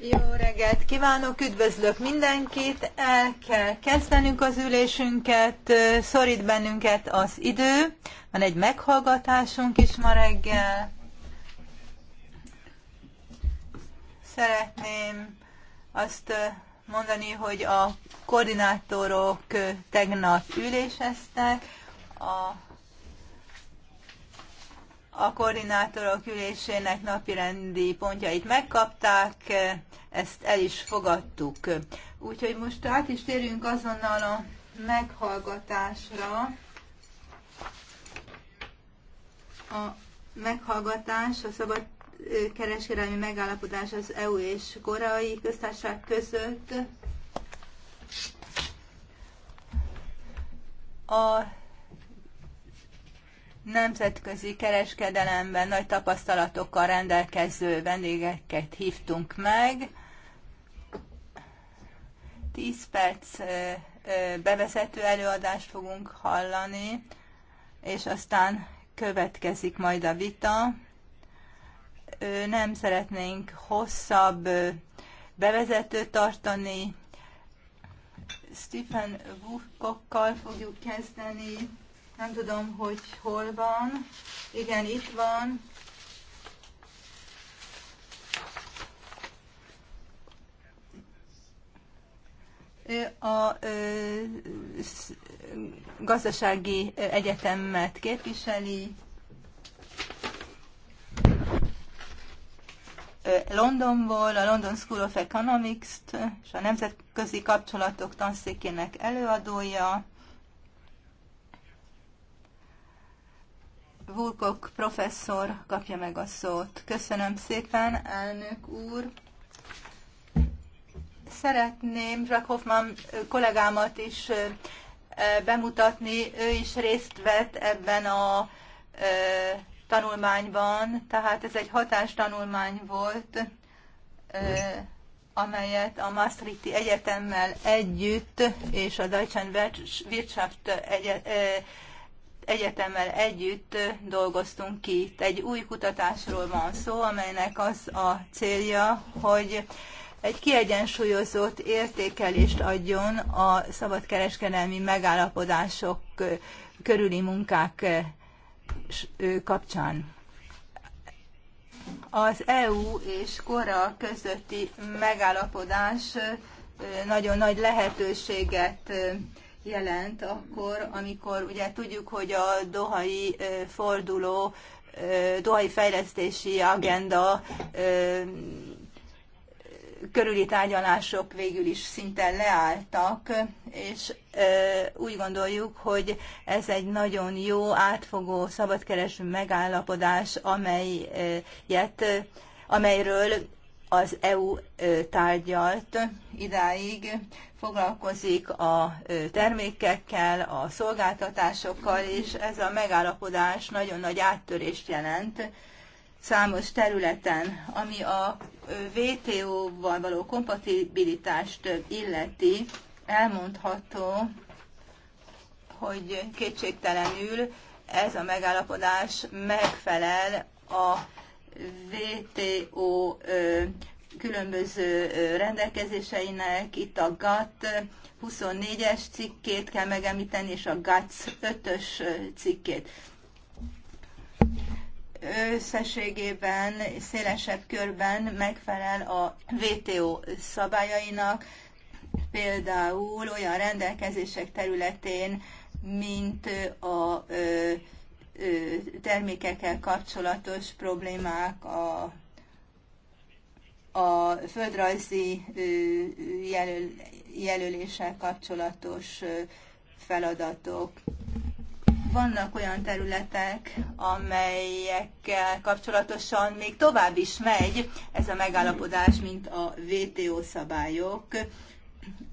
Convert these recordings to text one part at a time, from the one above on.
Jó reggelt kívánok, üdvözlök mindenkit. El kell kezdenünk az ülésünket, szorít bennünket az idő. Van egy meghallgatásunk is ma reggel. Szeretném azt eh, mondani, hogy a koordinátorok eh, tegnap üléseztek, a a koordinátorok ülésének napirendi pontjait megkapták, ezt el is fogadtuk. Úgyhogy most át is térjünk azonnal a meghallgatásra. A meghallgatás, a szabad kereskedelmi megállapodás az EU és Koreai Köztársaság között. A nemzetközi kereskedelemben nagy tapasztalatokkal rendelkező vendégeket hívtunk meg. 10 perc bevezető előadást fogunk hallani, és aztán következik majd a vita. Nem szeretnénk hosszabb bevezetőt tartani. Stephen Woodcockkal fogjuk kezdeni nem tudom, hogy hol van. Igen, itt van. a gazdasági egyetemet képviseli. Londonból, a London School of Economics-t és a Nemzetközi Kapcsolatok Tanszékének előadója. Vulkok professzor kapja meg a szót. Köszönöm szépen, elnök úr. Szeretném Jack Hoffman kollégámat is bemutatni. Ő is részt vett ebben a tanulmányban, tehát ez egy hatástanulmány volt, amelyet a Maastrichti Egyetemmel együtt és a Deutschen Wirtschaft Egyetemmel egyetemmel együtt dolgoztunk ki. Itt egy új kutatásról van szó, amelynek az a célja, hogy egy kiegyensúlyozott értékelést adjon a szabadkereskedelmi megállapodások körüli munkák kapcsán. Az EU és Kora közötti megállapodás nagyon nagy lehetőséget jelent akkor, amikor ugye tudjuk, hogy a dohai forduló, dohai fejlesztési agenda körüli tárgyalások végül is szinte leálltak, és úgy gondoljuk, hogy ez egy nagyon jó, átfogó szabadkereső megállapodás, amelyet, amelyről az EU tárgyalt idáig, foglalkozik a termékekkel, a szolgáltatásokkal, és ez a megállapodás nagyon nagy áttörést jelent számos területen, ami a WTO-val való kompatibilitást illeti, elmondható, hogy kétségtelenül ez a megállapodás megfelel a VTO különböző rendelkezéseinek, itt a GATT 24-es cikkét kell megemlíteni, és a GATS 5-ös cikkét. Összességében, szélesebb körben megfelel a WTO szabályainak, például olyan rendelkezések területén, mint a termékekkel kapcsolatos problémák, a, a földrajzi jelöl, jelöléssel kapcsolatos feladatok. Vannak olyan területek, amelyekkel kapcsolatosan még tovább is megy ez a megállapodás, mint a WTO szabályok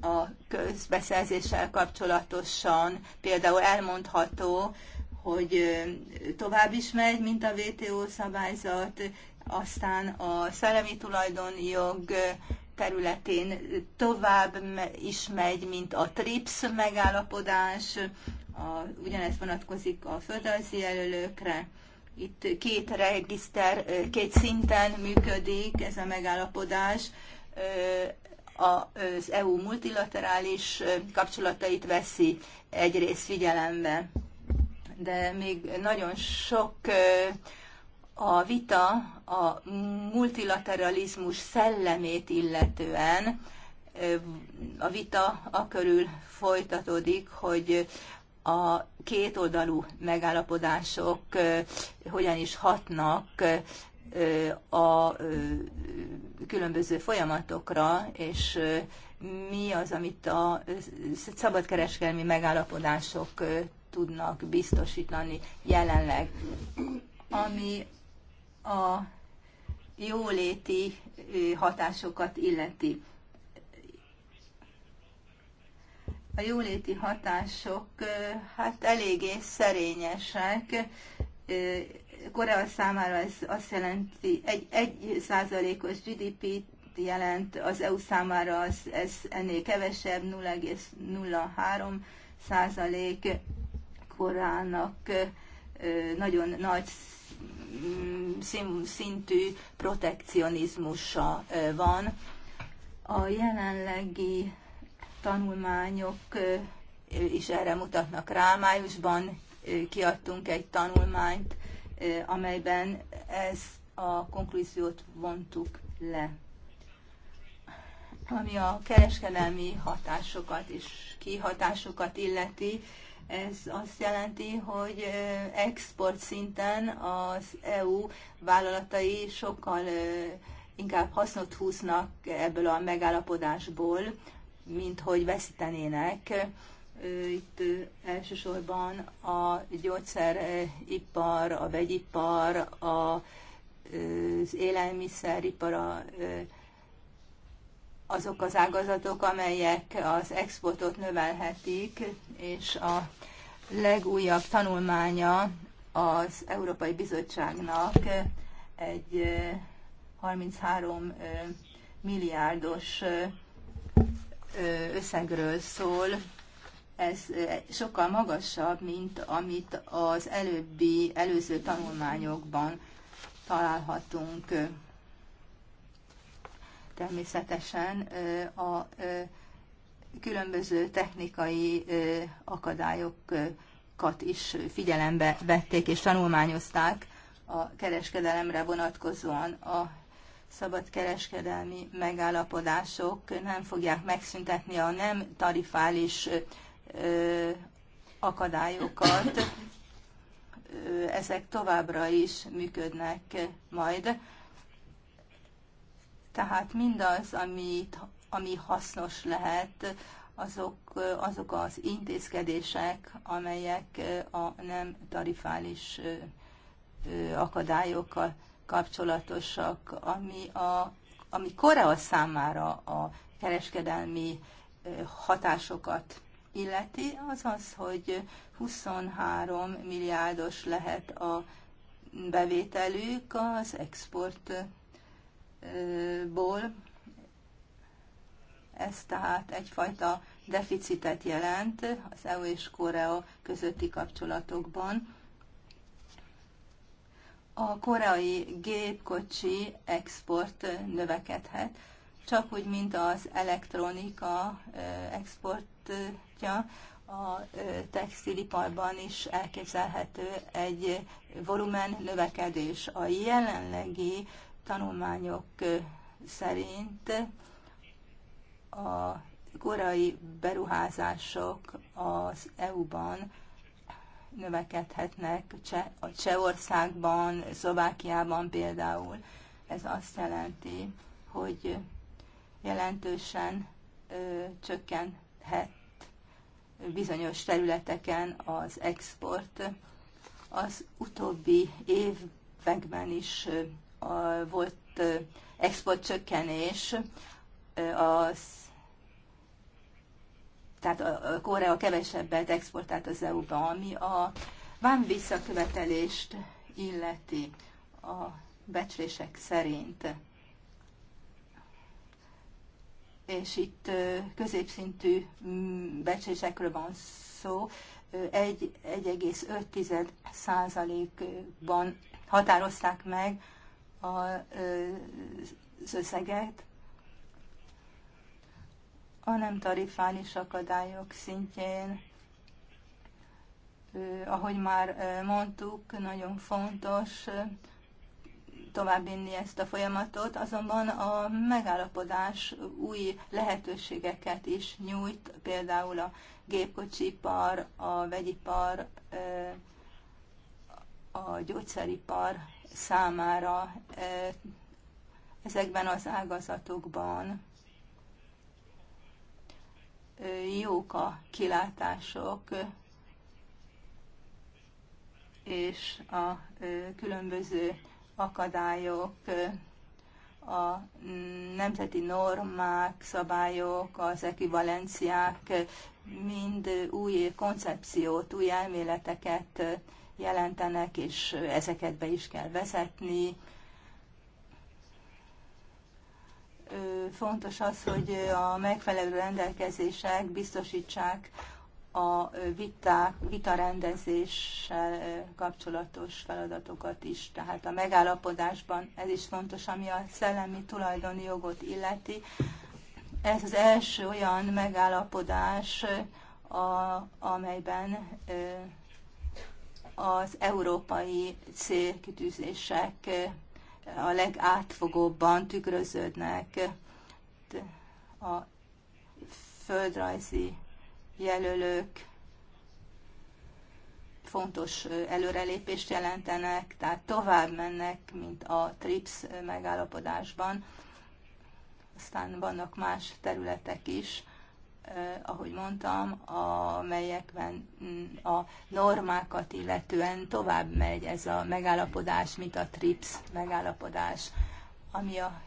a közbeszerzéssel kapcsolatosan. Például elmondható, hogy tovább is megy, mint a WTO szabályzat, aztán a szellemi tulajdonjog területén tovább is megy, mint a TRIPS megállapodás, a, ugyanez vonatkozik a földrajzi jelölőkre. Itt két regiszter, két szinten működik ez a megállapodás. Az EU multilaterális kapcsolatait veszi egyrészt figyelembe de még nagyon sok a vita a multilateralizmus szellemét illetően. A vita körül folytatódik, hogy a kétoldalú megállapodások hogyan is hatnak a különböző folyamatokra, és mi az, amit a szabadkereskedelmi megállapodások tudnak biztosítani jelenleg. Ami a jóléti hatásokat illeti. A jóléti hatások hát eléggé szerényesek. Korea számára ez azt jelenti, egy, egy százalékos GDP-t jelent, az EU számára az, ez ennél kevesebb, 0,03 százalék korának nagyon nagy mm, szintű protekcionizmusa van. A jelenlegi tanulmányok is erre mutatnak rá. Májusban kiadtunk egy tanulmányt, amelyben ez a konklúziót vontuk le, ami a kereskedelmi hatásokat és kihatásokat illeti. Ez azt jelenti, hogy export szinten az EU vállalatai sokkal inkább hasznot húznak ebből a megállapodásból, mint hogy veszítenének. Itt elsősorban a gyógyszeripar, a vegyipar, a az élelmiszeripar, azok az ágazatok, amelyek az exportot növelhetik, és a legújabb tanulmánya az Európai Bizottságnak egy 33 milliárdos összegről szól. Ez sokkal magasabb, mint amit az előbbi, előző tanulmányokban találhatunk. Természetesen a különböző technikai akadályokat is figyelembe vették és tanulmányozták a kereskedelemre vonatkozóan a szabadkereskedelmi megállapodások nem fogják megszüntetni a nem tarifális akadályokat. Ezek továbbra is működnek majd. Tehát mindaz, amit ami hasznos lehet, azok, azok az intézkedések, amelyek a nem tarifális akadályokkal kapcsolatosak, ami, a, ami Korea számára a kereskedelmi hatásokat illeti, az az, hogy 23 milliárdos lehet a bevételük az exportból, ez tehát egyfajta deficitet jelent az EU és Korea közötti kapcsolatokban. A koreai gépkocsi export növekedhet, csak úgy, mint az elektronika exportja, a textiliparban is elképzelhető egy volumen növekedés. A jelenlegi tanulmányok szerint a korai beruházások az EU-ban növekedhetnek, a Csehországban, Szlovákiában például. Ez azt jelenti, hogy jelentősen ö, csökkenhet bizonyos területeken az export. Az utóbbi években is ö, a, volt ö, exportcsökkenés az tehát a Korea kevesebbet exportált az EU-ba, ami a vám visszakövetelést illeti a becslések szerint. És itt középszintű mm, becslésekről van szó, 1,5 százalékban határozták meg az összeget, a nem tarifális akadályok szintjén, ahogy már mondtuk, nagyon fontos továbbvinni ezt a folyamatot, azonban a megállapodás új lehetőségeket is nyújt, például a gépkocsipar, a vegyipar, a gyógyszeripar számára ezekben az ágazatokban jók a kilátások, és a különböző akadályok, a mm, nemzeti normák, szabályok, az ekivalenciák mind új koncepciót, új elméleteket jelentenek, és ezeket be is kell vezetni, fontos az, hogy a megfelelő rendelkezések biztosítsák a vita rendezéssel kapcsolatos feladatokat is. Tehát a megállapodásban ez is fontos, ami a szellemi tulajdoni jogot illeti. Ez az első olyan megállapodás, a, amelyben az európai célkitűzések a legátfogóbban tükröződnek a földrajzi jelölők fontos előrelépést jelentenek, tehát tovább mennek, mint a TRIPS megállapodásban. Aztán vannak más területek is, Eh, ahogy mondtam, amelyekben mm, a normákat illetően tovább megy ez a megállapodás, mint a TRIPS megállapodás, ami a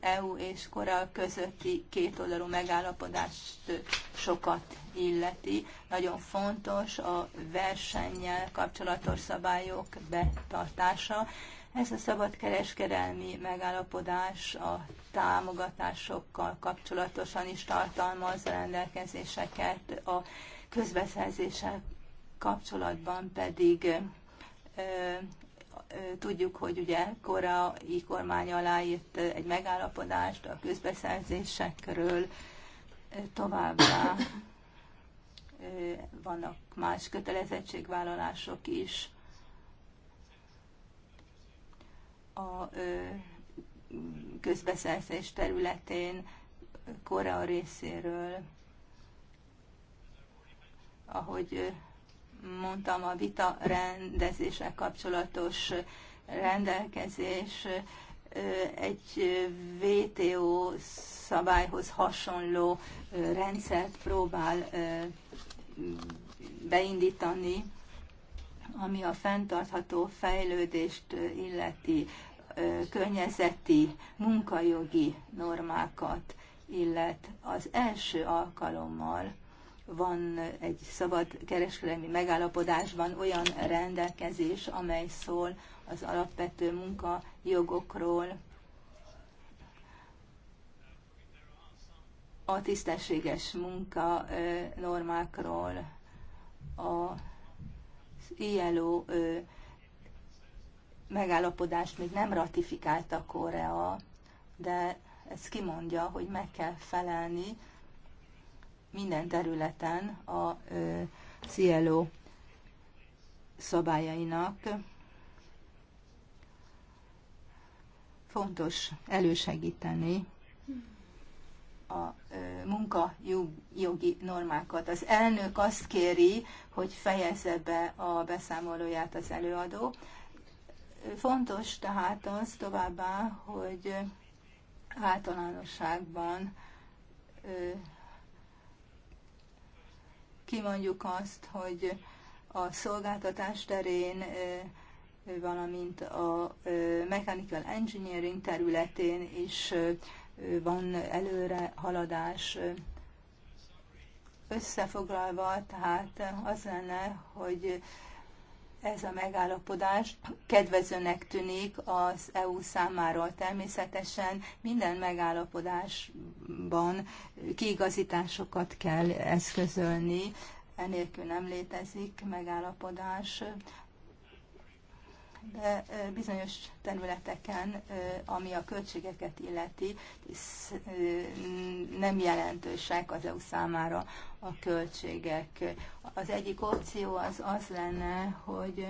EU és Korea közötti kétoldalú megállapodást sokat illeti. Nagyon fontos a versennyel kapcsolatos szabályok betartása. Ez a szabadkereskedelmi megállapodás a támogatásokkal kapcsolatosan is tartalmaz rendelkezéseket, a közbeszerzéssel kapcsolatban pedig Tudjuk, hogy ugye korai kormány aláírt egy megállapodást a közbeszerzésekről, továbbá vannak más kötelezettségvállalások is. A közbeszerzés területén Korea részéről, ahogy mondtam, a vita rendezése kapcsolatos rendelkezés egy VTO szabályhoz hasonló rendszert próbál beindítani, ami a fenntartható fejlődést illeti, környezeti, munkajogi normákat illet. Az első alkalommal van egy szabad kereskedelmi megállapodásban olyan rendelkezés, amely szól az alapvető munkajogokról, a tisztességes munka normákról, az ILO megállapodást még nem ratifikálta Korea, de ez kimondja, hogy meg kell felelni minden területen a CLO szabályainak. Fontos elősegíteni a munkajogi normákat. Az elnök azt kéri, hogy fejezze be a beszámolóját az előadó. Fontos tehát az továbbá, hogy általánosságban kimondjuk azt, hogy a szolgáltatás terén, valamint a mechanical engineering területén is van előre haladás. Összefoglalva, tehát az lenne, hogy ez a megállapodás kedvezőnek tűnik az EU számára. Természetesen minden megállapodásban kiigazításokat kell eszközölni, enélkül nem létezik megállapodás de bizonyos területeken, ami a költségeket illeti, nem jelentősek az EU számára a költségek. Az egyik opció az az lenne, hogy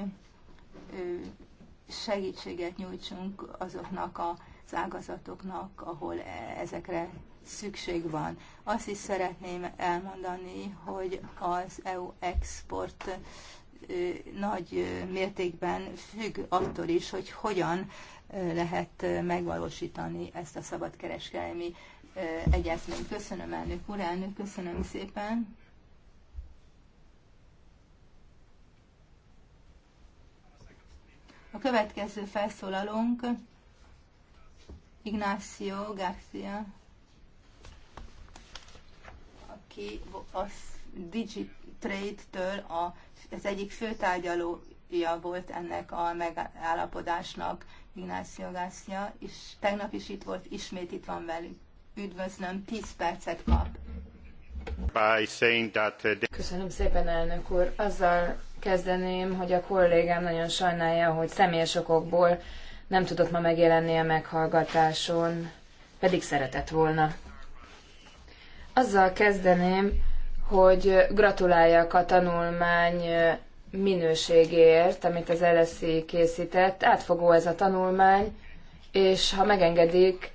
segítséget nyújtsunk azoknak az ágazatoknak, ahol e, ezekre szükség van. Azt is szeretném elmondani, hogy az EU export nagy mértékben függ attól is, hogy hogyan lehet megvalósítani ezt a szabadkereskedelmi egyezményt. Köszönöm, elnök úr, elnök, köszönöm szépen. A következő felszólalónk Ignacio Garcia, aki a Digitrade-től a az egyik fő tárgyalója volt ennek a megállapodásnak, Ignacio Gászia, és tegnap is itt volt, ismét itt van velünk. Üdvözlöm, 10 percet kap. Uh, Köszönöm szépen, elnök úr. Azzal kezdeném, hogy a kollégám nagyon sajnálja, hogy személyes okokból nem tudott ma megjelenni a meghallgatáson, pedig szeretett volna. Azzal kezdeném, hogy gratuláljak a tanulmány minőségéért, amit az LSI készített. Átfogó ez a tanulmány, és ha megengedik,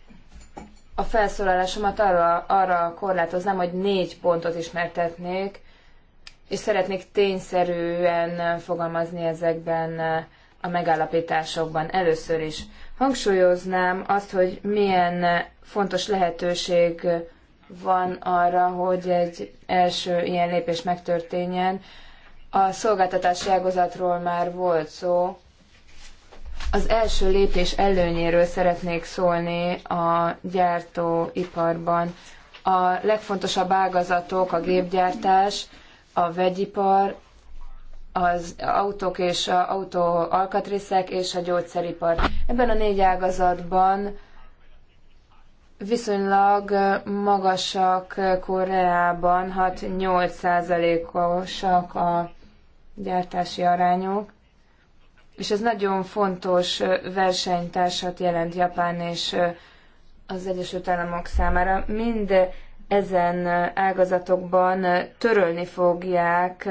a felszólalásomat arra, arra korlátoznám, hogy négy pontot ismertetnék, és szeretnék tényszerűen fogalmazni ezekben a megállapításokban. Először is hangsúlyoznám azt, hogy milyen fontos lehetőség van arra, hogy egy első ilyen lépés megtörténjen. A szolgáltatási ágazatról már volt szó. Az első lépés előnyéről szeretnék szólni a gyártóiparban. A legfontosabb ágazatok a gépgyártás, a vegyipar, az autók és a autó alkatrészek és a gyógyszeripar. Ebben a négy ágazatban viszonylag magasak Koreában, 6-8%-osak a gyártási arányok, és ez nagyon fontos versenytársat jelent Japán és az Egyesült Államok számára. Mind ezen ágazatokban törölni fogják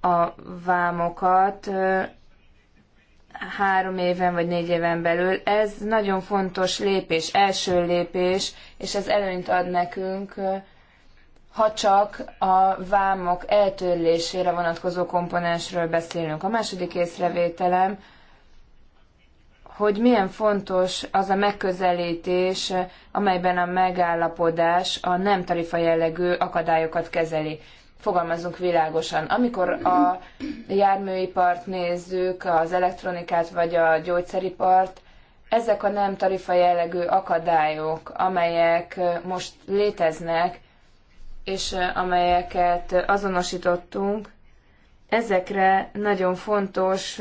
a vámokat, három éven vagy négy éven belül. Ez nagyon fontos lépés, első lépés, és ez előnyt ad nekünk, ha csak a vámok eltörlésére vonatkozó komponensről beszélünk. A második észrevételem, hogy milyen fontos az a megközelítés, amelyben a megállapodás a nem tarifa jellegű akadályokat kezeli fogalmazunk világosan. Amikor a járműipart nézzük, az elektronikát vagy a gyógyszeripart, ezek a nem tarifa jellegű akadályok, amelyek most léteznek, és amelyeket azonosítottunk, ezekre nagyon fontos,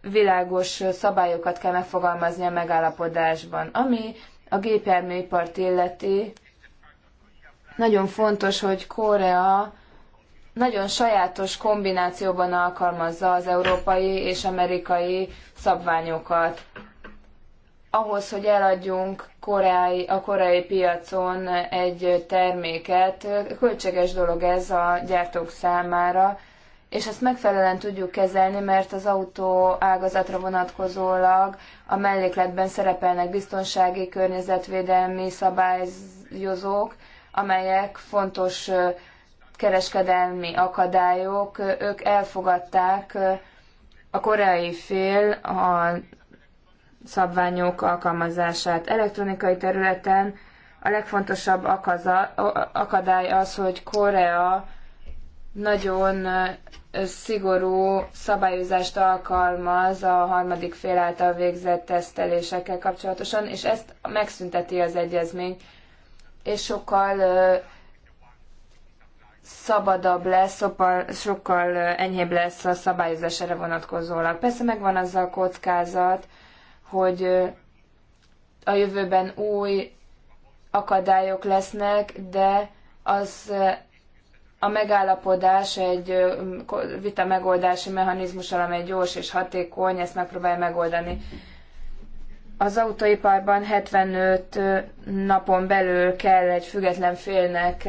világos szabályokat kell megfogalmazni a megállapodásban. Ami a gépjárműipart illeti, nagyon fontos, hogy Korea nagyon sajátos kombinációban alkalmazza az európai és amerikai szabványokat. Ahhoz, hogy eladjunk koreai, a koreai piacon egy terméket, költséges dolog ez a gyártók számára, és ezt megfelelően tudjuk kezelni, mert az autó ágazatra vonatkozólag a mellékletben szerepelnek biztonsági, környezetvédelmi szabályozók, amelyek fontos kereskedelmi akadályok, ők elfogadták a koreai fél a szabványok alkalmazását. Elektronikai területen a legfontosabb akadály az, hogy Korea nagyon szigorú szabályozást alkalmaz a harmadik fél által végzett tesztelésekkel kapcsolatosan, és ezt megszünteti az egyezmény, és sokkal szabadabb lesz, sokkal enyhébb lesz a szabályozás erre vonatkozólag. Persze megvan azzal a kockázat, hogy a jövőben új akadályok lesznek, de az a megállapodás egy vita megoldási mechanizmus, amely gyors és hatékony, ezt megpróbálja megoldani. Az autóiparban 75 napon belül kell egy független félnek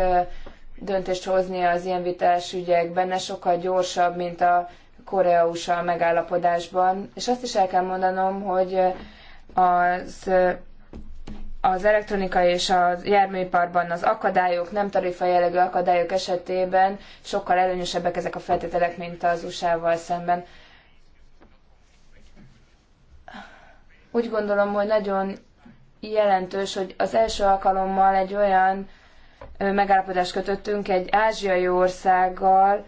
döntést hozni az ilyen vitás ügyekben, ne sokkal gyorsabb, mint a Korea-USA megállapodásban. És azt is el kell mondanom, hogy az az elektronika és a járműiparban az akadályok, nem tarifa jellegű akadályok esetében sokkal előnyösebbek ezek a feltételek, mint az USA-val szemben. Úgy gondolom, hogy nagyon jelentős, hogy az első alkalommal egy olyan megállapodást kötöttünk egy ázsiai országgal,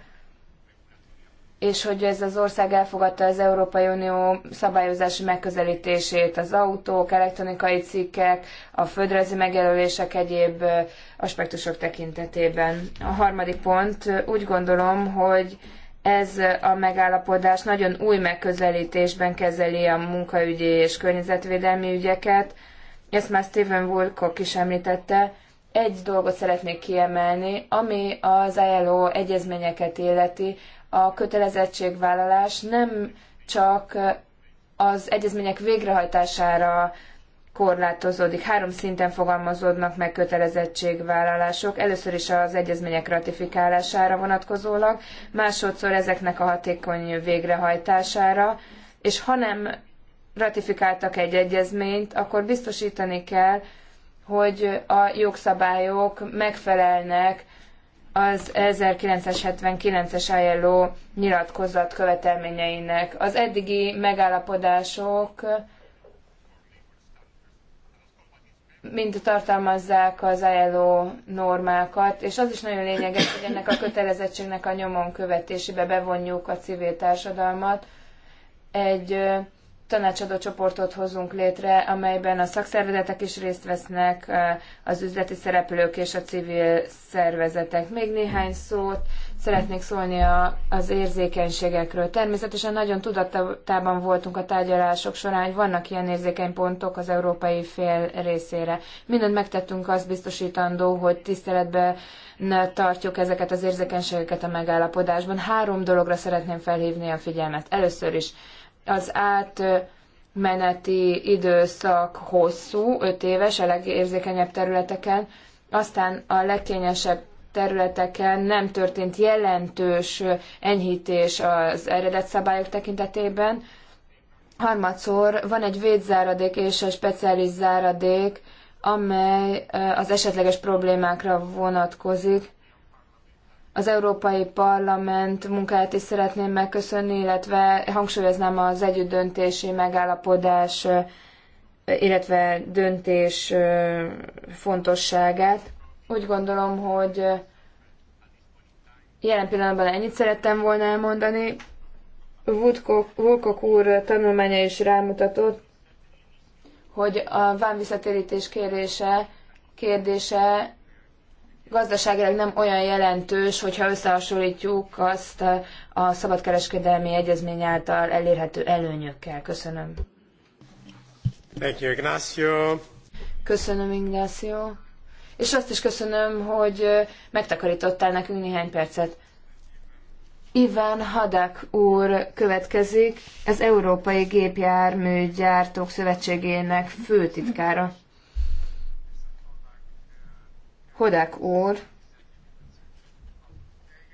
és hogy ez az ország elfogadta az Európai Unió szabályozási megközelítését, az autók, elektronikai cikkek, a földrajzi megjelölések egyéb aspektusok tekintetében. A harmadik pont, úgy gondolom, hogy ez a megállapodás nagyon új megközelítésben kezeli a munkaügyi és környezetvédelmi ügyeket. Ezt már Stephen Woolcock is említette, egy dolgot szeretnék kiemelni, ami az ILO egyezményeket illeti, a kötelezettségvállalás nem csak az egyezmények végrehajtására korlátozódik. Három szinten fogalmazódnak meg kötelezettségvállalások. Először is az egyezmények ratifikálására vonatkozólag, másodszor ezeknek a hatékony végrehajtására, és ha nem ratifikáltak egy egyezményt, akkor biztosítani kell, hogy a jogszabályok megfelelnek az 1979-es ILO nyilatkozat követelményeinek. Az eddigi megállapodások mind tartalmazzák az ILO normákat, és az is nagyon lényeges, hogy ennek a kötelezettségnek a nyomon követésébe bevonjuk a civil társadalmat. Egy tanácsadó csoportot hozunk létre, amelyben a szakszervezetek is részt vesznek, az üzleti szereplők és a civil szervezetek. Még néhány szót szeretnék szólni a, az érzékenységekről. Természetesen nagyon tudatában voltunk a tárgyalások során, hogy vannak ilyen érzékeny pontok az európai fél részére. Mindent megtettünk azt biztosítandó, hogy tiszteletben tartjuk ezeket az érzékenységeket a megállapodásban. Három dologra szeretném felhívni a figyelmet. Először is az átmeneti időszak hosszú, öt éves a legérzékenyebb területeken, aztán a legkényesebb területeken nem történt jelentős enyhítés az eredet szabályok tekintetében. Harmadszor van egy védzáradék és egy speciális záradék, amely az esetleges problémákra vonatkozik az Európai Parlament munkáját is szeretném megköszönni, illetve hangsúlyoznám az együttdöntési megállapodás, illetve döntés fontosságát. Úgy gondolom, hogy jelen pillanatban ennyit szerettem volna elmondani. Vulkok úr tanulmánya is rámutatott, hogy a vámvisszatérítés kérése kérdése gazdaságilag nem olyan jelentős, hogyha összehasonlítjuk azt a szabadkereskedelmi egyezmény által elérhető előnyökkel. Köszönöm. Thank you, Ignacio. Köszönöm, Ignacio. És azt is köszönöm, hogy megtakarítottál nekünk néhány percet. Iván Hadak úr következik, az Európai Gépjárműgyártók Szövetségének főtitkára. Hodák úr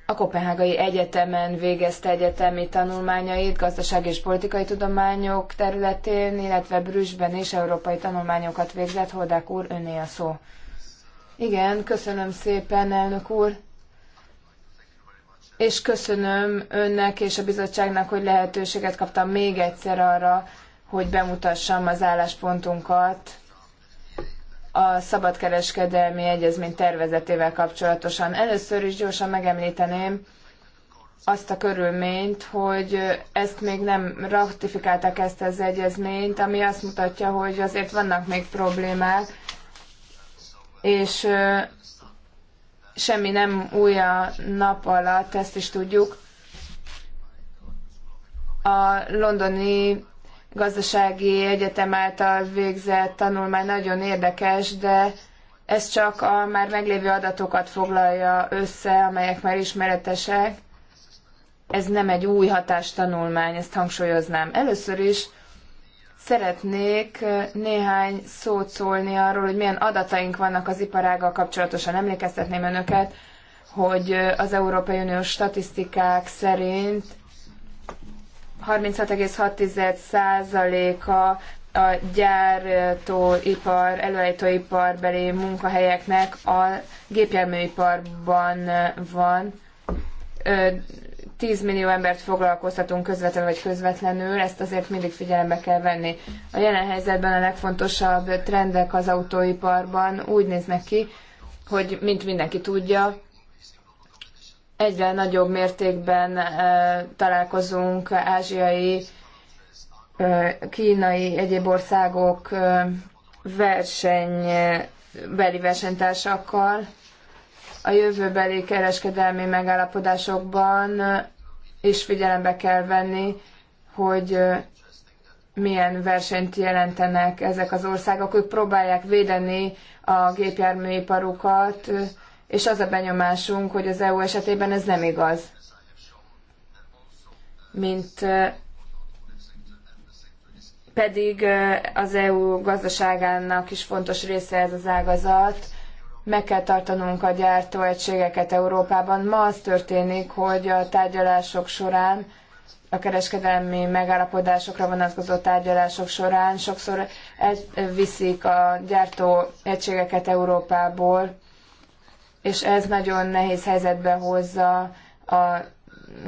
a Kopenhágai Egyetemen végezte egyetemi tanulmányait gazdaság és politikai tudományok területén, illetve Brüsszben is európai tanulmányokat végzett. Hodák úr, öné a szó. Igen, köszönöm szépen, elnök úr. És köszönöm önnek és a bizottságnak, hogy lehetőséget kaptam még egyszer arra, hogy bemutassam az álláspontunkat a szabadkereskedelmi egyezmény tervezetével kapcsolatosan. Először is gyorsan megemlíteném azt a körülményt, hogy ezt még nem ratifikálták ezt az egyezményt, ami azt mutatja, hogy azért vannak még problémák, és semmi nem új a nap alatt, ezt is tudjuk. A londoni gazdasági egyetem által végzett tanulmány nagyon érdekes, de ez csak a már meglévő adatokat foglalja össze, amelyek már ismeretesek. Ez nem egy új hatástanulmány, ezt hangsúlyoznám. Először is szeretnék néhány szót szólni arról, hogy milyen adataink vannak az iparággal kapcsolatosan. Emlékeztetném önöket, hogy az Európai Uniós statisztikák szerint 36,6%-a a gyártóipar, előállítóiparbeli munkahelyeknek a gépjárműiparban van. 10 millió embert foglalkoztatunk közvetlenül vagy közvetlenül, ezt azért mindig figyelembe kell venni. A jelen helyzetben a legfontosabb trendek az autóiparban úgy néznek ki, hogy mint mindenki tudja, egyre nagyobb mértékben találkozunk ázsiai, kínai, egyéb országok versenybeli beli versenytársakkal. A jövőbeli kereskedelmi megállapodásokban is figyelembe kell venni, hogy milyen versenyt jelentenek ezek az országok. Ők próbálják védeni a gépjárműiparukat, és az a benyomásunk, hogy az EU esetében ez nem igaz. Mint pedig az EU gazdaságának is fontos része ez az ágazat, meg kell tartanunk a gyártóegységeket Európában. Ma az történik, hogy a tárgyalások során, a kereskedelmi megállapodásokra vonatkozó tárgyalások során sokszor viszik a gyártóegységeket Európából és ez nagyon nehéz helyzetbe hozza a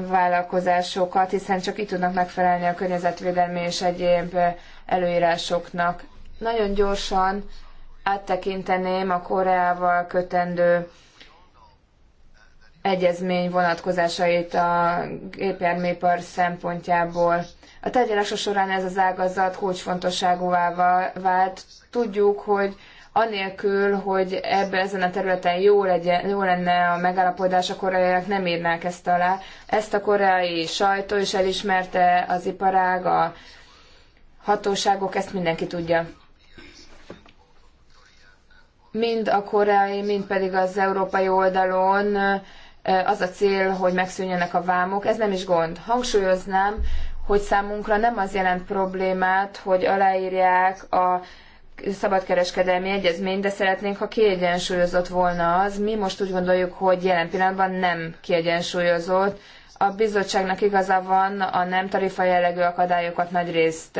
vállalkozásokat, hiszen csak itt tudnak megfelelni a környezetvédelmi és egyéb előírásoknak. Nagyon gyorsan áttekinteném a Koreával kötendő egyezmény vonatkozásait a gépjárműipar szempontjából. A tárgyalások során ez az ágazat kulcsfontosságúvá vált. Tudjuk, hogy anélkül, hogy ebbe ezen a területen jó, legyen, jó lenne a megállapodás, a koreaiak nem írnák ezt alá. Ezt a koreai sajtó is elismerte, az iparág, a hatóságok, ezt mindenki tudja. Mind a koreai, mind pedig az európai oldalon az a cél, hogy megszűnjenek a vámok, ez nem is gond. Hangsúlyoznám, hogy számunkra nem az jelent problémát, hogy aláírják a szabadkereskedelmi egyezmény, de szeretnénk, ha kiegyensúlyozott volna az. Mi most úgy gondoljuk, hogy jelen pillanatban nem kiegyensúlyozott. A bizottságnak igaza van, a nem tarifa jellegű akadályokat nagyrészt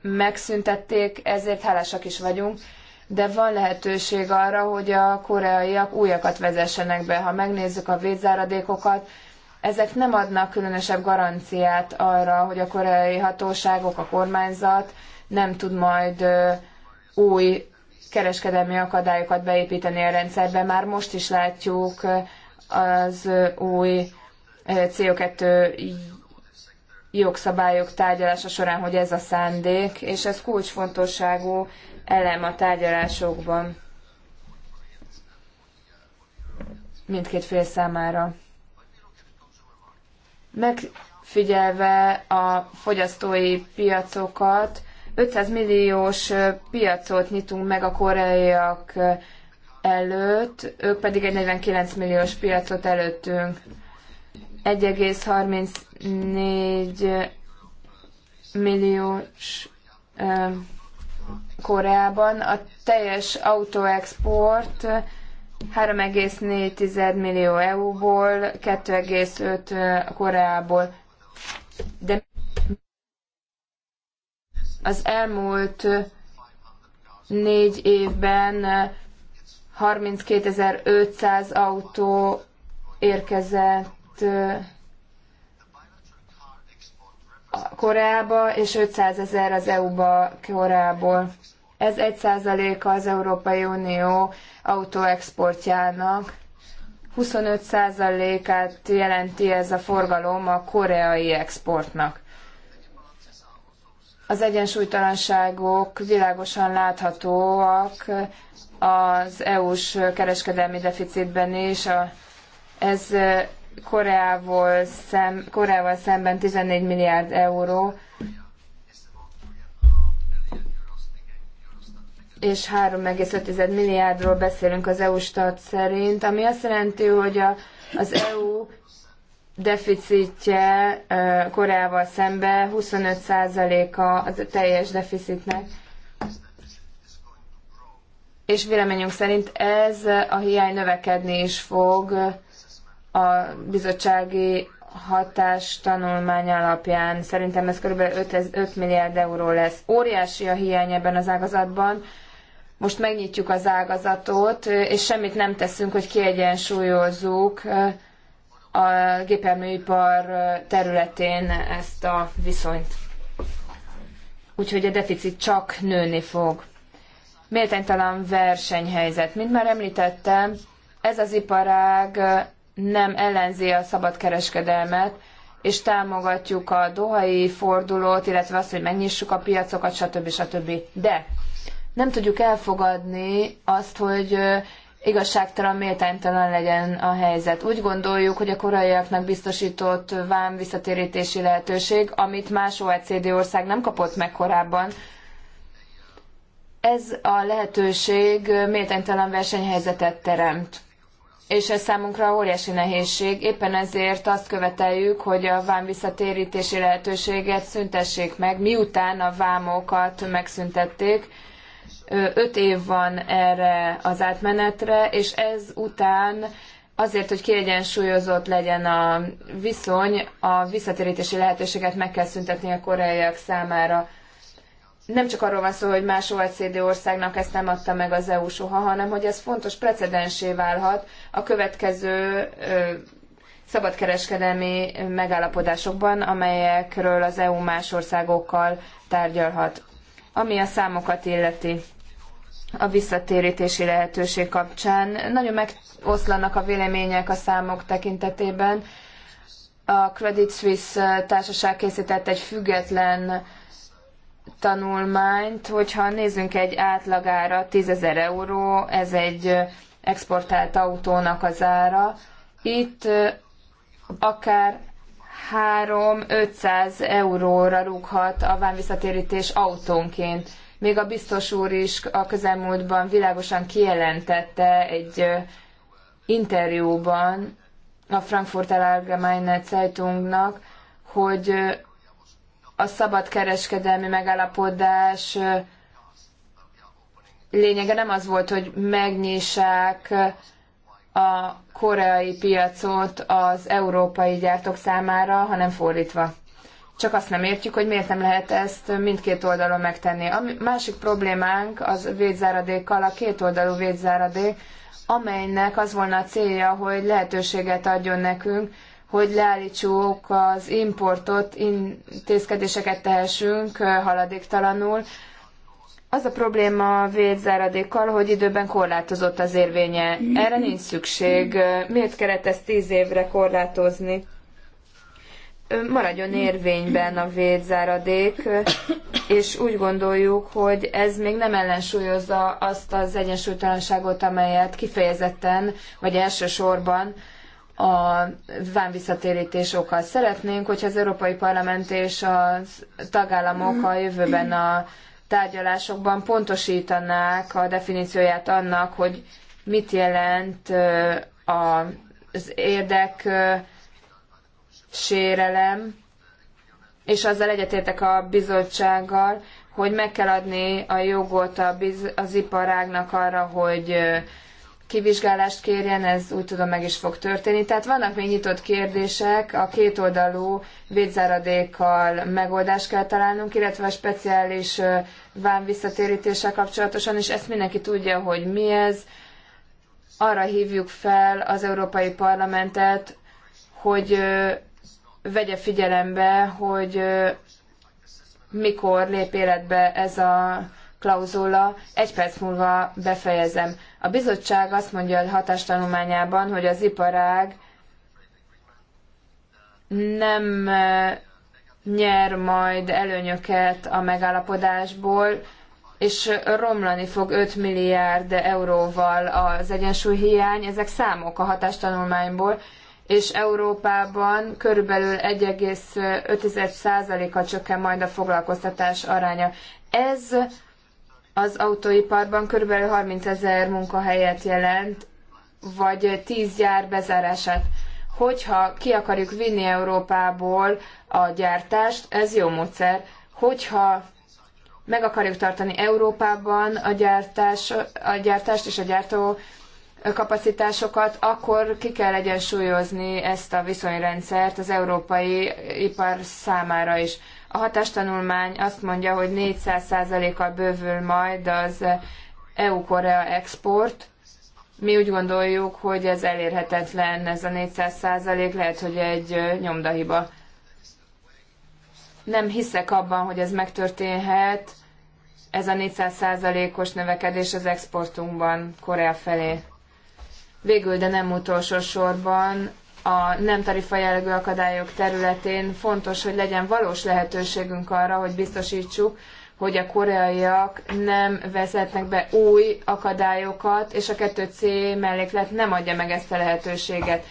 megszüntették, ezért hálásak is vagyunk, de van lehetőség arra, hogy a koreaiak újakat vezessenek be. Ha megnézzük a védzáradékokat, ezek nem adnak különösebb garanciát arra, hogy a koreai hatóságok, a kormányzat nem tud majd új kereskedelmi akadályokat beépíteni a rendszerbe. Már most is látjuk az új CO2 jogszabályok tárgyalása során, hogy ez a szándék, és ez kulcsfontosságú elem a tárgyalásokban mindkét fél számára. Megfigyelve a fogyasztói piacokat, 500 milliós piacot nyitunk meg a koreaiak előtt, ők pedig egy 49 milliós piacot előttünk. 1,34 milliós Koreában a teljes autóexport 3,4 millió EU-ból, 2,5 Koreából. De az elmúlt négy évben 32.500 autó érkezett Koreába, és 500 ezer az EU-ba Koreából. Ez egy a az Európai Unió autóexportjának. 25 százalékát jelenti ez a forgalom a koreai exportnak. Az egyensúlytalanságok világosan láthatóak az EU-s kereskedelmi deficitben is. Ez Koreával, szem, Koreával szemben 14 milliárd euró, és 3,5 milliárdról beszélünk az EU-stat szerint, ami azt jelenti, hogy a, az EU deficitje Koreával szembe 25%-a az teljes deficitnek. És véleményünk szerint ez a hiány növekedni is fog a bizottsági hatás tanulmány alapján. Szerintem ez kb. 5, 5 milliárd euró lesz. Óriási a hiány ebben az ágazatban. Most megnyitjuk az ágazatot, és semmit nem teszünk, hogy kiegyensúlyozzuk a gépjárműipar területén ezt a viszonyt. Úgyhogy a deficit csak nőni fog. Méltánytalan versenyhelyzet. Mint már említettem, ez az iparág nem ellenzi a szabad kereskedelmet, és támogatjuk a dohai fordulót, illetve azt, hogy megnyissuk a piacokat, stb. stb. De nem tudjuk elfogadni azt, hogy igazságtalan, méltánytalan legyen a helyzet. Úgy gondoljuk, hogy a koraiaknak biztosított vám visszatérítési lehetőség, amit más OECD ország nem kapott meg korábban, ez a lehetőség méltánytalan versenyhelyzetet teremt. És ez számunkra óriási nehézség, éppen ezért azt követeljük, hogy a vám visszatérítési lehetőséget szüntessék meg, miután a vámokat megszüntették, Öt év van erre az átmenetre, és ez után azért, hogy kiegyensúlyozott legyen a viszony, a visszatérítési lehetőséget meg kell szüntetni a koreaiak számára. Nem csak arról van szó, hogy más OECD országnak ezt nem adta meg az EU soha, hanem hogy ez fontos precedensé válhat a következő ö, szabadkereskedelmi megállapodásokban, amelyekről az EU más országokkal tárgyalhat. Ami a számokat illeti a visszatérítési lehetőség kapcsán. Nagyon megoszlanak a vélemények a számok tekintetében. A Credit Suisse társaság készített egy független tanulmányt, hogyha nézzünk egy átlagára 10 ezer euró, ez egy exportált autónak az ára. Itt akár 3-500 euróra rúghat a vámvisszatérítés autónként. Még a biztos úr is a közelmúltban világosan kijelentette egy interjúban a Frankfurt Allgemeine Zeitungnak, hogy a szabad kereskedelmi megállapodás lényege nem az volt, hogy megnyissák a koreai piacot az európai gyártók számára, hanem fordítva csak azt nem értjük, hogy miért nem lehet ezt mindkét oldalon megtenni. A másik problémánk az védzáradékkal, a kétoldalú védzáradék, amelynek az volna a célja, hogy lehetőséget adjon nekünk, hogy leállítsuk az importot, intézkedéseket tehessünk haladéktalanul. Az a probléma a védzáradékkal, hogy időben korlátozott az érvénye. Erre nincs szükség. Miért kellett ezt tíz évre korlátozni? maradjon érvényben a védzáradék, és úgy gondoljuk, hogy ez még nem ellensúlyozza azt az egyensúlytalanságot, amelyet kifejezetten, vagy elsősorban a vámvisszatérítés okkal Szeretnénk, hogyha az Európai Parlament és a tagállamok a jövőben a tárgyalásokban pontosítanák a definícióját annak, hogy mit jelent az érdek sérelem, és azzal egyetértek a bizottsággal, hogy meg kell adni a jogot az iparágnak arra, hogy kivizsgálást kérjen, ez úgy tudom meg is fog történni. Tehát vannak még nyitott kérdések, a kétoldalú védzáradékkal megoldást kell találnunk, illetve a speciális vám kapcsolatosan, és ezt mindenki tudja, hogy mi ez. Arra hívjuk fel az Európai Parlamentet, hogy vegye figyelembe, hogy mikor lép életbe ez a klauzula, egy perc múlva befejezem. A bizottság azt mondja a hatástanulmányában, hogy az iparág nem nyer majd előnyöket a megállapodásból, és romlani fog 5 milliárd euróval az egyensúlyhiány. Ezek számok a hatástanulmányból és Európában körülbelül 1,5%-kal csökken majd a foglalkoztatás aránya. Ez az autóiparban körülbelül 30 ezer munkahelyet jelent, vagy 10 gyár bezárását. Hogyha ki akarjuk vinni Európából a gyártást, ez jó módszer. Hogyha meg akarjuk tartani Európában a, gyártás, a gyártást és a gyártó kapacitásokat, akkor ki kell egyensúlyozni ezt a viszonyrendszert az európai ipar számára is. A hatástanulmány azt mondja, hogy 400%-kal bővül majd az EU-Korea export. Mi úgy gondoljuk, hogy ez elérhetetlen, ez a 400%, lehet, hogy egy nyomdahiba. Nem hiszek abban, hogy ez megtörténhet, ez a 400%-os növekedés az exportunkban Korea felé. Végül, de nem utolsó sorban, a nem tarifa jellegű akadályok területén fontos, hogy legyen valós lehetőségünk arra, hogy biztosítsuk, hogy a koreaiak nem vezetnek be új akadályokat, és a 2C melléklet nem adja meg ezt a lehetőséget.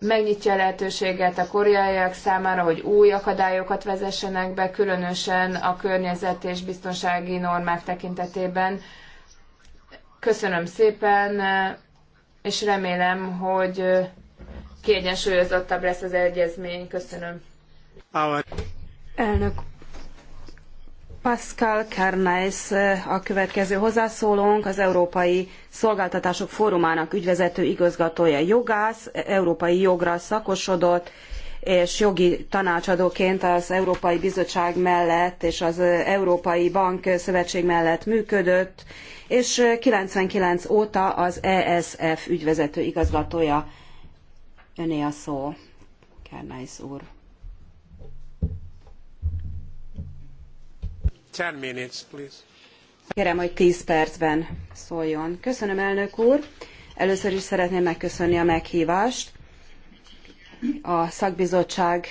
Megnyitja a lehetőséget a koreaiak számára, hogy új akadályokat vezessenek be, különösen a környezet és biztonsági normák tekintetében. Köszönöm szépen, és remélem, hogy kiegyensúlyozottabb lesz az egyezmény. Köszönöm. Elnök Pascal Karnais a következő hozzászólónk, az Európai Szolgáltatások Fórumának ügyvezető igazgatója jogász, európai jogra szakosodott, és jogi tanácsadóként az Európai Bizottság mellett és az Európai Bank Szövetség mellett működött, és 99 óta az ESF ügyvezető igazgatója. Öné a szó, Kernájsz úr. Ten minutes, please. Kérem, hogy 10 percben szóljon. Köszönöm, elnök úr. Először is szeretném megköszönni a meghívást a szakbizottság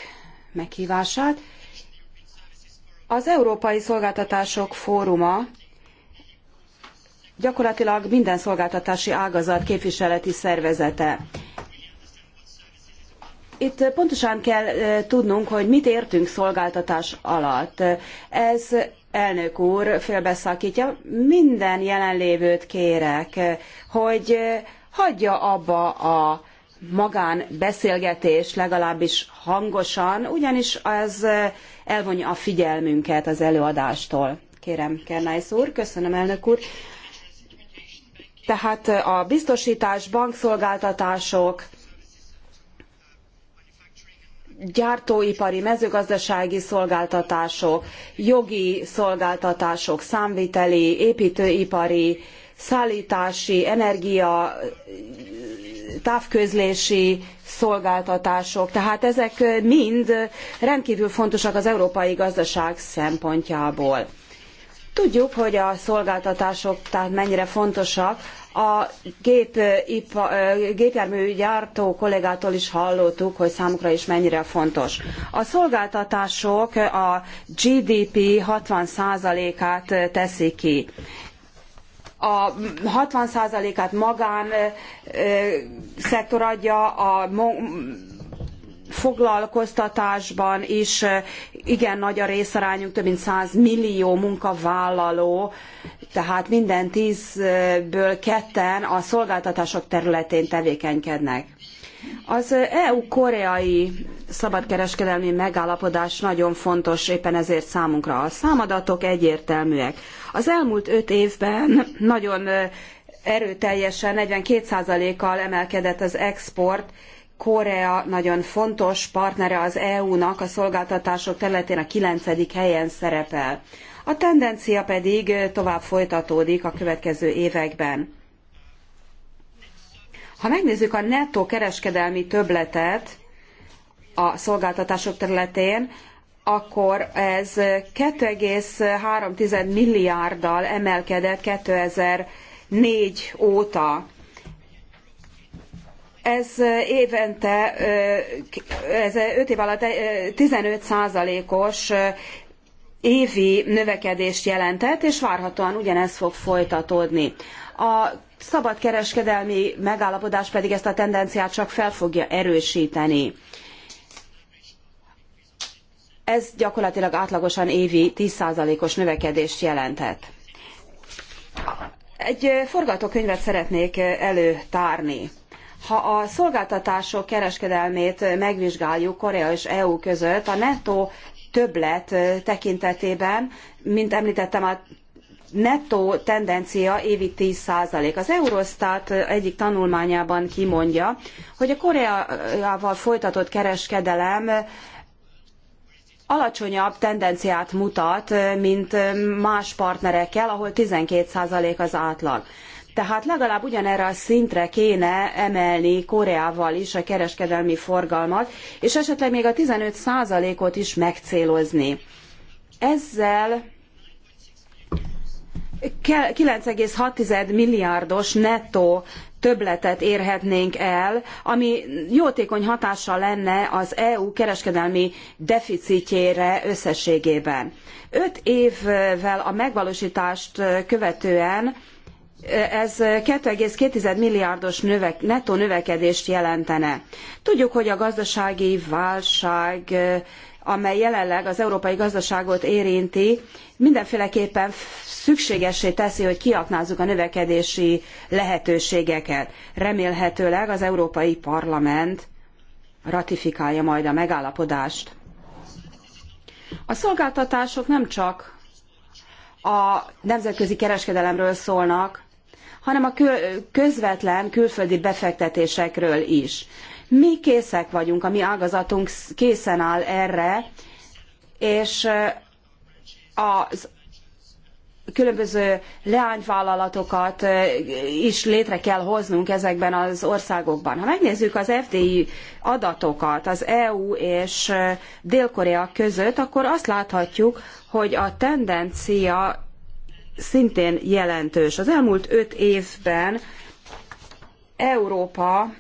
meghívását. Az Európai Szolgáltatások Fóruma gyakorlatilag minden szolgáltatási ágazat képviseleti szervezete. Itt pontosan kell tudnunk, hogy mit értünk szolgáltatás alatt. Ez elnök úr félbeszakítja. Minden jelenlévőt kérek, hogy hagyja abba a magánbeszélgetés legalábbis hangosan, ugyanis az elvonja a figyelmünket az előadástól. Kérem, Kernájsz úr, köszönöm elnök úr. Tehát a biztosítás, bankszolgáltatások, gyártóipari, mezőgazdasági szolgáltatások, jogi szolgáltatások, számviteli, építőipari, szállítási, energia távközlési szolgáltatások. Tehát ezek mind rendkívül fontosak az európai gazdaság szempontjából. Tudjuk, hogy a szolgáltatások tehát mennyire fontosak. A gép, ipa, gépjárműgyártó kollégától is hallottuk, hogy számukra is mennyire fontos. A szolgáltatások a GDP 60%-át teszik ki, a 60%-át magán szektor adja, a foglalkoztatásban is igen nagy a részarányunk, több mint 100 millió munkavállaló, tehát minden tízből ketten a szolgáltatások területén tevékenykednek. Az EU-koreai szabadkereskedelmi megállapodás nagyon fontos éppen ezért számunkra. A számadatok egyértelműek. Az elmúlt öt évben nagyon erőteljesen 42%-kal emelkedett az export, Korea nagyon fontos partnere az EU-nak, a szolgáltatások területén a kilencedik helyen szerepel. A tendencia pedig tovább folytatódik a következő években. Ha megnézzük a nettó kereskedelmi többletet a szolgáltatások területén, akkor ez 2,3 milliárddal emelkedett 2004 óta. Ez évente, ez 5 év alatt 15 százalékos évi növekedést jelentett, és várhatóan ugyanez fog folytatódni. A szabadkereskedelmi megállapodás pedig ezt a tendenciát csak fel fogja erősíteni. Ez gyakorlatilag átlagosan évi 10%-os növekedést jelentett. Egy forgatókönyvet szeretnék előtárni. Ha a szolgáltatások kereskedelmét megvizsgáljuk Korea és EU között, a nettó többlet tekintetében, mint említettem, a nettó tendencia évi 10%. Az Eurostat egyik tanulmányában kimondja, hogy a Koreával folytatott kereskedelem alacsonyabb tendenciát mutat, mint más partnerekkel, ahol 12% az átlag. Tehát legalább ugyanerre a szintre kéne emelni Koreával is a kereskedelmi forgalmat, és esetleg még a 15%-ot is megcélozni. Ezzel 9,6 milliárdos nettó többletet érhetnénk el, ami jótékony hatással lenne az EU kereskedelmi deficitjére összességében. Öt évvel a megvalósítást követően ez 2,2 milliárdos növek, nettó növekedést jelentene. Tudjuk, hogy a gazdasági válság amely jelenleg az európai gazdaságot érinti, mindenféleképpen szükségessé teszi, hogy kiaknázzuk a növekedési lehetőségeket. Remélhetőleg az Európai Parlament ratifikálja majd a megállapodást. A szolgáltatások nem csak a nemzetközi kereskedelemről szólnak, hanem a közvetlen külföldi befektetésekről is. Mi készek vagyunk, a mi ágazatunk készen áll erre, és az különböző leányvállalatokat is létre kell hoznunk ezekben az országokban. Ha megnézzük az FDI adatokat az EU és Dél-Korea között, akkor azt láthatjuk, hogy a tendencia szintén jelentős. Az elmúlt öt évben Európa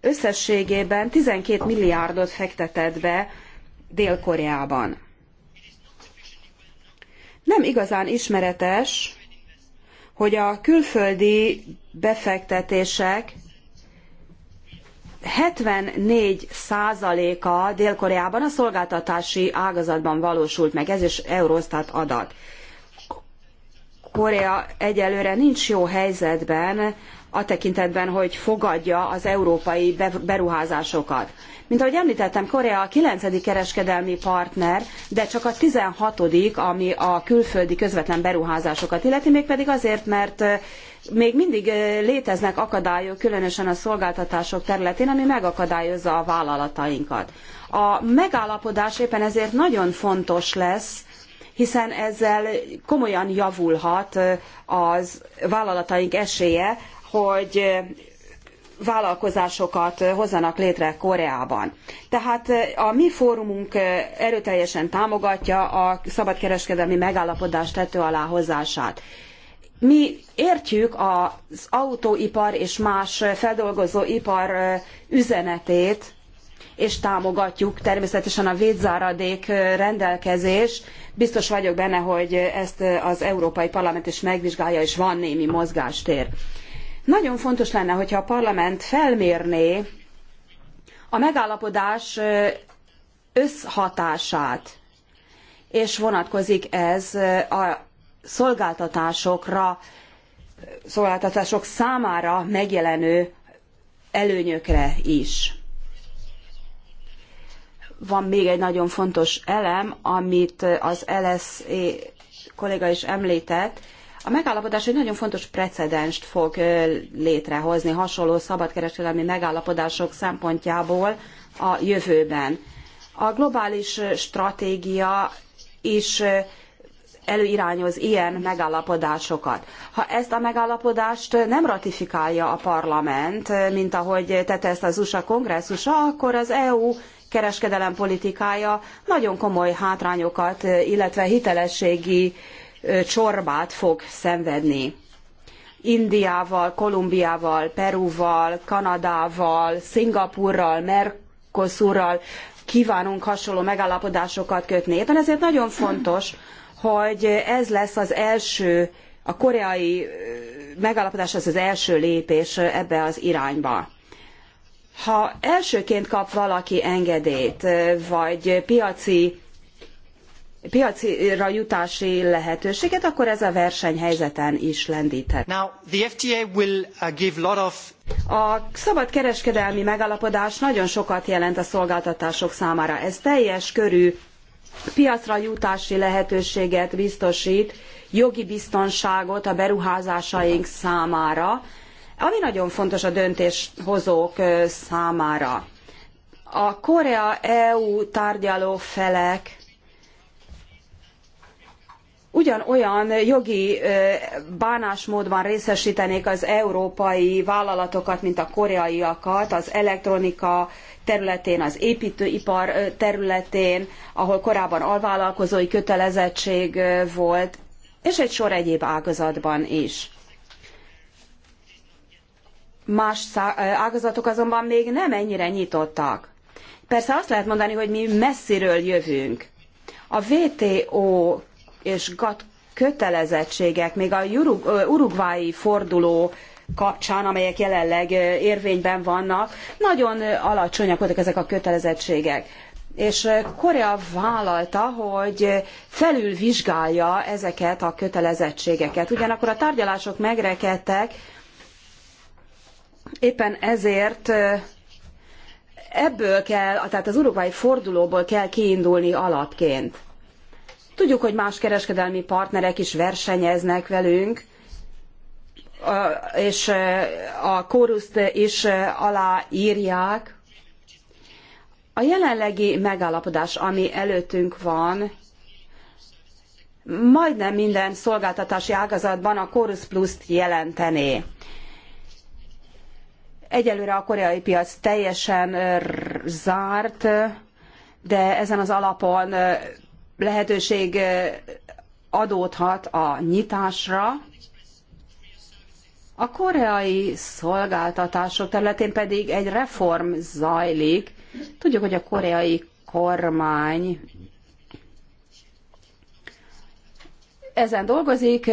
összességében 12 milliárdot fektetett be Dél-Koreában nem igazán ismeretes, hogy a külföldi befektetések 74%-a Dél-Koreában a szolgáltatási ágazatban valósult meg, ez is Eurostat adat. Korea egyelőre nincs jó helyzetben a tekintetben, hogy fogadja az európai beruházásokat. Mint ahogy említettem, Korea a 9. kereskedelmi partner, de csak a 16. ami a külföldi közvetlen beruházásokat illeti, mégpedig azért, mert még mindig léteznek akadályok, különösen a szolgáltatások területén, ami megakadályozza a vállalatainkat. A megállapodás éppen ezért nagyon fontos lesz, hiszen ezzel komolyan javulhat az vállalataink esélye hogy eh, vállalkozásokat hozzanak létre Koreában. Tehát eh, a mi fórumunk eh, erőteljesen támogatja a szabadkereskedelmi megállapodás tető alá hozását. Mi értjük az autóipar és más feldolgozóipar üzenetét, és támogatjuk természetesen a védzáradék rendelkezés. Biztos vagyok benne, hogy ezt az Európai Parlament is megvizsgálja, és van némi mozgástér. Nagyon fontos lenne, hogyha a parlament felmérné a megállapodás összhatását, és vonatkozik ez a szolgáltatásokra, szolgáltatások számára megjelenő előnyökre is. Van még egy nagyon fontos elem, amit az LSZ e kolléga is említett, a megállapodás egy nagyon fontos precedenst fog létrehozni hasonló szabadkereskedelmi megállapodások szempontjából a jövőben. A globális stratégia is előirányoz ilyen megállapodásokat. Ha ezt a megállapodást nem ratifikálja a parlament, mint ahogy tette ezt az USA kongresszusa, akkor az EU kereskedelempolitikája nagyon komoly hátrányokat, illetve hitelességi csorbát fog szenvedni. Indiával, Kolumbiával, Perúval, Kanadával, Szingapurral, Mercosurral kívánunk hasonló megállapodásokat kötni. Éppen ezért nagyon fontos, hogy ez lesz az első, a koreai megállapodás az az első lépés ebbe az irányba. Ha elsőként kap valaki engedélyt, vagy piaci piacra jutási lehetőséget, akkor ez a versenyhelyzeten is lendíthet. Now, the FTA will uh, give lot of... A szabadkereskedelmi megállapodás nagyon sokat jelent a szolgáltatások számára. Ez teljes körű piacra jutási lehetőséget biztosít, jogi biztonságot a beruházásaink számára, ami nagyon fontos a döntéshozók számára. A Korea-EU tárgyaló felek ugyanolyan jogi bánásmódban részesítenék az európai vállalatokat, mint a koreaiakat az elektronika területén, az építőipar területén, ahol korábban alvállalkozói kötelezettség volt, és egy sor egyéb ágazatban is. Más ágazatok azonban még nem ennyire nyitottak. Persze azt lehet mondani, hogy mi messziről jövünk. A WTO és GATT kötelezettségek, még a urugvái forduló kapcsán, amelyek jelenleg érvényben vannak, nagyon alacsonyak voltak ezek a kötelezettségek. És Korea vállalta, hogy felülvizsgálja ezeket a kötelezettségeket. Ugyanakkor a tárgyalások megrekedtek, éppen ezért ebből kell, tehát az urugvái fordulóból kell kiindulni alapként. Tudjuk, hogy más kereskedelmi partnerek is versenyeznek velünk, és a kóruszt is aláírják. A jelenlegi megállapodás, ami előttünk van, majdnem minden szolgáltatási ágazatban a Chorus Plus-t jelentené. Egyelőre a koreai piac teljesen zárt, de ezen az alapon lehetőség adódhat a nyitásra, a koreai szolgáltatások területén pedig egy reform zajlik. Tudjuk, hogy a koreai kormány ezen dolgozik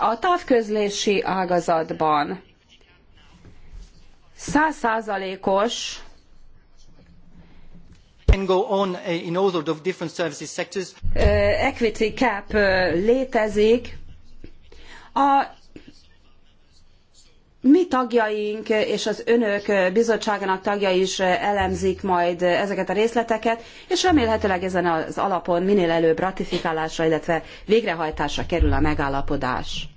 a távközlési ágazatban. Százszázalékos Equity cap létezik. A mi tagjaink és az önök bizottságának tagjai is elemzik majd ezeket a részleteket, és remélhetőleg ezen az alapon minél előbb ratifikálásra, illetve végrehajtásra kerül a megállapodás.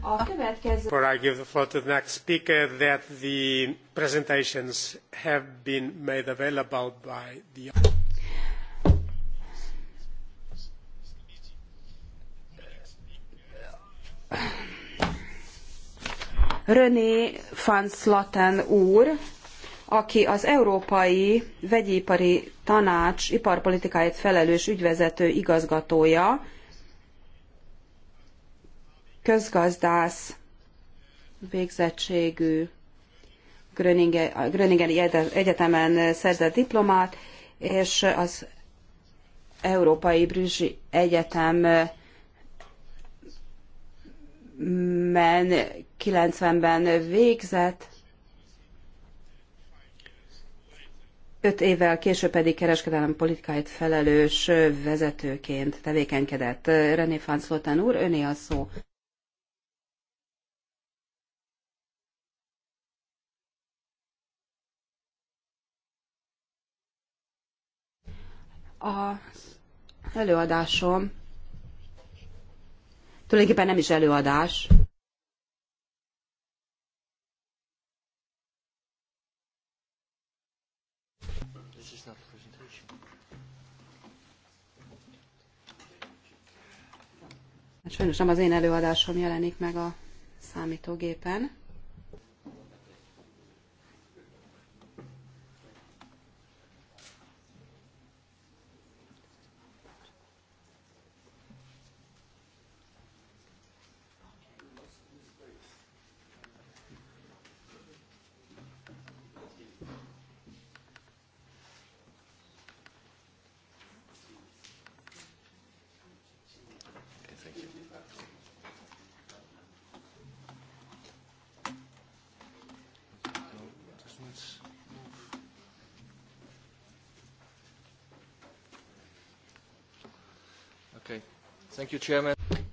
A következő... Before I give the floor to the next speaker, that the presentations have been made available by the... René van Slaten úr, aki az Európai Vegyipari Tanács iparpolitikáért felelős ügyvezető igazgatója, közgazdász végzettségű, Gröningeni Egyetemen szerzett diplomát, és az Európai Brüzsi Egyetem men 90-ben végzett, öt évvel később pedig kereskedelmi politikáit felelős vezetőként tevékenykedett. René Fanszloten úr, öné a szó. Az előadásom tulajdonképpen nem is előadás. Hát sajnos nem az én előadásom jelenik meg a számítógépen.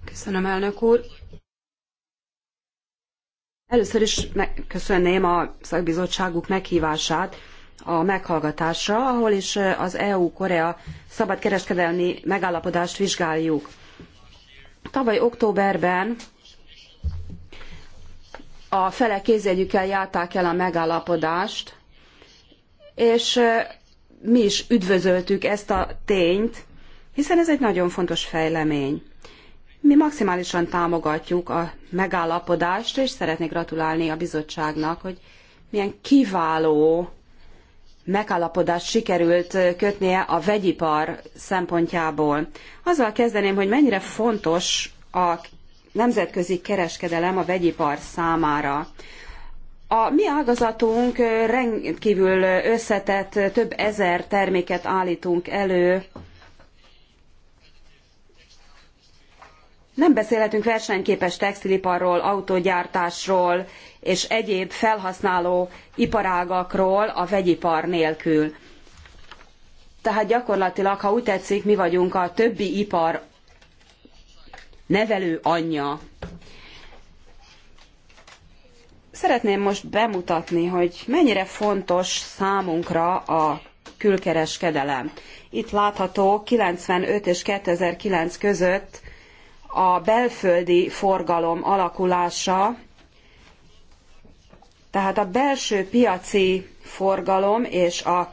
Köszönöm, elnök úr. Először is megköszönném a szakbizottságuk meghívását a meghallgatásra, ahol is eh, az EU-Korea szabadkereskedelmi megállapodást vizsgáljuk. Tavaly októberben a felek kézjegyükkel járták el a megállapodást, és eh, mi is üdvözöltük ezt a tényt, hiszen ez egy nagyon fontos fejlemény. Mi maximálisan támogatjuk a megállapodást, és szeretnék gratulálni a bizottságnak, hogy milyen kiváló megállapodást sikerült kötnie a vegyipar szempontjából. Azzal kezdeném, hogy mennyire fontos a nemzetközi kereskedelem a vegyipar számára. A mi ágazatunk rendkívül összetett, több ezer terméket állítunk elő, Nem beszélhetünk versenyképes textiliparról, autógyártásról és egyéb felhasználó iparágakról a vegyipar nélkül. Tehát gyakorlatilag, ha úgy tetszik, mi vagyunk a többi ipar nevelő anyja. Szeretném most bemutatni, hogy mennyire fontos számunkra a külkereskedelem. Itt látható 95 és 2009 között a belföldi forgalom alakulása, tehát a belső piaci forgalom és a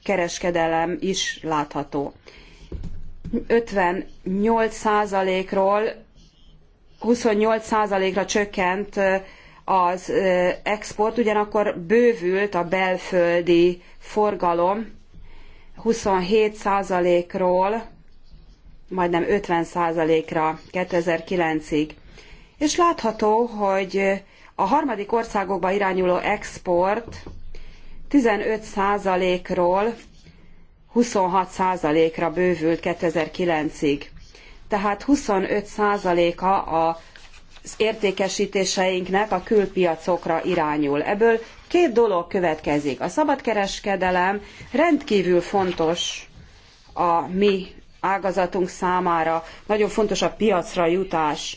külkereskedelem is látható. 58%-ról 28%-ra csökkent az export, ugyanakkor bővült a belföldi forgalom 27%-ról majdnem 50%-ra 2009-ig. És látható, hogy a harmadik országokba irányuló export 15%-ról 26%-ra bővült 2009-ig. Tehát 25%-a az értékesítéseinknek a külpiacokra irányul. Ebből két dolog következik. A szabadkereskedelem rendkívül fontos a mi ágazatunk számára. Nagyon fontos a piacra jutás.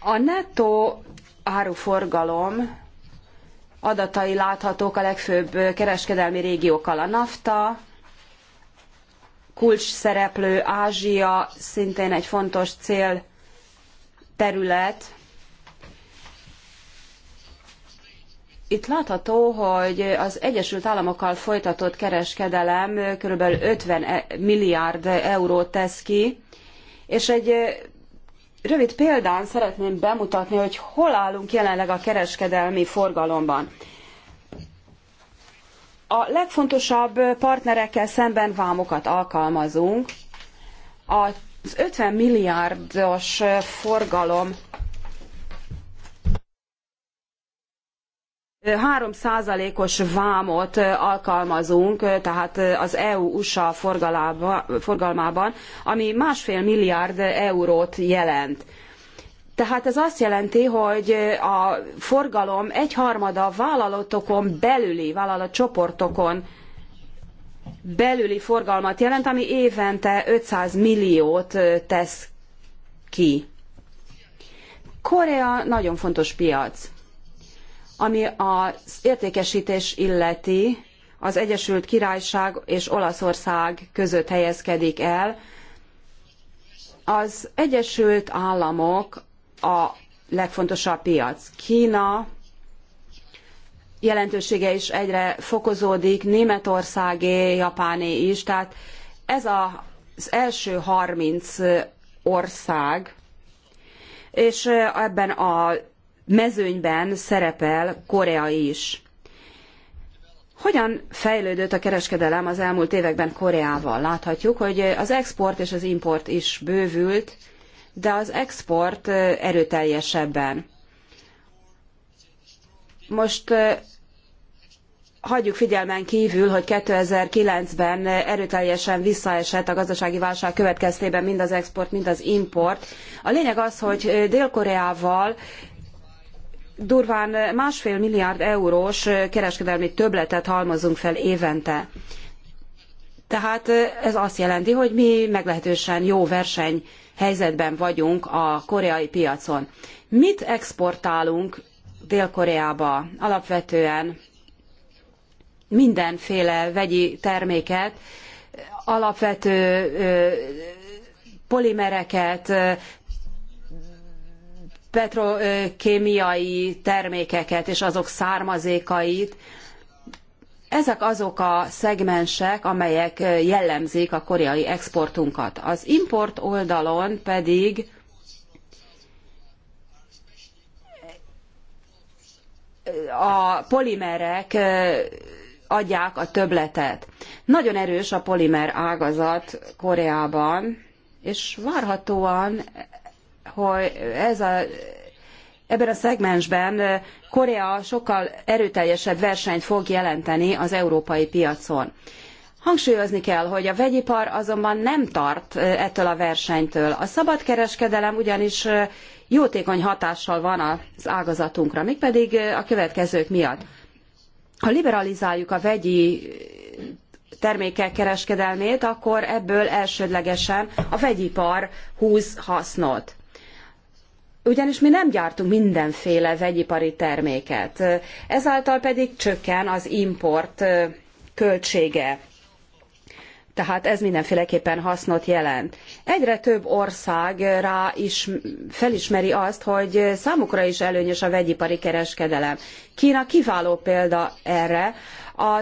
A nettó áruforgalom adatai láthatók a legfőbb kereskedelmi régiókkal. A NAFTA, kulcs szereplő Ázsia, szintén egy fontos célterület Itt látható, hogy az Egyesült Államokkal folytatott kereskedelem kb. 50 e- milliárd eurót tesz ki, és egy rövid példán szeretném bemutatni, hogy hol állunk jelenleg a kereskedelmi forgalomban. A legfontosabb partnerekkel szemben vámokat alkalmazunk. Az 50 milliárdos forgalom 3 os vámot alkalmazunk, tehát az EU-USA forgalmában, ami másfél milliárd eurót jelent. Tehát ez azt jelenti, hogy a forgalom egyharmada vállalatokon belüli, vállalatcsoportokon belüli forgalmat jelent, ami évente 500 milliót tesz ki. Korea nagyon fontos piac. Ami az értékesítés illeti, az Egyesült Királyság és Olaszország között helyezkedik el. Az Egyesült Államok a legfontosabb piac. Kína jelentősége is egyre fokozódik, Németországé, Japáné is, tehát ez a, az első 30 ország, és ebben a mezőnyben szerepel Korea is. Hogyan fejlődött a kereskedelem az elmúlt években Koreával? Láthatjuk, hogy az export és az import is bővült, de az export erőteljesebben. Most hagyjuk figyelmen kívül, hogy 2009-ben erőteljesen visszaesett a gazdasági válság következtében mind az export, mind az import. A lényeg az, hogy Dél-Koreával durván másfél milliárd eurós kereskedelmi többletet halmozunk fel évente. Tehát ez azt jelenti, hogy mi meglehetősen jó versenyhelyzetben vagyunk a koreai piacon. Mit exportálunk Dél-Koreába? Alapvetően mindenféle vegyi terméket, alapvető polimereket, petrokémiai termékeket és azok származékait. Ezek azok a szegmensek, amelyek jellemzik a koreai exportunkat. Az import oldalon pedig a polimerek adják a többletet. Nagyon erős a polimer ágazat Koreában, és várhatóan hogy ez a, ebben a szegmensben Korea sokkal erőteljesebb versenyt fog jelenteni az európai piacon. Hangsúlyozni kell, hogy a vegyipar azonban nem tart ettől a versenytől. A szabadkereskedelem ugyanis jótékony hatással van az ágazatunkra, mégpedig a következők miatt. Ha liberalizáljuk a vegyi termékek kereskedelmét, akkor ebből elsődlegesen a vegyipar húz hasznot ugyanis mi nem gyártunk mindenféle vegyipari terméket, ezáltal pedig csökken az import költsége. Tehát ez mindenféleképpen hasznot jelent. Egyre több ország rá is felismeri azt, hogy számukra is előnyös a vegyipari kereskedelem. Kína kiváló példa erre, a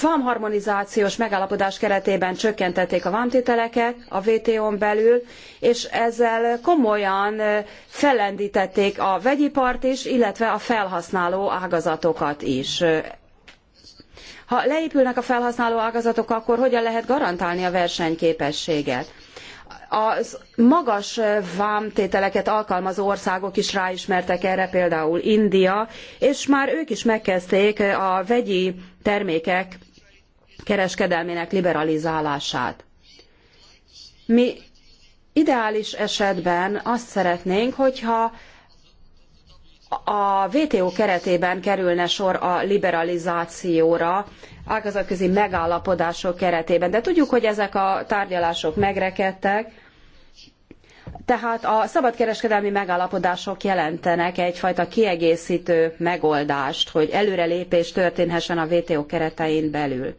vámharmonizációs megállapodás keretében csökkentették a vámtételeket a WTO-n belül, és ezzel komolyan fellendítették a vegyipart is, illetve a felhasználó ágazatokat is. Ha leépülnek a felhasználó ágazatok, akkor hogyan lehet garantálni a versenyképességet? az magas vámtételeket alkalmazó országok is ráismertek erre, például India, és már ők is megkezdték a vegyi termékek kereskedelmének liberalizálását. Mi ideális esetben azt szeretnénk, hogyha a WTO keretében kerülne sor a liberalizációra, ágazatközi megállapodások keretében. De tudjuk, hogy ezek a tárgyalások megrekedtek, tehát a szabadkereskedelmi megállapodások jelentenek egyfajta kiegészítő megoldást, hogy előrelépés történhessen a WTO keretein belül.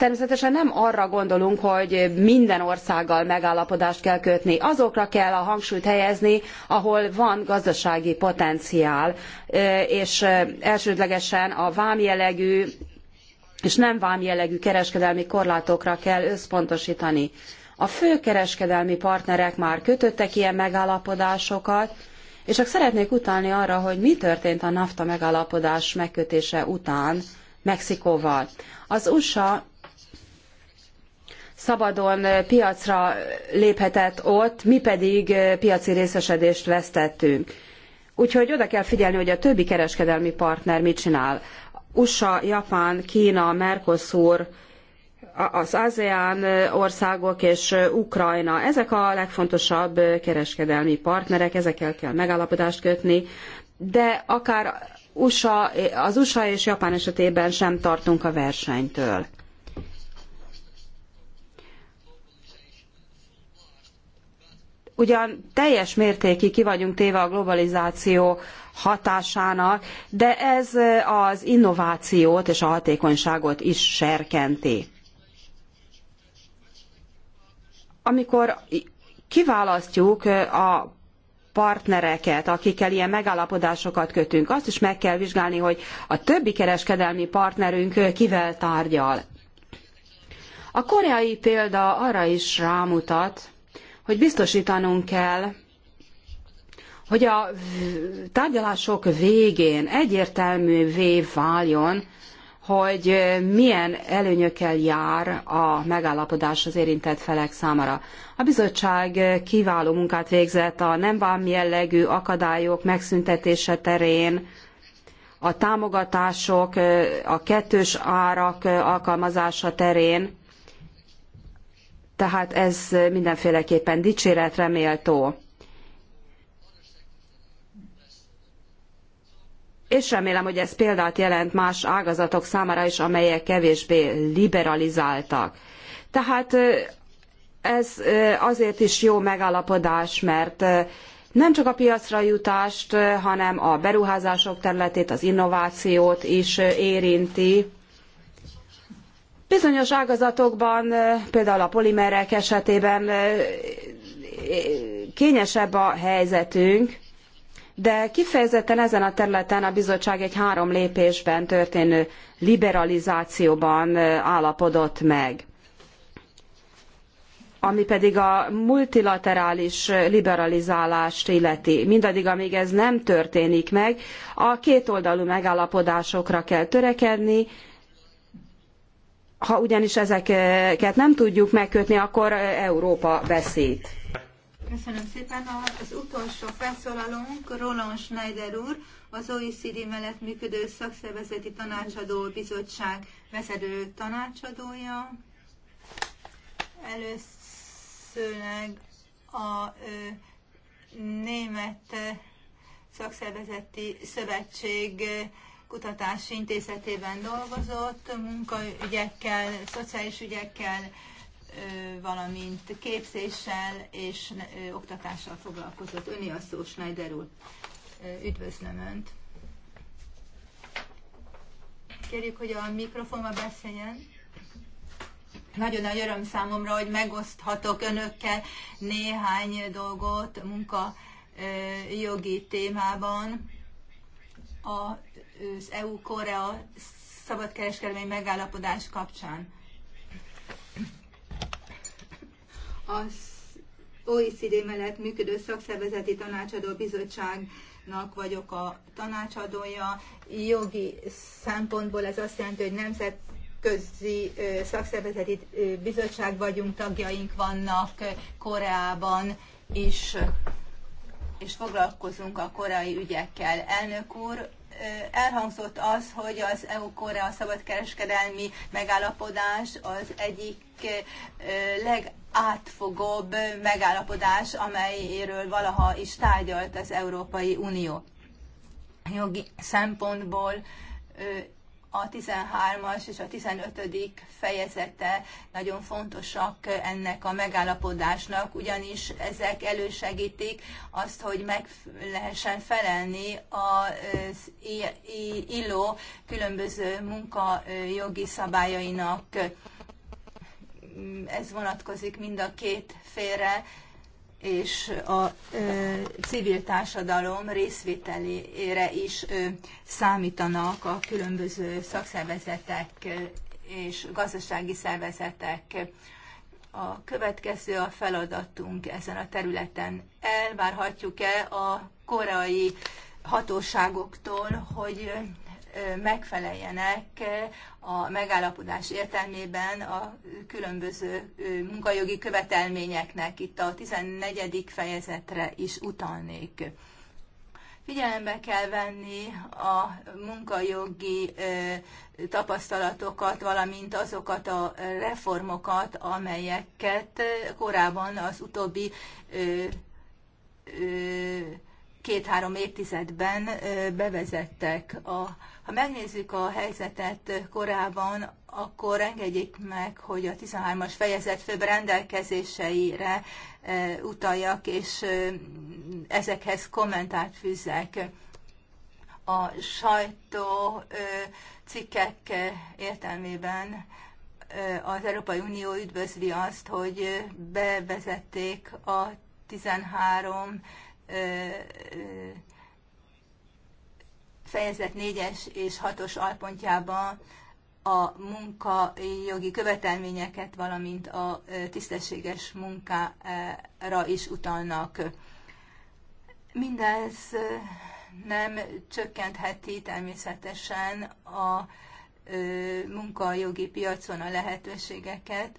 Természetesen nem arra gondolunk, hogy minden országgal megállapodást kell kötni. Azokra kell a hangsúlyt helyezni, ahol van gazdasági potenciál, és elsődlegesen a vámjellegű és nem vámjellegű kereskedelmi korlátokra kell összpontosítani. A fő kereskedelmi partnerek már kötöttek ilyen megállapodásokat, és csak szeretnék utalni arra, hogy mi történt a NAFTA megállapodás megkötése után Mexikóval. Az USA szabadon eh, piacra léphetett ott, mi pedig eh, piaci részesedést vesztettünk. Úgyhogy oda kell figyelni, hogy a többi kereskedelmi partner mit csinál. USA, Japán, Kína, Mercosur, az ASEAN eh, országok és Ukrajna, ezek a legfontosabb kereskedelmi partnerek, ezekkel kell megállapodást kötni, de akár USA, az USA és Japán esetében sem tartunk a versenytől. ugyan teljes mértékig ki vagyunk téve a globalizáció hatásának, de ez az innovációt és a hatékonyságot is serkenti. Amikor kiválasztjuk a partnereket, akikkel ilyen megállapodásokat kötünk, azt is meg kell vizsgálni, hogy a többi kereskedelmi partnerünk kivel tárgyal. A koreai példa arra is rámutat, hogy biztosítanunk kell, hogy a tárgyalások végén egyértelművé váljon, hogy milyen előnyökkel jár a megállapodás az érintett felek számára. A bizottság kiváló munkát végzett a nem vám jellegű akadályok megszüntetése terén, a támogatások, a kettős árak alkalmazása terén, tehát ez mindenféleképpen dicséretre méltó. És remélem, hogy ez példát jelent más ágazatok számára is, amelyek kevésbé liberalizáltak. Tehát ez azért is jó megállapodás, mert nem csak a piacra jutást, hanem a beruházások területét, az innovációt is érinti Bizonyos ágazatokban, például a polimerek esetében kényesebb a helyzetünk, de kifejezetten ezen a területen a bizottság egy három lépésben történő liberalizációban állapodott meg ami pedig a multilaterális liberalizálást illeti. Mindaddig, amíg ez nem történik meg, a kétoldalú megállapodásokra kell törekedni, ha ugyanis ezeket nem tudjuk megkötni, akkor Európa veszít. Köszönöm szépen. Az utolsó felszólalónk Roland Schneider úr, az OECD mellett működő szakszervezeti tanácsadó bizottság vezető tanácsadója. Előszörleg a ö, német szakszervezeti szövetség ö, Kutatási Intézetében dolgozott, munkaügyekkel, szociális ügyekkel, valamint képzéssel és oktatással foglalkozott. Öni a szó, Schneider úr. Üdvözlöm Önt. Kérjük, hogy a mikrofonba beszéljen. Nagyon nagy öröm számomra, hogy megoszthatok Önökkel néhány dolgot munka jogi témában. A az EU-Korea szabadkereskedelmi megállapodás kapcsán. Az OECD mellett működő szakszervezeti tanácsadó bizottságnak vagyok a tanácsadója. Jogi szempontból ez azt jelenti, hogy nemzet közi szakszervezeti bizottság vagyunk, tagjaink vannak Koreában is, és foglalkozunk a koreai ügyekkel. Elnök úr, elhangzott az, hogy az EU-Korea szabadkereskedelmi megállapodás az egyik legátfogóbb megállapodás, amelyről valaha is tárgyalt az Európai Unió. Jogi szempontból a 13-as és a 15. fejezete nagyon fontosak ennek a megállapodásnak, ugyanis ezek elősegítik azt, hogy meg lehessen felelni az illó különböző munkajogi szabályainak. Ez vonatkozik mind a két félre, és a civil társadalom részvételére is számítanak a különböző szakszervezetek és gazdasági szervezetek. A következő a feladatunk ezen a területen. Elvárhatjuk-e a korai hatóságoktól, hogy megfeleljenek a megállapodás értelmében a különböző munkajogi követelményeknek itt a 14. fejezetre is utalnék. Figyelembe kell venni a munkajogi tapasztalatokat, valamint azokat a reformokat, amelyeket korábban az utóbbi két-három évtizedben bevezettek a ha megnézzük a helyzetet korábban, akkor engedjék meg, hogy a 13-as fejezet főbb rendelkezéseire e, utaljak, és e, ezekhez kommentárt fűzzek. A sajtó e, cikkek értelmében az Európai Unió üdvözli azt, hogy bevezették a 13 fejezet 4-es és 6-os alpontjában a munkajogi követelményeket, valamint a tisztességes munkára is utalnak. Mindez nem csökkentheti természetesen a munkajogi piacon a lehetőségeket.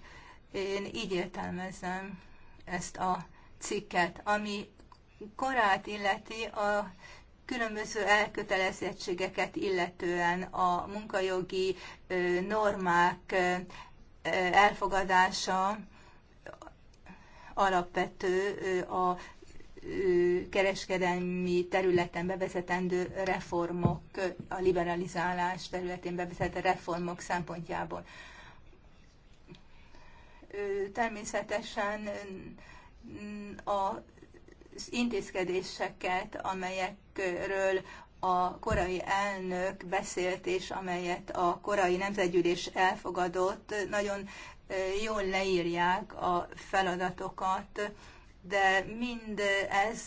Én így értelmezem ezt a cikket, ami korát illeti a különböző elkötelezettségeket illetően a munkajogi normák elfogadása alapvető a kereskedelmi területen bevezetendő reformok, a liberalizálás területén bevezetett reformok szempontjából. Természetesen a intézkedéseket, amelyekről a korai elnök beszélt, és amelyet a korai nemzetgyűlés elfogadott, nagyon jól leírják a feladatokat, de mind ez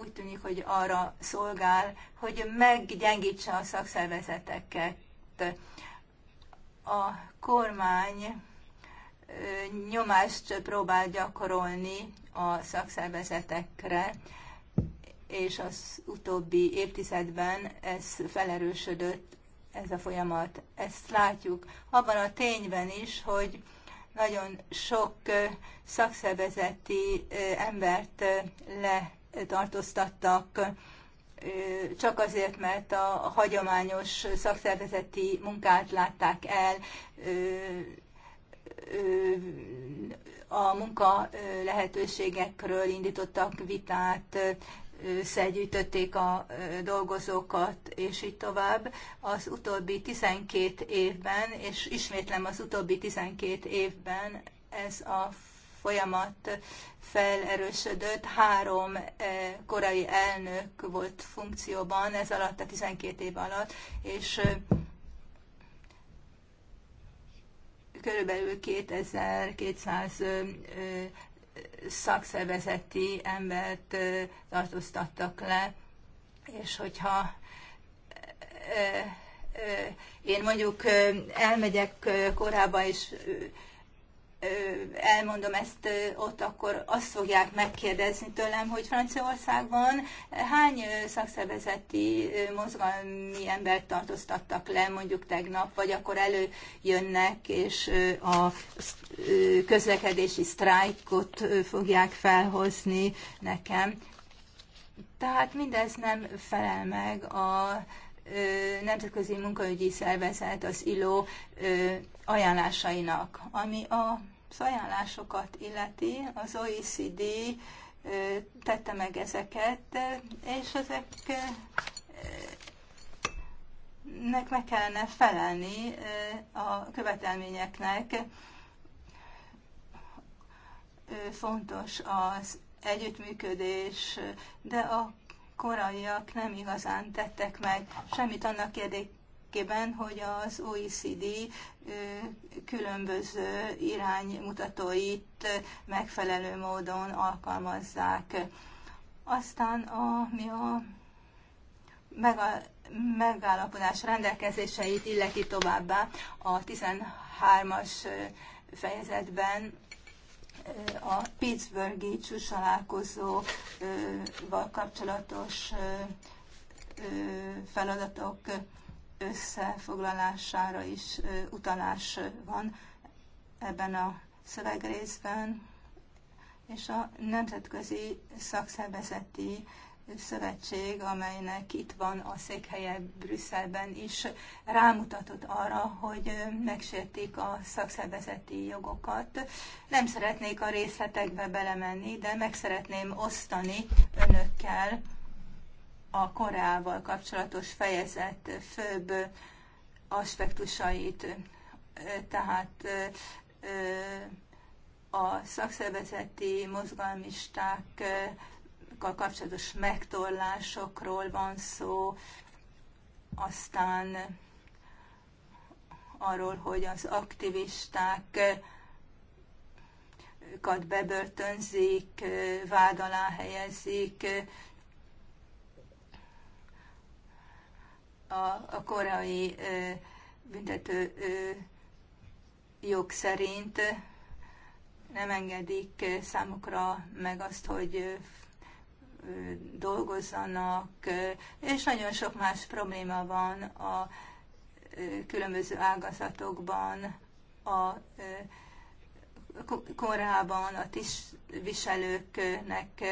úgy tűnik, hogy arra szolgál, hogy meggyengítse a szakszervezeteket. A kormány nyomást próbál gyakorolni a szakszervezetekre, és az utóbbi évtizedben ez felerősödött, ez a folyamat. Ezt látjuk abban a tényben is, hogy nagyon sok szakszervezeti embert letartóztattak, csak azért, mert a hagyományos szakszervezeti munkát látták el, a munka lehetőségekről indítottak vitát, összegyűjtötték a dolgozókat, és így tovább. Az utóbbi 12 évben, és ismétlem az utóbbi 12 évben ez a folyamat felerősödött. Három korai elnök volt funkcióban ez alatt, a 12 év alatt, és körülbelül 2200 szakszervezeti embert tartóztattak le, és hogyha én mondjuk elmegyek korábban, és elmondom ezt ott, akkor azt fogják megkérdezni tőlem, hogy Franciaországban hány szakszervezeti mozgalmi embert tartóztattak le mondjuk tegnap, vagy akkor előjönnek, és a közlekedési sztrájkot fogják felhozni nekem. Tehát mindez nem felel meg a Nemzetközi Munkaügyi Szervezet, az ILO ajánlásainak, ami a az ajánlásokat illeti, az OECD tette meg ezeket, és ezeknek meg kellene felelni a követelményeknek. Fontos az együttműködés, de a koraiak nem igazán tettek meg semmit annak érdekében, cikkében, hogy az OECD különböző iránymutatóit megfelelő módon alkalmazzák. Aztán mi a megállapodás rendelkezéseit illeti továbbá a 13-as fejezetben a Pittsburghi csúcsalálkozóval kapcsolatos feladatok összefoglalására is utalás van ebben a szövegrészben, és a Nemzetközi Szakszervezeti Szövetség, amelynek itt van a székhelye Brüsszelben is, rámutatott arra, hogy megsértik a szakszervezeti jogokat. Nem szeretnék a részletekbe belemenni, de meg szeretném osztani önökkel a Koreával kapcsolatos fejezet főbb aspektusait. Tehát a szakszervezeti mozgalmistákkal kapcsolatos megtorlásokról van szó, aztán arról, hogy az aktivistákat bebörtönzik, vád alá helyezik, a, a koreai büntető jog szerint nem engedik számukra meg azt, hogy dolgozzanak, és nagyon sok más probléma van a különböző ágazatokban, a korában a tisztviselőknek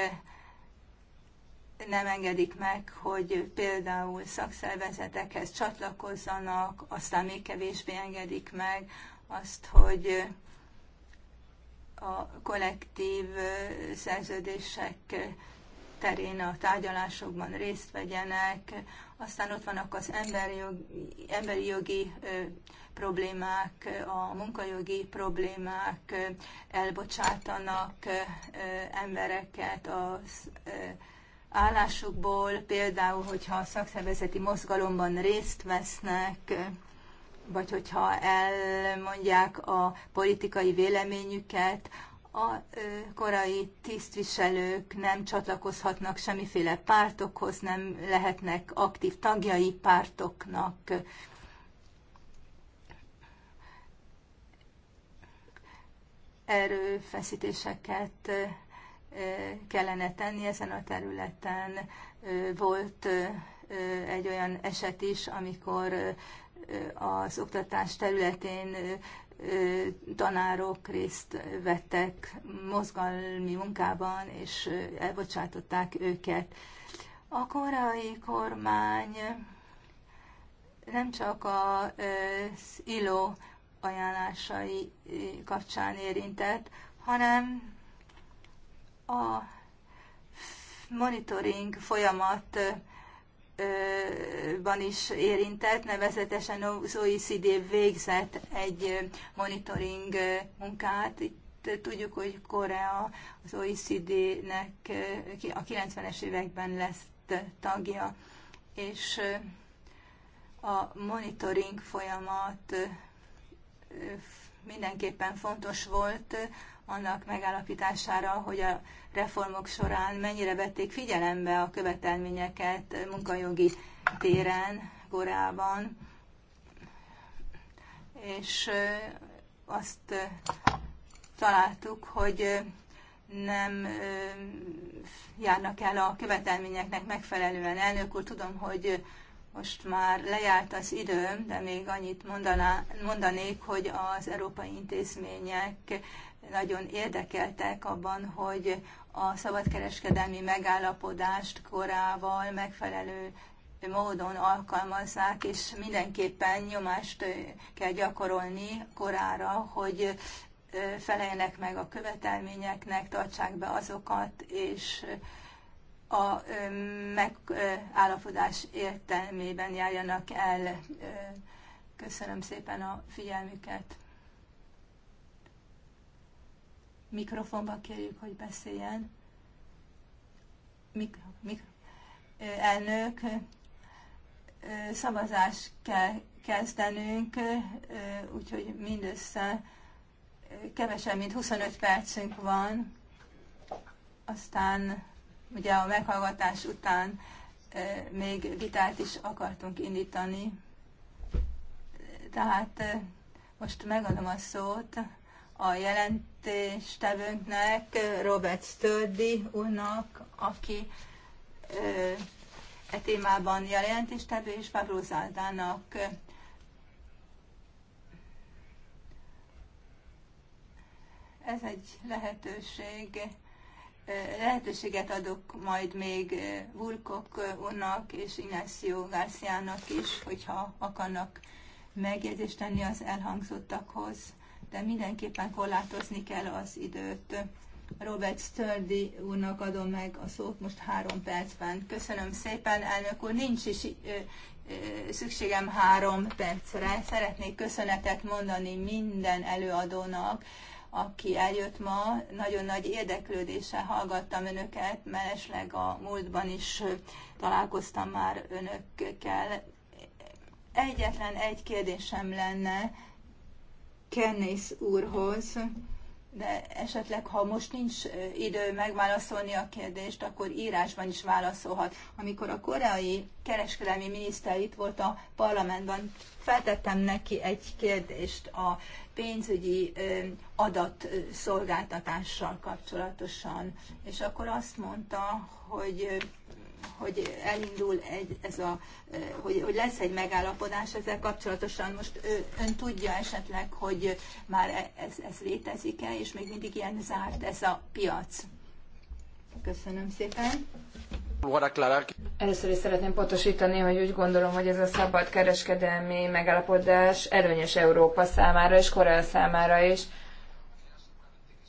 nem engedik meg, hogy például szakszervezetekhez csatlakozzanak, aztán még kevésbé engedik meg azt, hogy a kollektív szerződések terén a tárgyalásokban részt vegyenek, aztán ott vannak az emberi jogi, emberi jogi problémák, a munkajogi problémák, elbocsátanak embereket az állásukból, például, hogyha a szakszervezeti mozgalomban részt vesznek, vagy hogyha elmondják a politikai véleményüket, a korai tisztviselők nem csatlakozhatnak semmiféle pártokhoz, nem lehetnek aktív tagjai pártoknak. Erőfeszítéseket kellene tenni ezen a területen. Volt egy olyan eset is, amikor az oktatás területén tanárok részt vettek mozgalmi munkában, és elbocsátották őket. A korai kormány nem csak az ILO ajánlásai kapcsán érintett, hanem a monitoring folyamatban is érintett, nevezetesen az OECD végzett egy monitoring munkát. Itt tudjuk, hogy Korea az OECD-nek a 90-es években lesz tagja, és a monitoring folyamat mindenképpen fontos volt annak megállapítására, hogy a reformok során mennyire vették figyelembe a követelményeket munkajogi téren, korában, és azt találtuk, hogy nem járnak el a követelményeknek megfelelően. Elnök úr, tudom, hogy most már lejárt az időm, de még annyit mondaná, mondanék, hogy az európai intézmények nagyon érdekeltek abban, hogy a szabadkereskedelmi megállapodást korával megfelelő módon alkalmazzák, és mindenképpen nyomást kell gyakorolni korára, hogy feleljenek meg a követelményeknek, tartsák be azokat, és a megállapodás értelmében járjanak el. Köszönöm szépen a figyelmüket! mikrofonba kérjük, hogy beszéljen. Mikro, mikro. Elnök, szavazást kell kezdenünk, úgyhogy mindössze kevesebb, mint 25 percünk van. Aztán ugye a meghallgatás után még vitát is akartunk indítani. Tehát most megadom a szót a jelentéstevőnknek, Robert Stöldi úrnak, aki e témában jelentéstevő, és Pablo Záldának. Ez egy lehetőség. Lehetőséget adok majd még Vulkok úrnak és Ignacio Garciának is, hogyha akarnak megjegyzést tenni az elhangzottakhoz de mindenképpen korlátozni kell az időt. Robert Sturdy úrnak adom meg a szót most három percben. Köszönöm szépen, elnök úr. Nincs is szükségem három percre. Szeretnék köszönetet mondani minden előadónak, aki eljött ma. Nagyon nagy érdeklődéssel hallgattam önöket, mellesleg a múltban is találkoztam már önökkel. Egyetlen egy kérdésem lenne, Kennész úrhoz, de esetleg, ha most nincs idő megválaszolni a kérdést, akkor írásban is válaszolhat. Amikor a koreai kereskedelmi miniszter itt volt a parlamentben, feltettem neki egy kérdést a pénzügyi adatszolgáltatással kapcsolatosan, és akkor azt mondta, hogy hogy elindul egy, ez a, hogy, hogy lesz egy megállapodás ezzel kapcsolatosan. Most ön tudja esetleg, hogy már e, ez, ez létezik-e, és még mindig ilyen zárt ez a piac. Köszönöm szépen. Először is szeretném pontosítani, hogy úgy gondolom, hogy ez a szabad kereskedelmi megállapodás előnyös Európa számára és Korea számára is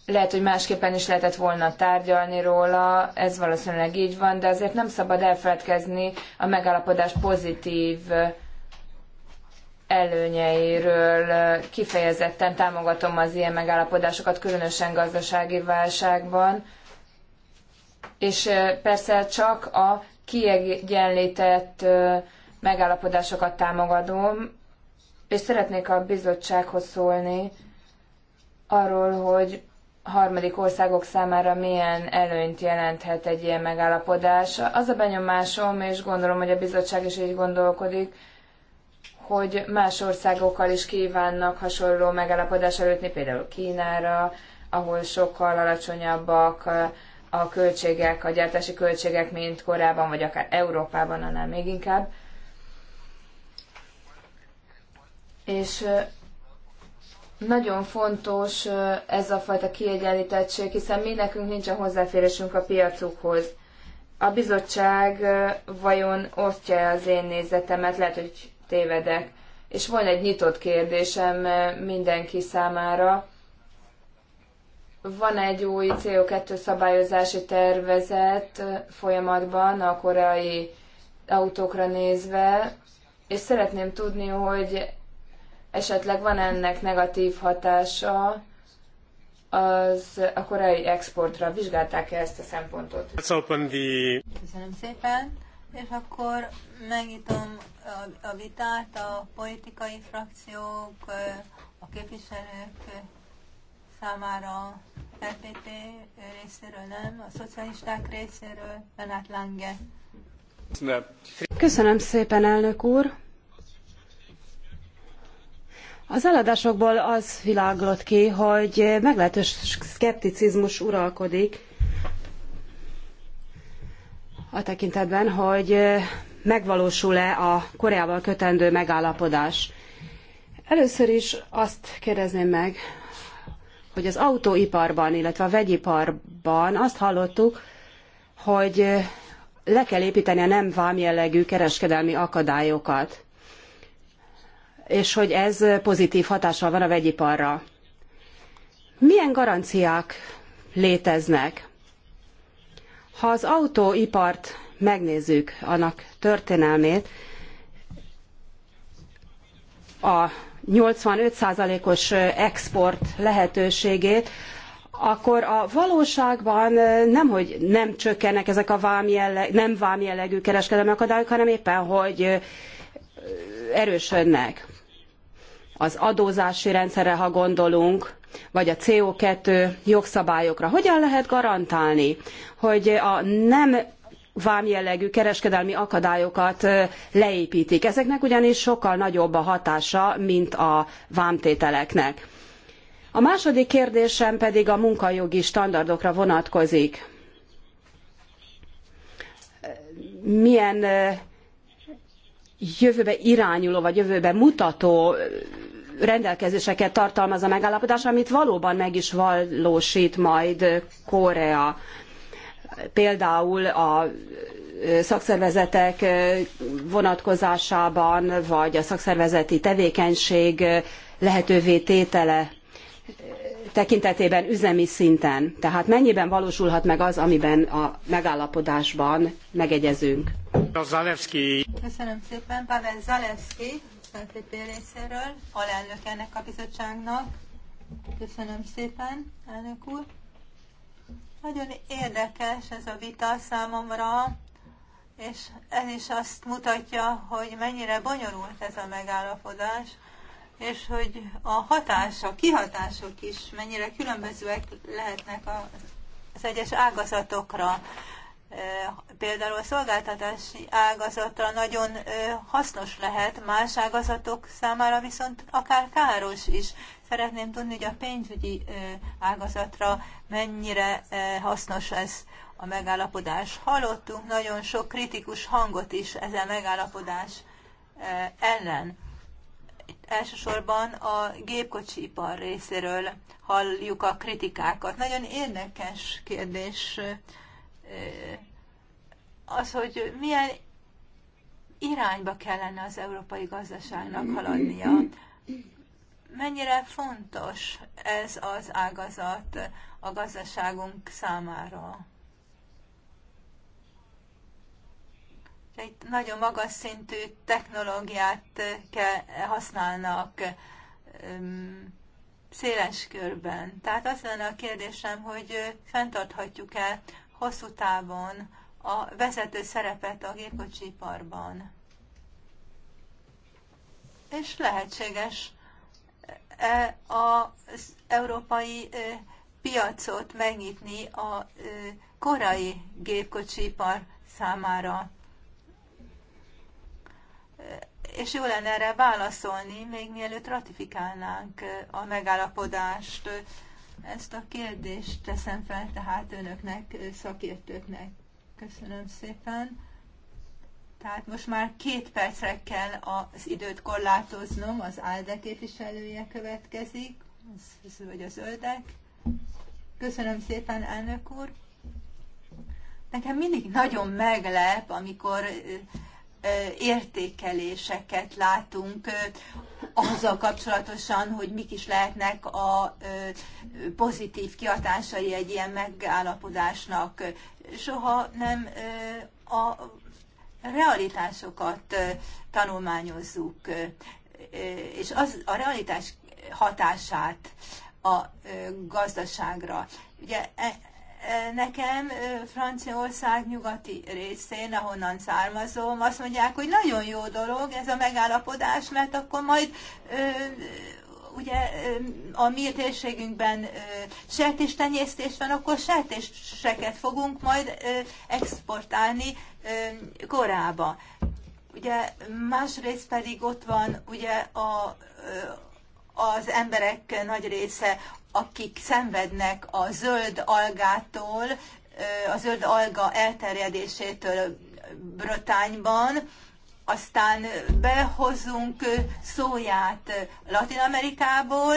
lehet, hogy másképpen is lehetett volna tárgyalni róla, ez valószínűleg így van, de azért nem szabad elfeledkezni a megállapodás pozitív előnyeiről. Kifejezetten támogatom az ilyen megállapodásokat, különösen gazdasági válságban. És persze csak a kiegyenlített megállapodásokat támogatom, és szeretnék a bizottsághoz szólni arról, hogy harmadik országok számára milyen előnyt jelenthet egy ilyen megállapodás. Az a benyomásom, és gondolom, hogy a bizottság is így gondolkodik, hogy más országokkal is kívánnak hasonló megállapodás előtni, például Kínára, ahol sokkal alacsonyabbak eh, a költségek, a gyártási költségek, mint korábban, vagy akár Európában, annál még inkább. És eh, nagyon fontos ez a fajta kiegyenlítettség, hiszen mi nekünk nincsen hozzáférésünk a piacukhoz. A bizottság vajon osztja az én nézetemet, lehet, hogy tévedek. És van egy nyitott kérdésem mindenki számára. Van egy új CO2 szabályozási tervezet folyamatban a koreai autókra nézve, és szeretném tudni, hogy esetleg van ennek negatív hatása az a koreai exportra. Vizsgálták-e ezt a szempontot? Köszönöm szépen. És akkor megnyitom a, vitát a politikai frakciók, a képviselők számára LPP részéről nem, a szocialisták részéről Renát Lange. Köszönöm szépen, elnök úr! Az eladásokból az világlott ki, hogy meglehetős szkepticizmus uralkodik a tekintetben, hogy megvalósul-e a Koreával kötendő megállapodás. Először is azt kérdezném meg, hogy az autóiparban, illetve a vegyiparban azt hallottuk, hogy le kell építeni a nem vámjellegű kereskedelmi akadályokat és hogy ez pozitív hatással van a vegyiparra. Milyen garanciák léteznek? Ha az autóipart megnézzük, annak történelmét, a 85%-os export lehetőségét, akkor a valóságban nem, hogy nem csökkennek ezek a vámjelleg, nem vámjellegű kereskedelmi akadályok, hanem éppen, hogy erősödnek az adózási rendszerre, ha gondolunk, vagy a CO2 jogszabályokra, hogyan lehet garantálni, hogy a nem vámjellegű kereskedelmi akadályokat leépítik. Ezeknek ugyanis sokkal nagyobb a hatása, mint a vámtételeknek. A második kérdésem pedig a munkajogi standardokra vonatkozik. Milyen jövőbe irányuló, vagy jövőbe mutató rendelkezéseket tartalmaz a megállapodás, amit valóban meg is valósít majd Korea. Például a szakszervezetek vonatkozásában, vagy a szakszervezeti tevékenység lehetővé tétele tekintetében üzemi szinten. Tehát mennyiben valósulhat meg az, amiben a megállapodásban megegyezünk? Zalewski. Köszönöm szépen. Pavel Zalewski, Szentlépé részéről, alelnök ennek a bizottságnak. Köszönöm szépen, elnök úr. Nagyon érdekes ez a vita számomra, és ez is azt mutatja, hogy mennyire bonyolult ez a megállapodás, és hogy a hatások, kihatások is mennyire különbözőek lehetnek az egyes ágazatokra például a szolgáltatási ágazatra nagyon hasznos lehet, más ágazatok számára viszont akár káros is. Szeretném tudni, hogy a pénzügyi ágazatra mennyire hasznos ez a megállapodás. Hallottunk nagyon sok kritikus hangot is ezen megállapodás ellen. Itt elsősorban a gépkocsipar részéről halljuk a kritikákat. Nagyon érdekes kérdés az, hogy milyen irányba kellene az európai gazdaságnak haladnia. Mennyire fontos ez az ágazat a gazdaságunk számára? Egy nagyon magas szintű technológiát kell használnak széles körben. Tehát az lenne a kérdésem, hogy fenntarthatjuk-e hosszú távon a vezető szerepet a gépkocsiparban. És lehetséges e, az európai e, piacot megnyitni a e, korai gépkocsipar számára. És jó lenne erre válaszolni, még mielőtt ratifikálnánk a megállapodást. Ezt a kérdést teszem fel tehát önöknek, szakértőknek. Köszönöm szépen. Tehát most már két percre kell az időt korlátoznom, az ALDE képviselője következik, Az vagy a zöldek. Köszönöm szépen, elnök úr. Nekem mindig nagyon meglep, amikor értékeléseket látunk azzal kapcsolatosan, hogy mik is lehetnek a pozitív kihatásai egy ilyen megállapodásnak. Soha nem a realitásokat tanulmányozzuk, és az a realitás hatását a gazdaságra. Ugye e, nekem Franciaország nyugati részén, ahonnan származom, azt mondják, hogy nagyon jó dolog ez a megállapodás, mert akkor majd ugye a mi térségünkben sertéstenyésztés van, akkor sertéseket fogunk majd exportálni korába. Ugye másrészt pedig ott van ugye a, az emberek nagy része, akik szenvednek a zöld algától, a zöld alga elterjedésétől Brötányban, aztán behozunk szóját Latin Amerikából,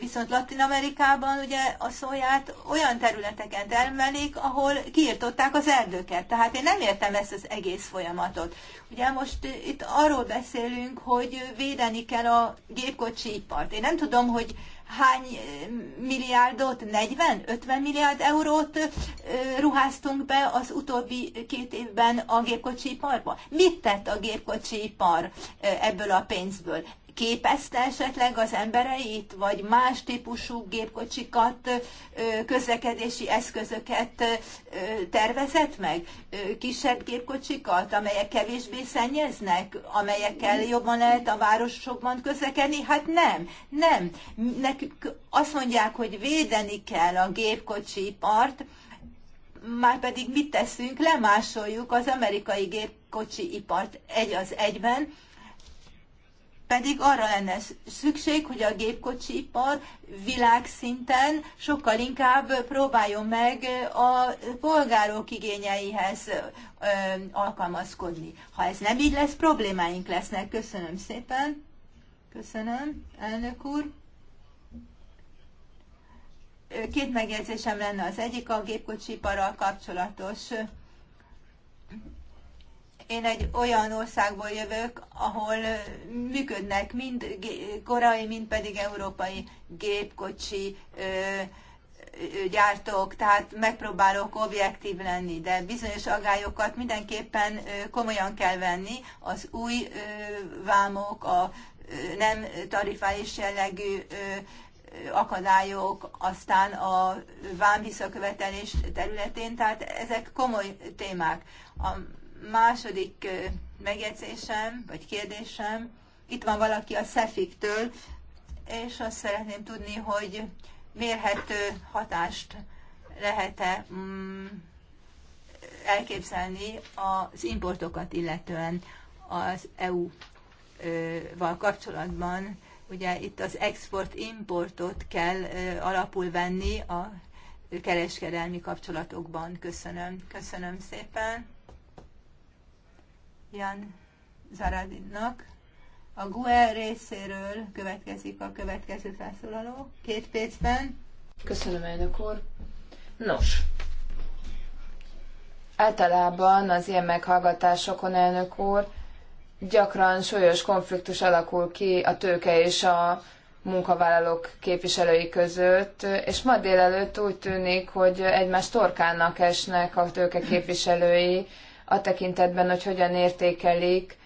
viszont Latin Amerikában ugye a szóját olyan területeken termelik, ahol kiirtották az erdőket. Tehát én nem értem ezt az egész folyamatot. Ugye most itt arról beszélünk, hogy védeni kell a gépkocsi ipart. Én nem tudom, hogy hány milliárdot, 40, 50 milliárd eurót ruháztunk be az utóbbi két évben a gépkocsiparba? Mit tett a gépkocsipar ebből a pénzből? képezte esetleg az embereit, vagy más típusú gépkocsikat, közlekedési eszközöket tervezett meg? Kisebb gépkocsikat, amelyek kevésbé szennyeznek, amelyekkel jobban lehet a városokban közlekedni? Hát nem, nem. Nekük azt mondják, hogy védeni kell a gépkocsipart, már pedig mit teszünk, lemásoljuk az amerikai gépkocsiipart egy az egyben, pedig arra lenne szükség, hogy a gépkocsipar világszinten sokkal inkább próbáljon meg a polgárok igényeihez alkalmazkodni. Ha ez nem így lesz, problémáink lesznek. Köszönöm szépen. Köszönöm, elnök úr. Két megjegyzésem lenne az egyik a gépkocsiparral kapcsolatos én egy olyan országból jövök, ahol működnek mind korai, mind pedig európai gépkocsi gyártók, tehát megpróbálok objektív lenni, de bizonyos agályokat mindenképpen komolyan kell venni. Az új vámok, a nem tarifális jellegű akadályok, aztán a vám visszakövetelés területén, tehát ezek komoly témák. A Második megjegyzésem, vagy kérdésem, itt van valaki a Szefiktől, és azt szeretném tudni, hogy mérhető hatást lehet-e mm, elképzelni az importokat illetően az EU-val kapcsolatban. Ugye itt az export-importot kell alapul venni a kereskedelmi kapcsolatokban. Köszönöm. Köszönöm szépen. Jan Zaradinnak. A GUE részéről következik a következő felszólaló. Két percben. Köszönöm, elnök úr. Nos, általában az ilyen meghallgatásokon, elnök úr, gyakran súlyos konfliktus alakul ki a tőke és a munkavállalók képviselői között, és ma délelőtt úgy tűnik, hogy egymás torkának esnek a tőke képviselői, a tekintetben, hogy hogyan értékelik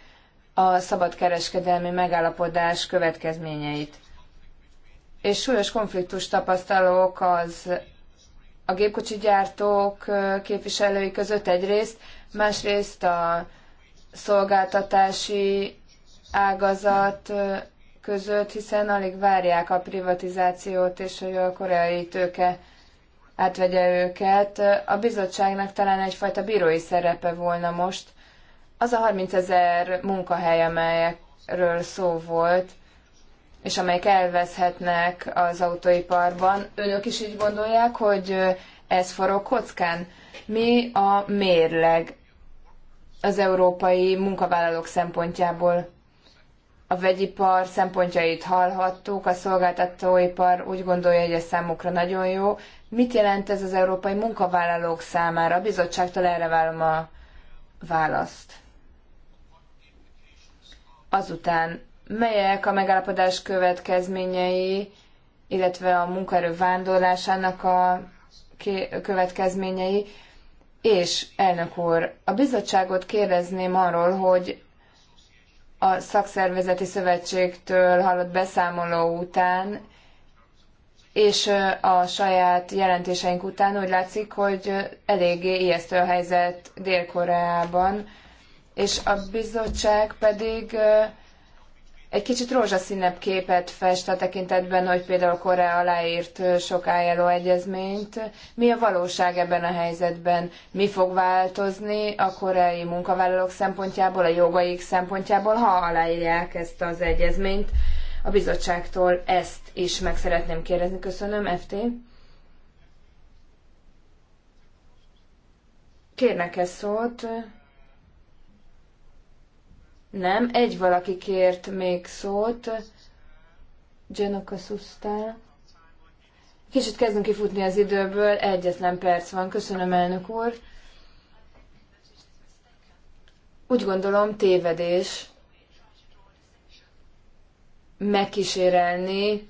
a szabadkereskedelmi megállapodás következményeit. És súlyos konfliktus tapasztalok az a gépkocsi gyártók képviselői között egyrészt, másrészt a szolgáltatási ágazat között, hiszen alig várják a privatizációt és hogy a koreai tőke átvegye őket. A bizottságnak talán egyfajta bírói szerepe volna most. Az a 30 ezer munkahely, amelyekről szó volt, és amelyek elveszhetnek az autóiparban, önök is így gondolják, hogy ez forró kockán. Mi a mérleg az európai munkavállalók szempontjából? a vegyipar szempontjait hallhattuk, a szolgáltatóipar úgy gondolja, hogy ez számukra nagyon jó. Mit jelent ez az európai munkavállalók számára? A bizottságtól erre várom a választ. Azután, melyek a megállapodás következményei, illetve a munkaerő vándorlásának a következményei, és elnök úr, a bizottságot kérdezném arról, hogy a szakszervezeti szövetségtől hallott beszámoló után, és a saját jelentéseink után úgy látszik, hogy eléggé ijesztő a helyzet Dél-Koreában, és a bizottság pedig egy kicsit rózsaszínebb képet fest a tekintetben, hogy például Korea aláírt sok ILO egyezményt. Mi a valóság ebben a helyzetben? Mi fog változni a koreai munkavállalók szempontjából, a jogaik szempontjából, ha aláírják ezt az egyezményt? A bizottságtól ezt is meg szeretném kérdezni. Köszönöm, FT. Kérnek-e szót? Nem, egy valaki kért még szót. Genoka Szusztál. Kicsit kezdünk kifutni az időből, egyetlen perc van. Köszönöm, elnök úr. Úgy gondolom, tévedés megkísérelni,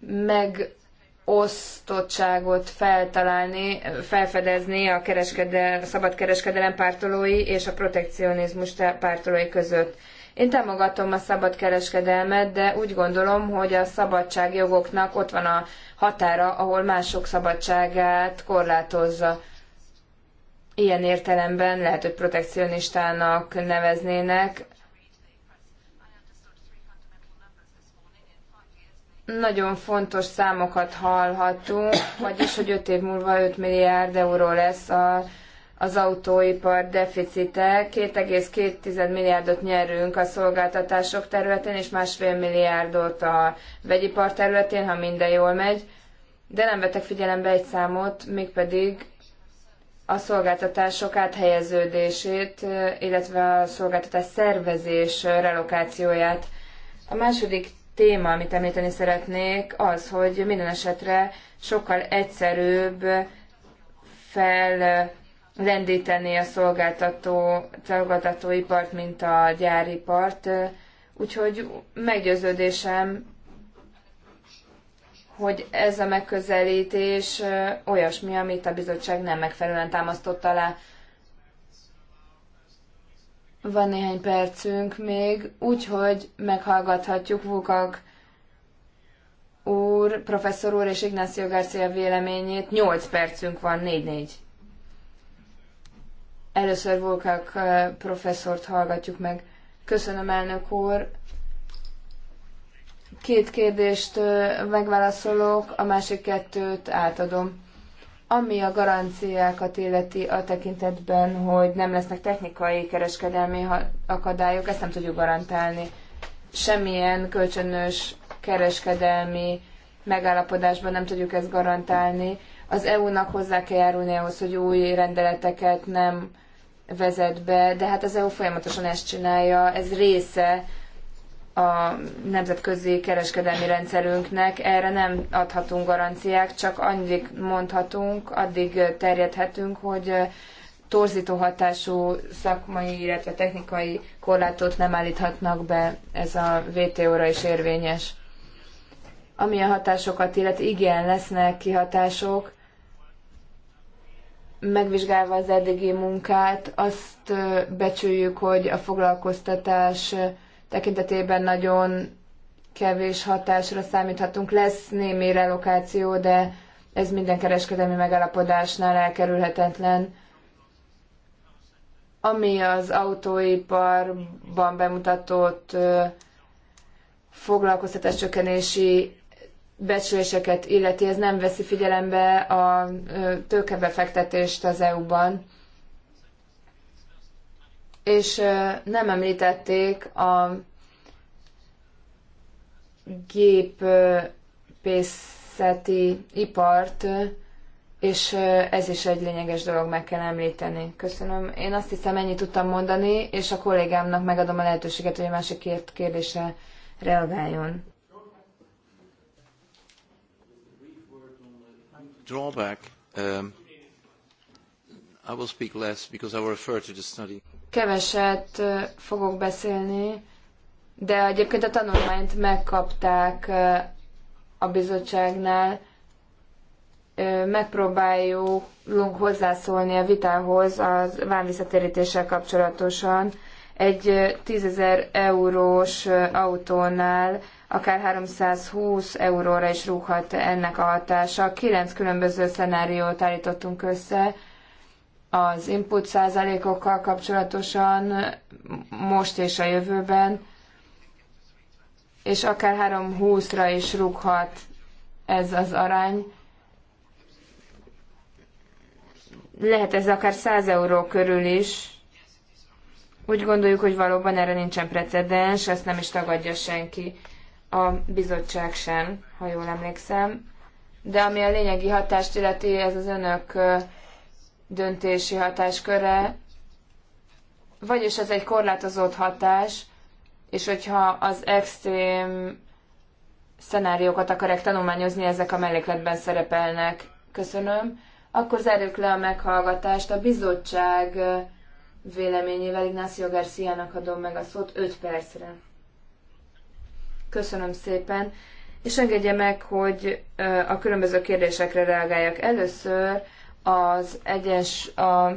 meg osztottságot feltalálni, felfedezni a kereskedel, szabad kereskedelem pártolói és a protekcionizmus pártolói között. Én támogatom a szabad kereskedelmet, de úgy gondolom, hogy a szabadságjogoknak ott van a határa, ahol mások szabadságát korlátozza. Ilyen értelemben lehet, hogy protekcionistának neveznének, nagyon fontos számokat hallhatunk, vagyis, hogy 5 év múlva 5 milliárd euró lesz a, az autóipar deficite. 2,2 milliárdot nyerünk a szolgáltatások területén, és másfél milliárdot a vegyipar területén, ha minden jól megy. De nem vetek figyelembe egy számot, mégpedig a szolgáltatások áthelyeződését, illetve a szolgáltatás szervezés relokációját. A második téma, amit említeni szeretnék, az, hogy minden esetre sokkal egyszerűbb fellendíteni a szolgáltató, szolgáltatóipart, mint a gyáripart. Úgyhogy meggyőződésem, hogy ez a megközelítés olyasmi, amit a bizottság nem megfelelően támasztott alá. Van néhány percünk még, úgyhogy meghallgathatjuk Vukak úr, professzor úr és Ignacio Garcia véleményét. Nyolc percünk van, négy-négy. Először Vulkák professzort hallgatjuk meg. Köszönöm, elnök úr. Két kérdést megválaszolok, a másik kettőt átadom. Ami a garanciákat illeti a tekintetben, hogy nem lesznek technikai kereskedelmi akadályok, ezt nem tudjuk garantálni. Semmilyen kölcsönös kereskedelmi megállapodásban nem tudjuk ezt garantálni. Az EU-nak hozzá kell járulni ahhoz, hogy új rendeleteket nem vezet be, de hát az EU folyamatosan ezt csinálja, ez része a nemzetközi kereskedelmi rendszerünknek. Erre nem adhatunk garanciák, csak addig mondhatunk, addig terjedhetünk, hogy torzító hatású szakmai, illetve technikai korlátot nem állíthatnak be, ez a vto ra is érvényes. Ami a hatásokat illet, igen, lesznek kihatások. Megvizsgálva az eddigi munkát, azt becsüljük, hogy a foglalkoztatás tekintetében nagyon kevés hatásra számíthatunk. Lesz némi relokáció, de ez minden kereskedelmi megállapodásnál elkerülhetetlen. Ami az autóiparban bemutatott foglalkoztatáscsökkenési becsléseket illeti, ez nem veszi figyelembe a tőkebefektetést az EU-ban és nem említették a gépészeti ipart, és ez is egy lényeges dolog, meg kell említeni. Köszönöm. Én azt hiszem, ennyit tudtam mondani, és a kollégámnak megadom a lehetőséget, hogy a másik két reagáljon. Drawback. Um, I will speak less because I will refer to the study keveset fogok beszélni, de egyébként a tanulmányt megkapták a bizottságnál. Megpróbáljuk hozzászólni a vitához a vámvisszatérítéssel kapcsolatosan. Egy 10.000 eurós autónál akár 320 euróra is rúghat ennek a hatása. Kilenc különböző szenáriót állítottunk össze, az input százalékokkal kapcsolatosan most és a jövőben, és akár 3-20-ra is rúghat ez az arány. Lehet ez akár 100 euró körül is. Úgy gondoljuk, hogy valóban erre nincsen precedens, ezt nem is tagadja senki, a bizottság sem, ha jól emlékszem. De ami a lényegi hatást illeti, ez az önök döntési hatásköre, vagyis ez egy korlátozott hatás, és hogyha az extrém szenáriókat akarják tanulmányozni, ezek a mellékletben szerepelnek. Köszönöm. Akkor zárjuk le a meghallgatást. A bizottság véleményével Ignacio Garciának adom meg a szót 5 percre. Köszönöm szépen. És engedje meg, hogy a különböző kérdésekre reagáljak. Először az egyes a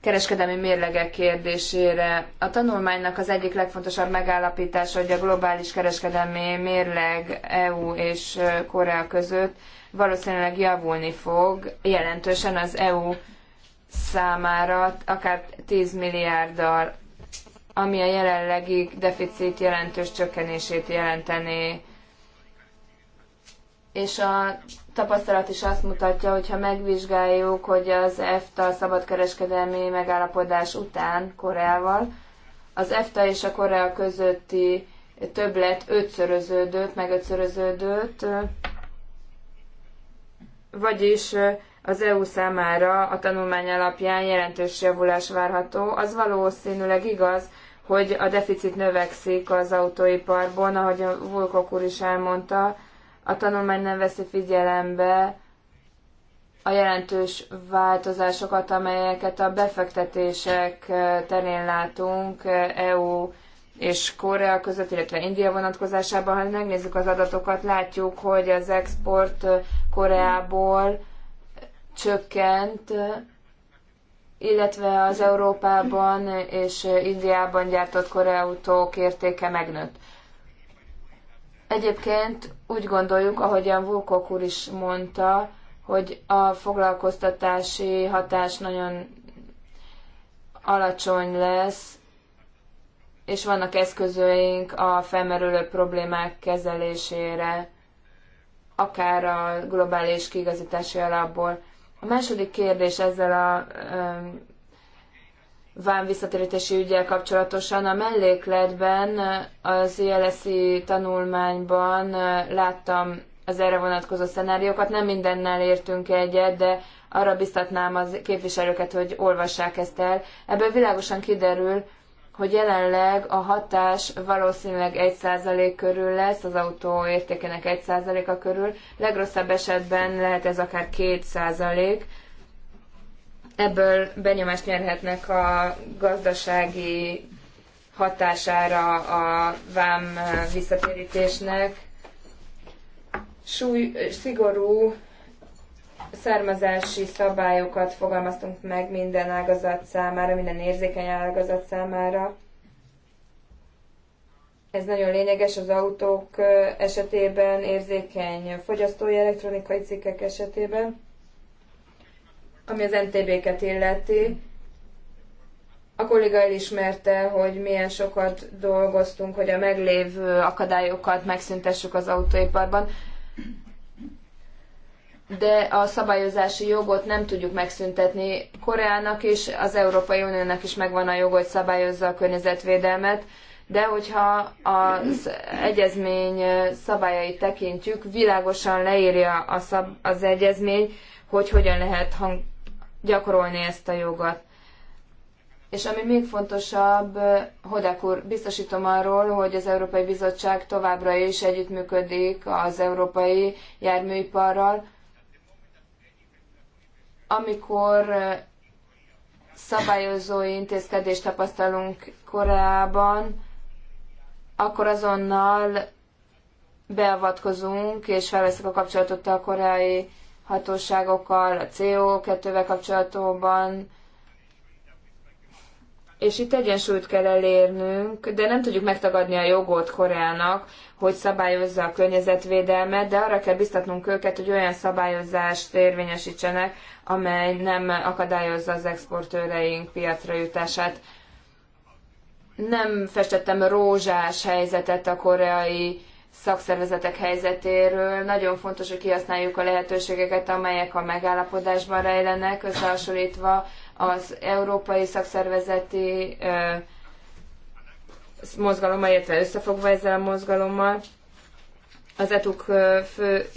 kereskedelmi mérlegek kérdésére. A tanulmánynak az egyik legfontosabb megállapítása, hogy a globális kereskedelmi mérleg EU és Korea között valószínűleg javulni fog jelentősen az EU számára, akár 10 milliárddal, ami a jelenlegi deficit jelentős csökkenését jelentené és a tapasztalat is azt mutatja, hogy ha megvizsgáljuk, hogy az EFTA szabadkereskedelmi megállapodás után Koreával, az EFTA és a Korea közötti többlet ötszöröződött, meg ötszöröződött, vagyis az EU számára a tanulmány alapján jelentős javulás várható. Az valószínűleg igaz, hogy a deficit növekszik az autóiparban, ahogy a Vulkok úr is elmondta, a tanulmány nem veszi figyelembe a jelentős változásokat, amelyeket a befektetések terén látunk EU és Korea között, illetve India vonatkozásában, ha megnézzük az adatokat, látjuk, hogy az export Koreából csökkent, illetve az Európában és Indiában gyártott koreautók értéke megnőtt. Egyébként úgy gondoljuk, ahogyan Vókok úr is mondta, hogy a foglalkoztatási hatás nagyon alacsony lesz, és vannak eszközöink a felmerülő problémák kezelésére, akár a globális kigazítási alapból. A második kérdés ezzel a vám visszatérítési ügyel kapcsolatosan. A mellékletben eh, az ILSZI e tanulmányban eh, láttam az erre vonatkozó szenáriókat. Nem mindennel értünk egyet, de arra biztatnám az képviselőket, hogy olvassák ezt el. Ebből világosan kiderül, hogy jelenleg a hatás valószínűleg 1% körül lesz, az autó értékének 1%-a körül, legrosszabb esetben lehet ez akár 2%, ebből benyomást nyerhetnek a gazdasági hatására a vám visszatérítésnek. Súly, szigorú származási szabályokat fogalmaztunk meg minden ágazat számára, minden érzékeny ágazat számára. Ez nagyon lényeges az autók esetében, érzékeny fogyasztói elektronikai cikkek esetében. Ami az NTB-ket illeti, a kolléga elismerte, hogy milyen sokat dolgoztunk, hogy a meglévő akadályokat megszüntessük az autóiparban, de a szabályozási jogot nem tudjuk megszüntetni. Koreának is, az Európai Uniónak is megvan a jog, hogy szabályozza a környezetvédelmet, de hogyha az egyezmény szabályait tekintjük, világosan leírja az egyezmény, hogy hogyan lehet hang- gyakorolni ezt a jogot. És ami még fontosabb, Hodák úr, biztosítom arról, hogy az Európai Bizottság továbbra is együttműködik az európai járműiparral. Amikor szabályozói intézkedést tapasztalunk Koreában, akkor azonnal beavatkozunk és felveszek a kapcsolatot a koreai hatóságokkal, a CO2-vel kapcsolatban, és itt egyensúlyt kell elérnünk, de nem tudjuk megtagadni a jogot Koreának, hogy szabályozza a környezetvédelmet, de arra kell biztatnunk őket, hogy olyan szabályozást érvényesítsenek, amely nem akadályozza az exportőreink piacra jutását. Nem festettem rózsás helyzetet a koreai szakszervezetek helyzetéről. Nagyon fontos, hogy kihasználjuk a lehetőségeket, amelyek a megállapodásban rejlenek, összehasonlítva az európai szakszervezeti ö, mozgalommal, illetve összefogva ezzel a mozgalommal. Az ETUK fő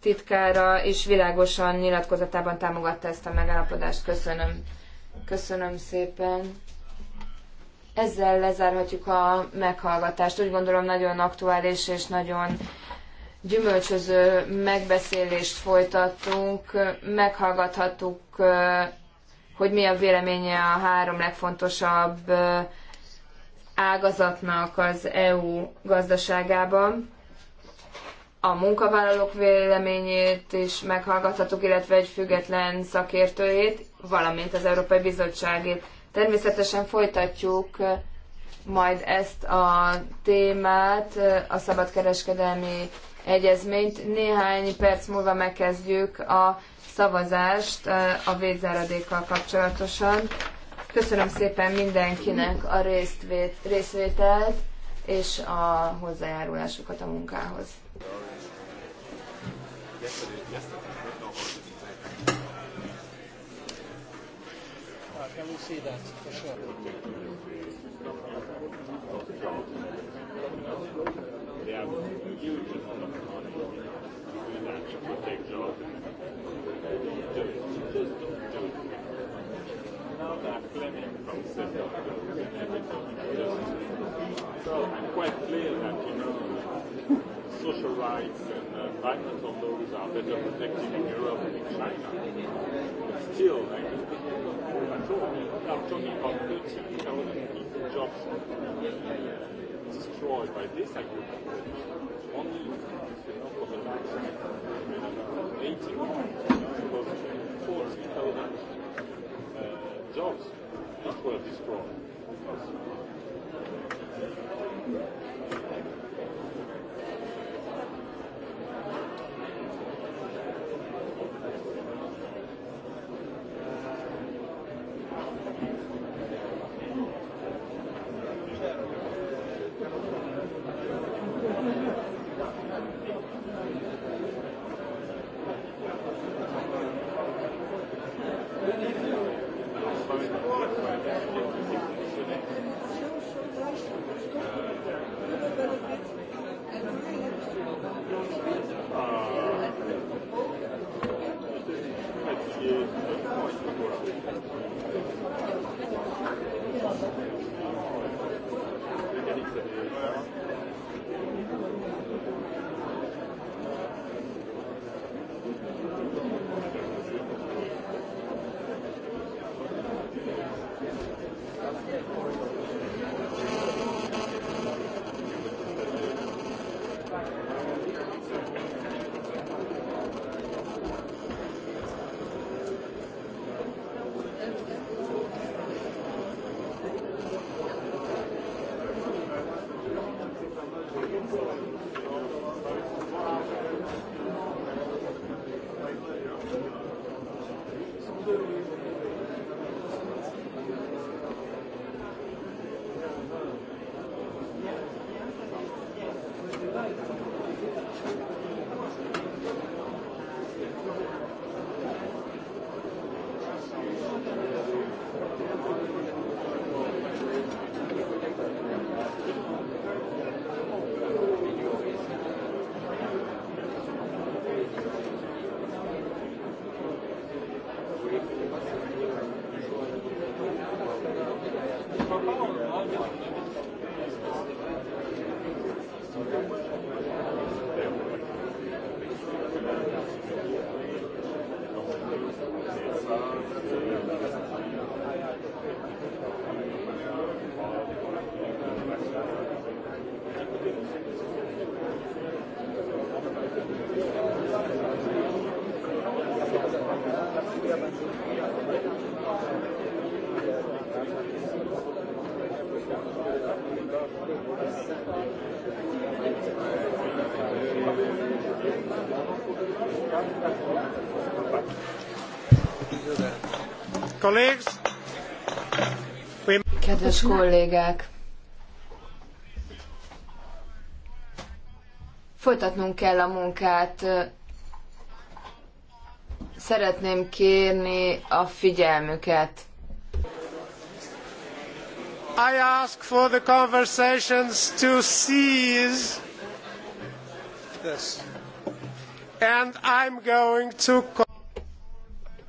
titkára is világosan nyilatkozatában támogatta ezt a megállapodást. Köszönöm. Köszönöm szépen. Ezzel lezárhatjuk a meghallgatást. Úgy gondolom nagyon aktuális és nagyon gyümölcsöző megbeszélést folytattunk. Meghallgathattuk, hogy mi a véleménye a három legfontosabb ágazatnak az EU gazdaságában. A munkavállalók véleményét is meghallgathatok, illetve egy független szakértőjét, valamint az Európai Bizottságét. Természetesen folytatjuk majd ezt a témát, a szabadkereskedelmi egyezményt. Néhány perc múlva megkezdjük a szavazást a védzáradékkal kapcsolatosan. Köszönöm szépen mindenkinek a résztvét, részvételt és a hozzájárulásukat a munkához. Yesterday, will see that for sure. so I'm quite clear that, you know, social rights and uh, environmental laws are better protected in Europe than in China. But still, I mean, I'm talking, about 30,000 people jobs destroyed by this agreement. Only you know, for the last it was 40,000 uh, jobs that were destroyed. Thank you. Kedves kollégák! Folytatnunk kell a munkát. Szeretném kérni a figyelmüket. I ask for the conversations to cease. Yes. And I'm going to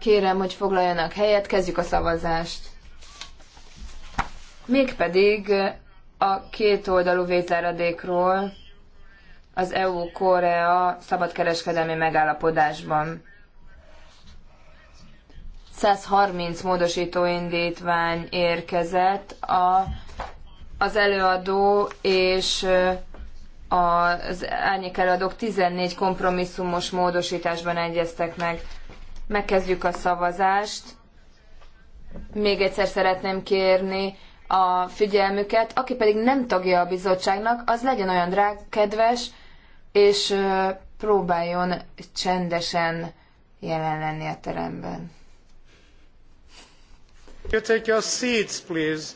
Kérem, hogy foglaljanak helyet, kezdjük a szavazást. Mégpedig a kétoldalú vételradékról az EU-Korea szabadkereskedelmi megállapodásban. 130 módosító indítvány érkezett a, az előadó és az árnyék előadók 14 kompromisszumos módosításban egyeztek meg. Megkezdjük a szavazást. Még egyszer szeretném kérni a figyelmüket, aki pedig nem tagja a bizottságnak, az legyen olyan drág, kedves, és próbáljon csendesen jelen lenni a teremben. You take your seats, please.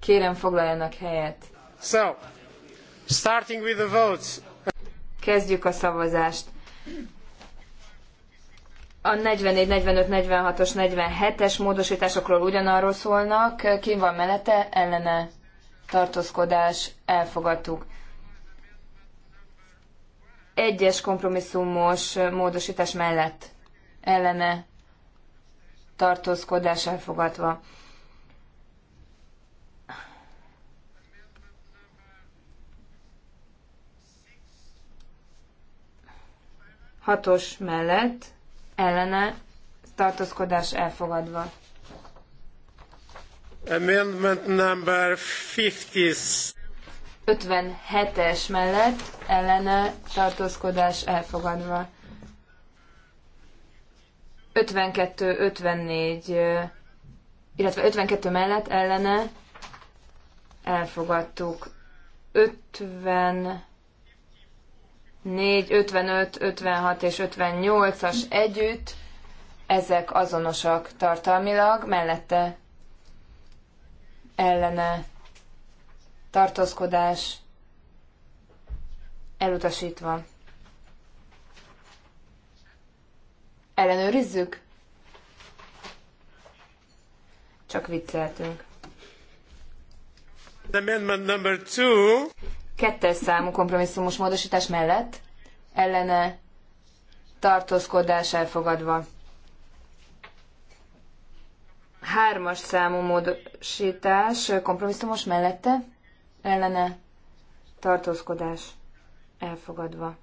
Kérem, foglaljanak helyet. So, starting with the votes. Kezdjük a szavazást a 44, 45, 46-os, 47-es módosításokról ugyanarról szólnak. Kim van mellette? Ellene tartózkodás. Elfogadtuk. Egyes kompromisszumos módosítás mellett. Ellene tartózkodás elfogadva. Hatos mellett ellene tartózkodás elfogadva. Amendment number 50. 57-es mellett ellene tartózkodás elfogadva. 52-54, illetve 52 mellett ellene elfogadtuk. 50 4, 55, 56 és 58-as együtt, ezek azonosak tartalmilag, mellette ellene tartózkodás elutasítva. Ellenőrizzük? Csak vicceltünk. Amendment number two. Kettes számú kompromisszumos módosítás mellett ellene tartózkodás elfogadva. Hármas számú módosítás kompromisszumos mellette ellene tartózkodás elfogadva.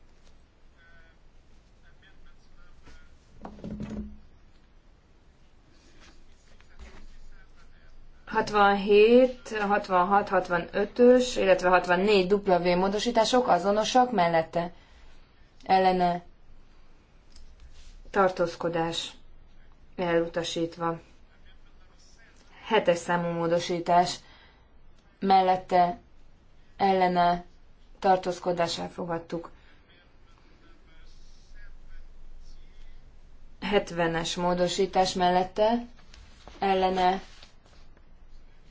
67, 66, 65-ös, illetve 64 W módosítások azonosak mellette. Ellene tartózkodás elutasítva. Hetes számú módosítás mellette ellene tartózkodás elfogadtuk. 70-es módosítás mellette ellene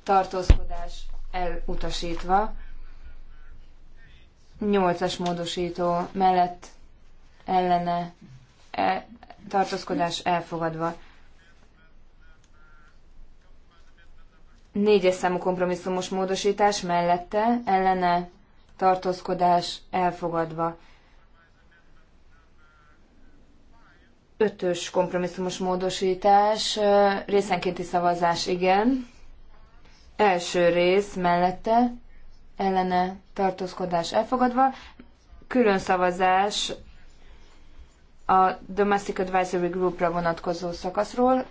tartózkodás elutasítva. 8-as módosító mellett ellene e, tartózkodás elfogadva. Négyes számú kompromisszumos módosítás mellette ellene tartózkodás elfogadva. Ötös kompromisszumos módosítás, részenkénti szavazás igen. Első rész mellette ellene tartózkodás elfogadva, külön szavazás a Domestic Advisory Groupra vonatkozó szakaszról.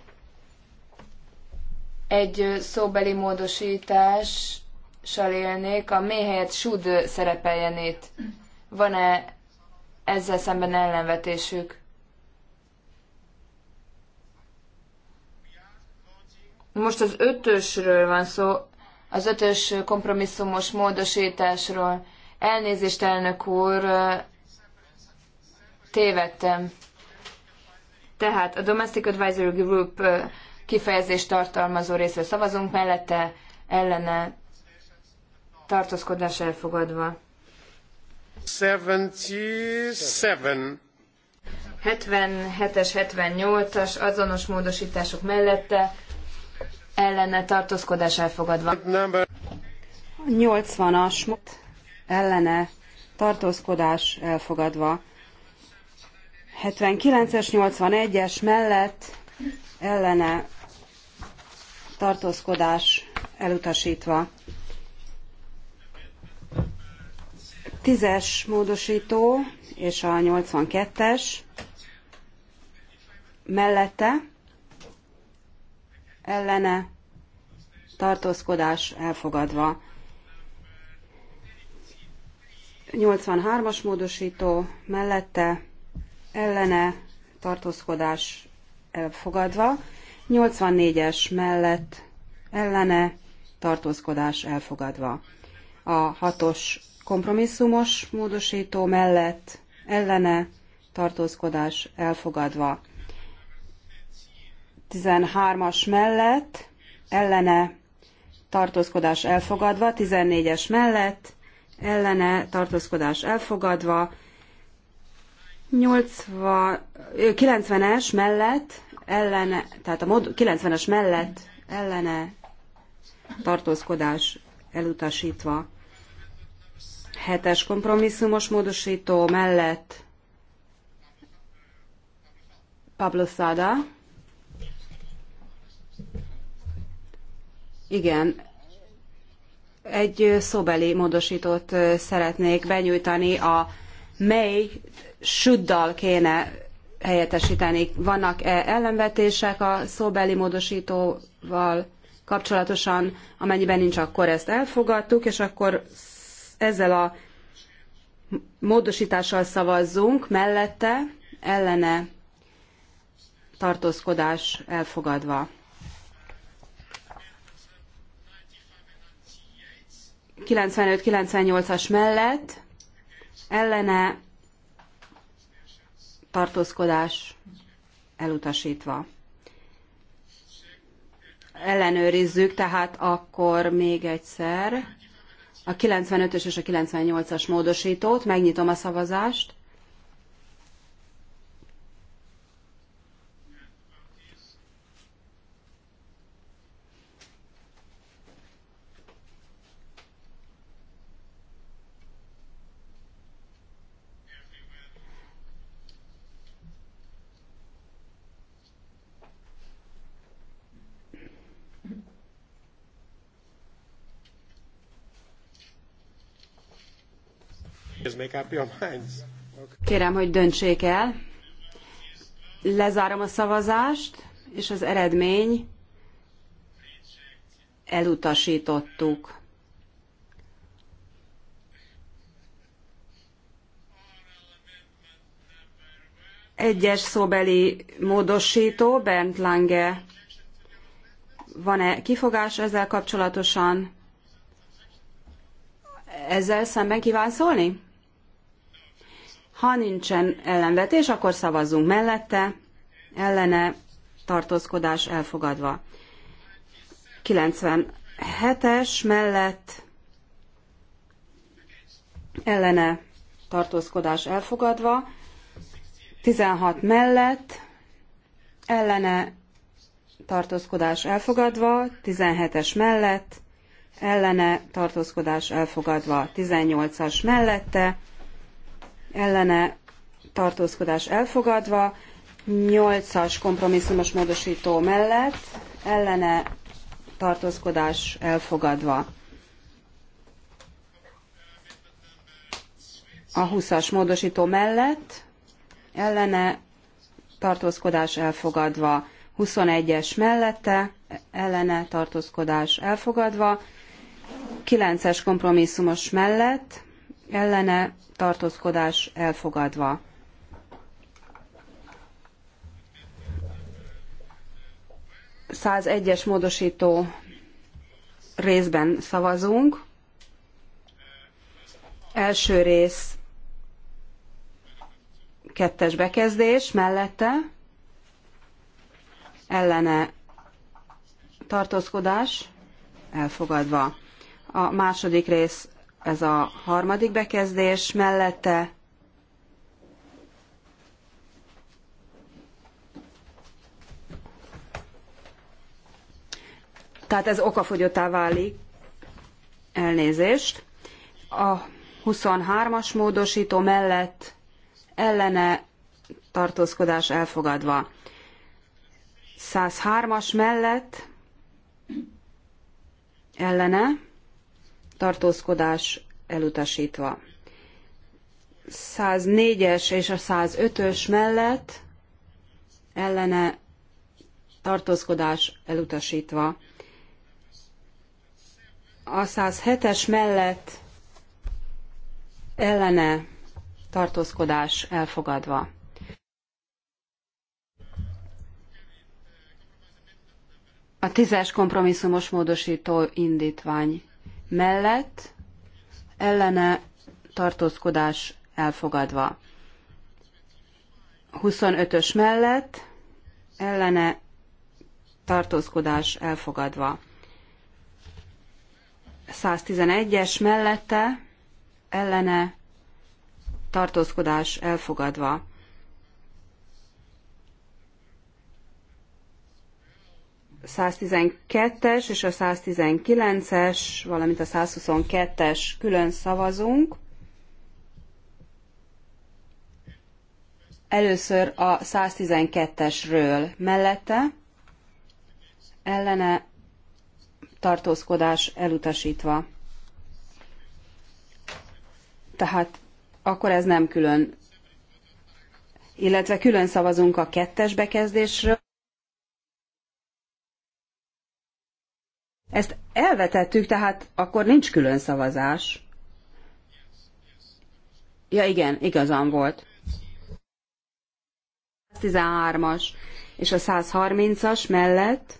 Egy szóbeli módosítással élnék, a mély helyett should szerepeljen itt. Van-e ezzel szemben ellenvetésük? Most az ötösről van szó, az ötös kompromisszumos módosításról. Elnézést, elnök úr, tévedtem. Tehát a Domestic Advisory Group kifejezést tartalmazó részre szavazunk, mellette ellene tartózkodás elfogadva. 77. 77-es, 78-as azonos módosítások mellette ellene tartózkodás elfogadva. 80-as ellene tartózkodás elfogadva. 79-es, 81-es mellett ellene tartózkodás elutasítva. 10-es módosító és a 82-es mellette ellene tartózkodás elfogadva. 83-as módosító mellette ellene tartózkodás elfogadva, 84-es mellett ellene tartózkodás elfogadva. A hatos kompromisszumos módosító mellett ellene tartózkodás elfogadva. 13-as mellett ellene tartózkodás elfogadva, 14-es mellett ellene tartózkodás elfogadva, 80, 90-es mellett ellene, tehát a 90-es mellett ellene tartózkodás elutasítva. 7-es kompromisszumos módosító mellett Pablo Sada Igen, egy szóbeli módosítót szeretnék benyújtani, a mely suddal kéne helyettesíteni. Vannak-e ellenvetések a szóbeli módosítóval kapcsolatosan? Amennyiben nincs, akkor ezt elfogadtuk, és akkor ezzel a módosítással szavazzunk, mellette ellene tartózkodás elfogadva. 95-98-as mellett ellene tartózkodás elutasítva. Ellenőrizzük, tehát akkor még egyszer a 95-ös és a 98-as módosítót, megnyitom a szavazást. Kérem, hogy döntsék el. Lezárom a szavazást, és az eredmény elutasítottuk. Egyes szóbeli módosító, Bernd Lange. Van-e kifogás ezzel kapcsolatosan? Ezzel szemben kíván szólni? Ha nincsen ellenvetés, akkor szavazzunk mellette, ellene, tartózkodás elfogadva. 97-es mellett ellene tartózkodás elfogadva, 16 mellett ellene tartózkodás elfogadva, 17-es mellett ellene tartózkodás elfogadva, 18-as mellette ellene tartózkodás elfogadva, 8-as kompromisszumos módosító mellett ellene tartózkodás elfogadva. A 20-as módosító mellett ellene tartózkodás elfogadva, 21-es mellette ellene tartózkodás elfogadva, 9-es kompromisszumos mellett ellene tartózkodás elfogadva. Száz egyes módosító részben szavazunk. Első rész kettes bekezdés mellette ellene tartózkodás elfogadva. A második rész ez a harmadik bekezdés mellette Tehát ez okafogyottá válik. Elnézést. A 23-as módosító mellett ellene tartózkodás elfogadva. 103-as mellett ellene tartózkodás elutasítva. 104-es és a 105-ös mellett ellene tartózkodás elutasítva. A 107-es mellett ellene tartózkodás elfogadva. A tízes kompromisszumos módosító indítvány mellett ellene tartózkodás elfogadva. 25-ös mellett ellene tartózkodás elfogadva. 111-es mellette ellene tartózkodás elfogadva. 112-es és a 119-es, valamint a 122-es külön szavazunk. Először a 112-esről mellette ellene tartózkodás elutasítva. Tehát akkor ez nem külön. Illetve külön szavazunk a kettes bekezdésről. Ezt elvetettük, tehát akkor nincs külön szavazás. Ja igen, igazam volt. 113-as és a 130-as mellett.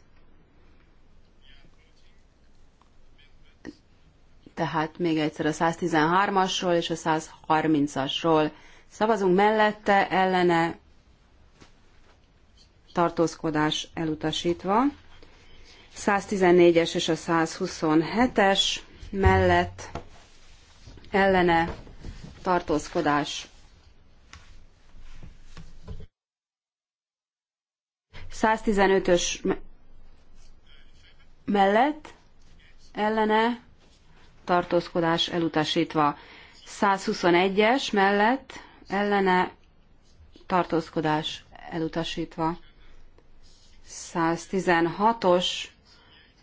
Tehát még egyszer a 113-asról és a 130-asról szavazunk mellette, ellene tartózkodás elutasítva. 114-es és a 127-es mellett ellene tartózkodás. 115-ös mellett ellene tartózkodás elutasítva. 121-es mellett ellene tartózkodás elutasítva. 116-os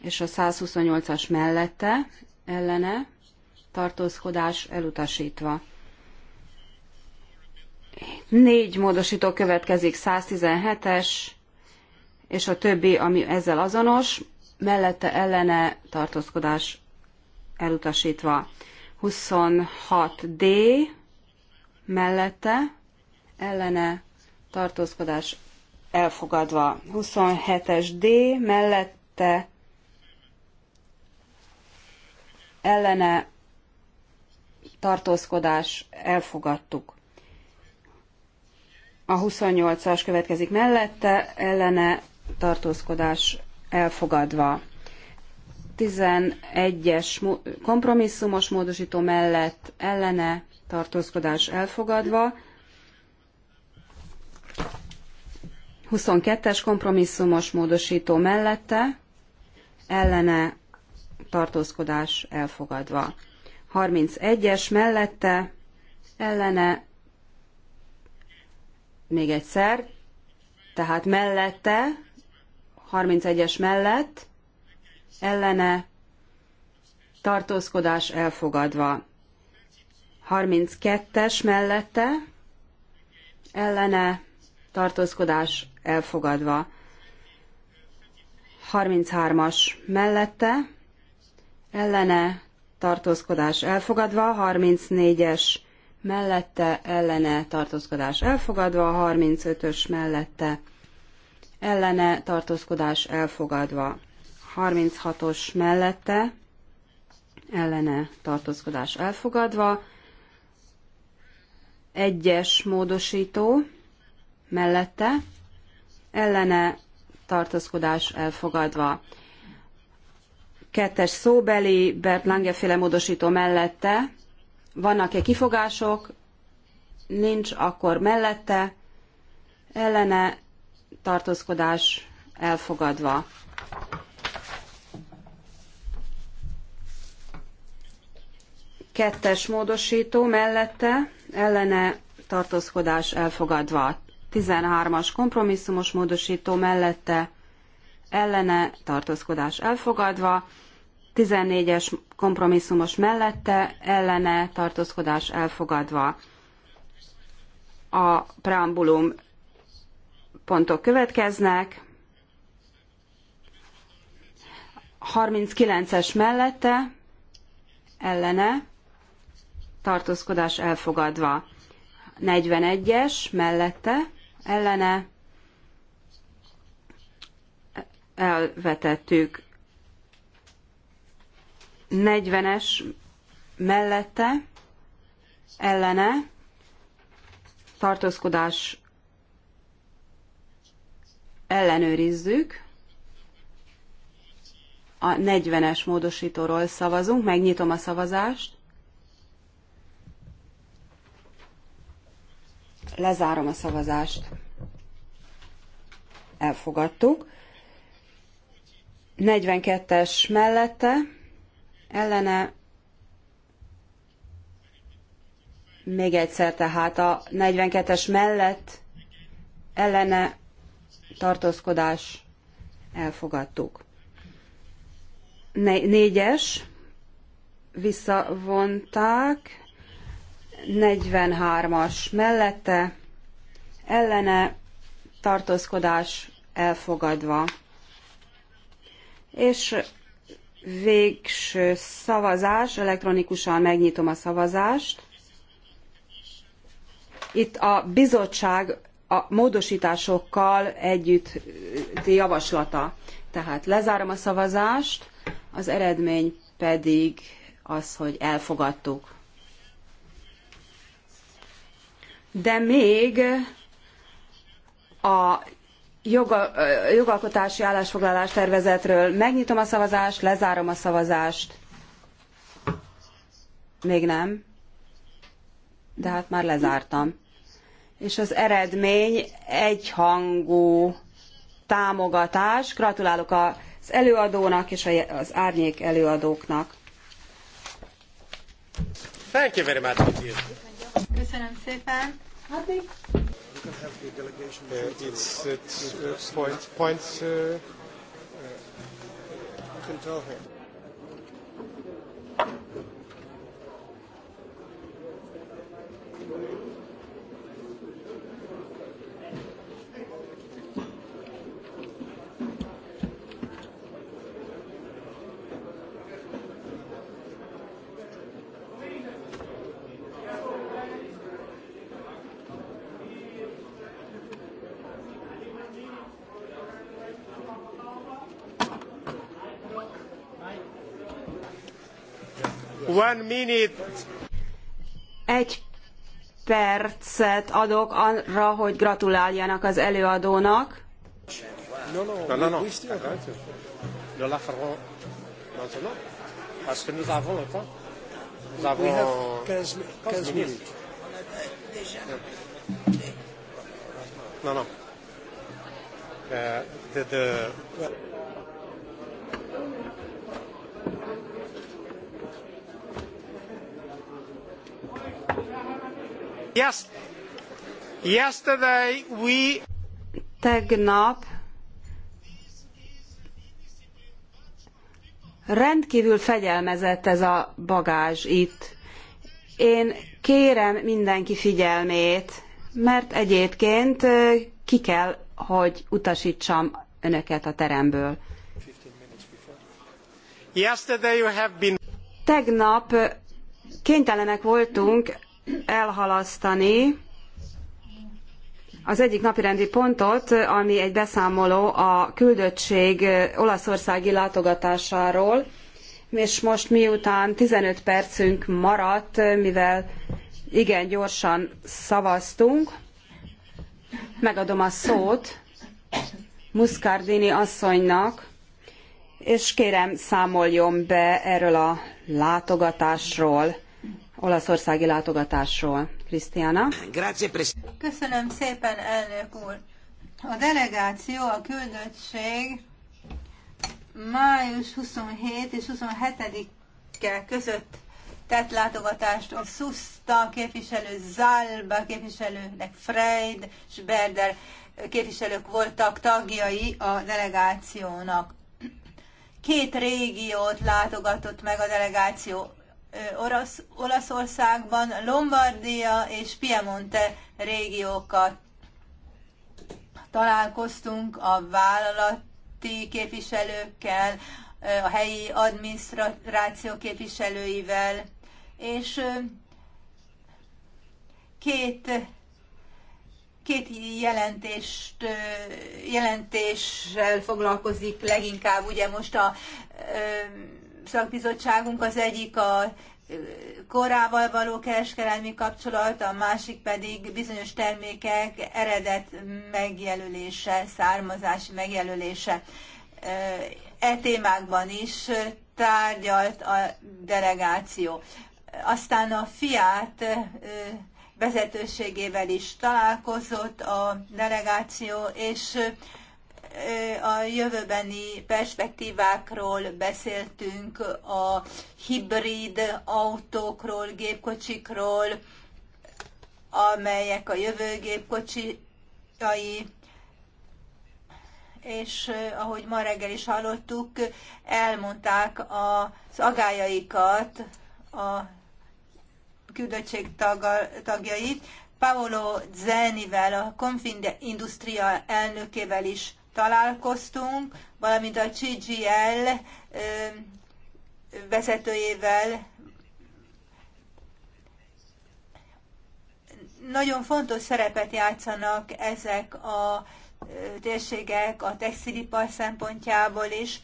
és a 128-as mellette ellene tartózkodás elutasítva. Négy módosító következik, 117-es, és a többi, ami ezzel azonos, mellette ellene tartózkodás elutasítva. 26D mellette ellene tartózkodás elfogadva. 27-es D mellette ellene tartózkodás elfogadtuk. A 28-as következik mellette, ellene tartózkodás elfogadva. 11-es kompromisszumos módosító mellett ellene tartózkodás elfogadva. 22-es kompromisszumos módosító mellette ellene tartózkodás elfogadva. 31-es mellette ellene még egyszer, tehát mellette, 31-es mellett, ellene, tartózkodás elfogadva. 32-es mellette, ellene, tartózkodás elfogadva. 33-as mellette, ellene tartózkodás elfogadva, 34-es mellette ellene tartózkodás elfogadva, 35-ös mellette ellene tartózkodás elfogadva, 36-os mellette ellene tartózkodás elfogadva, egyes módosító mellette ellene tartózkodás elfogadva kettes szóbeli Bert Lange féle módosító mellette. Vannak-e kifogások? Nincs, akkor mellette. Ellene tartózkodás elfogadva. Kettes módosító mellette ellene tartózkodás elfogadva. 13-as kompromisszumos módosító mellette ellene tartózkodás elfogadva, 14-es kompromisszumos mellette ellene tartózkodás elfogadva. A preambulum pontok következnek. 39-es mellette ellene tartózkodás elfogadva. 41-es mellette ellene elvetettük. 40-es mellette ellene tartózkodás ellenőrizzük. A 40-es módosítóról szavazunk, megnyitom a szavazást. Lezárom a szavazást. Elfogadtuk. 42-es mellette, ellene még egyszer, tehát a 42-es mellett ellene tartózkodás elfogadtuk. Négyes, visszavonták, 43-as mellette, ellene tartózkodás elfogadva és végső szavazás, elektronikusan megnyitom a szavazást. Itt a bizottság a módosításokkal együtt javaslata. Tehát lezárom a szavazást, az eredmény pedig az, hogy elfogadtuk. De még a joga, jogalkotási állásfoglalás tervezetről. Megnyitom a szavazást, lezárom a szavazást. Még nem. De hát már lezártam. És az eredmény egyhangú támogatás. Gratulálok az előadónak és az árnyék előadóknak. Thank you very much. Köszönöm szépen. Addig uh, it's at uh, uh, point, point uh, uh, you can tell him Thank you. One minute. Egy percet adok arra, hogy gratuláljanak az előadónak. Non, non. Yes. Yesterday we... Tegnap rendkívül fegyelmezett ez a bagázs itt. Én kérem mindenki figyelmét, mert egyébként ki kell, hogy utasítsam önöket a teremből. Tegnap kénytelenek voltunk elhalasztani az egyik napirendi pontot, ami egy beszámoló a küldöttség olaszországi látogatásáról, és most miután 15 percünk maradt, mivel igen gyorsan szavaztunk, megadom a szót Muscardini asszonynak, és kérem számoljon be erről a látogatásról olaszországi látogatásról. Krisztiána. Köszönöm szépen, elnök úr. A delegáció, a küldöttség május 27 és 27-e között tett látogatást a Szuszta képviselő, Zálba képviselőnek, Freid és Berder képviselők voltak tagjai a delegációnak. Két régiót látogatott meg a delegáció, Orosz, Olaszországban Lombardia és Piemonte régiókat. Találkoztunk a vállalati képviselőkkel, a helyi adminisztráció képviselőivel, és két, két jelentést, jelentéssel foglalkozik leginkább, ugye most a szakbizottságunk az egyik a korával való kereskedelmi kapcsolat, a másik pedig bizonyos termékek eredet megjelölése, származási megjelölése. E témákban is tárgyalt a delegáció. Aztán a Fiát vezetőségével is találkozott a delegáció, és a jövőbeni perspektívákról beszéltünk, a hibrid autókról, gépkocsikról, amelyek a jövő gépkocsijai, és eh, ahogy ma reggel is hallottuk, elmondták az agályaikat a küldöttség tagjait, Paolo Zenivel, a Confindustria Industria elnökével is találkoztunk, valamint a CGL vezetőjével nagyon fontos szerepet játszanak ezek a térségek a textilipar szempontjából is.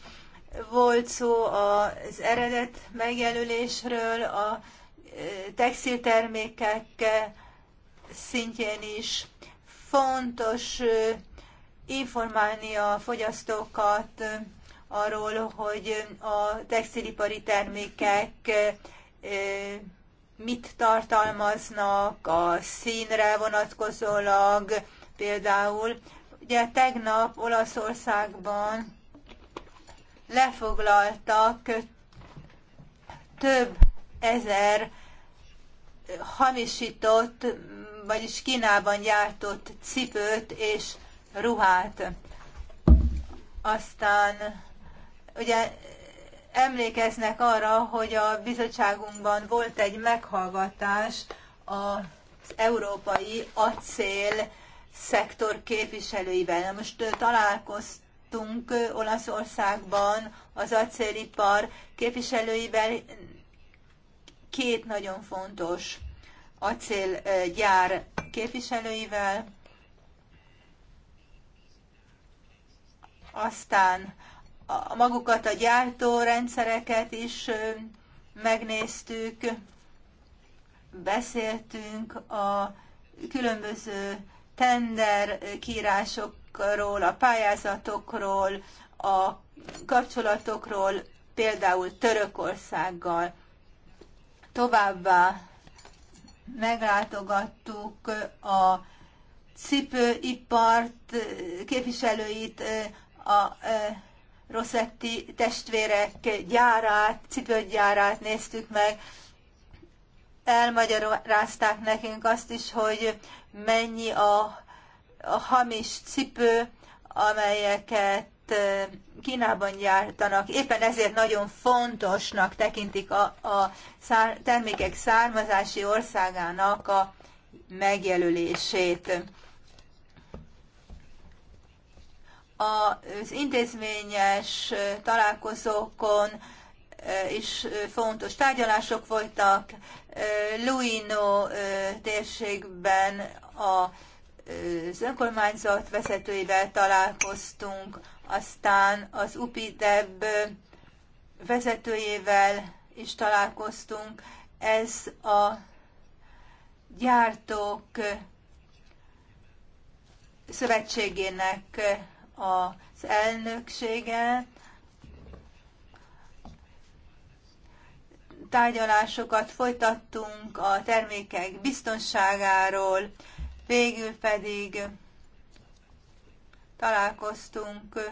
Volt szó az eredet megjelölésről, a textiltermékek szintjén is fontos informálni a fogyasztókat arról, hogy a textilipari termékek mit tartalmaznak a színre vonatkozólag, például. Ugye tegnap Olaszországban lefoglaltak több ezer hamisított, vagyis Kínában gyártott cipőt és ruhát. Aztán ugye emlékeznek arra, hogy a bizottságunkban volt egy meghallgatás az európai acél szektor képviselőivel. Most találkoztunk Olaszországban az acélipar képviselőivel, két nagyon fontos acélgyár képviselőivel, Aztán a magukat a gyártórendszereket is megnéztük, beszéltünk a különböző tender kírásokról, a pályázatokról, a kapcsolatokról, például Törökországgal. Továbbá meglátogattuk a cipőipart képviselőit a Rossetti testvérek gyárát, cipőgyárát néztük meg, elmagyarázták nekünk azt is, hogy mennyi a, a hamis cipő, amelyeket Kínában gyártanak. Éppen ezért nagyon fontosnak tekintik a, a szár, termékek származási országának a megjelölését. az intézményes találkozókon is fontos tárgyalások voltak. Luino térségben az önkormányzat vezetőivel találkoztunk, aztán az UPIDEB vezetőjével is találkoztunk. Ez a gyártók szövetségének az elnöksége tárgyalásokat folytattunk a termékek biztonságáról, végül pedig találkoztunk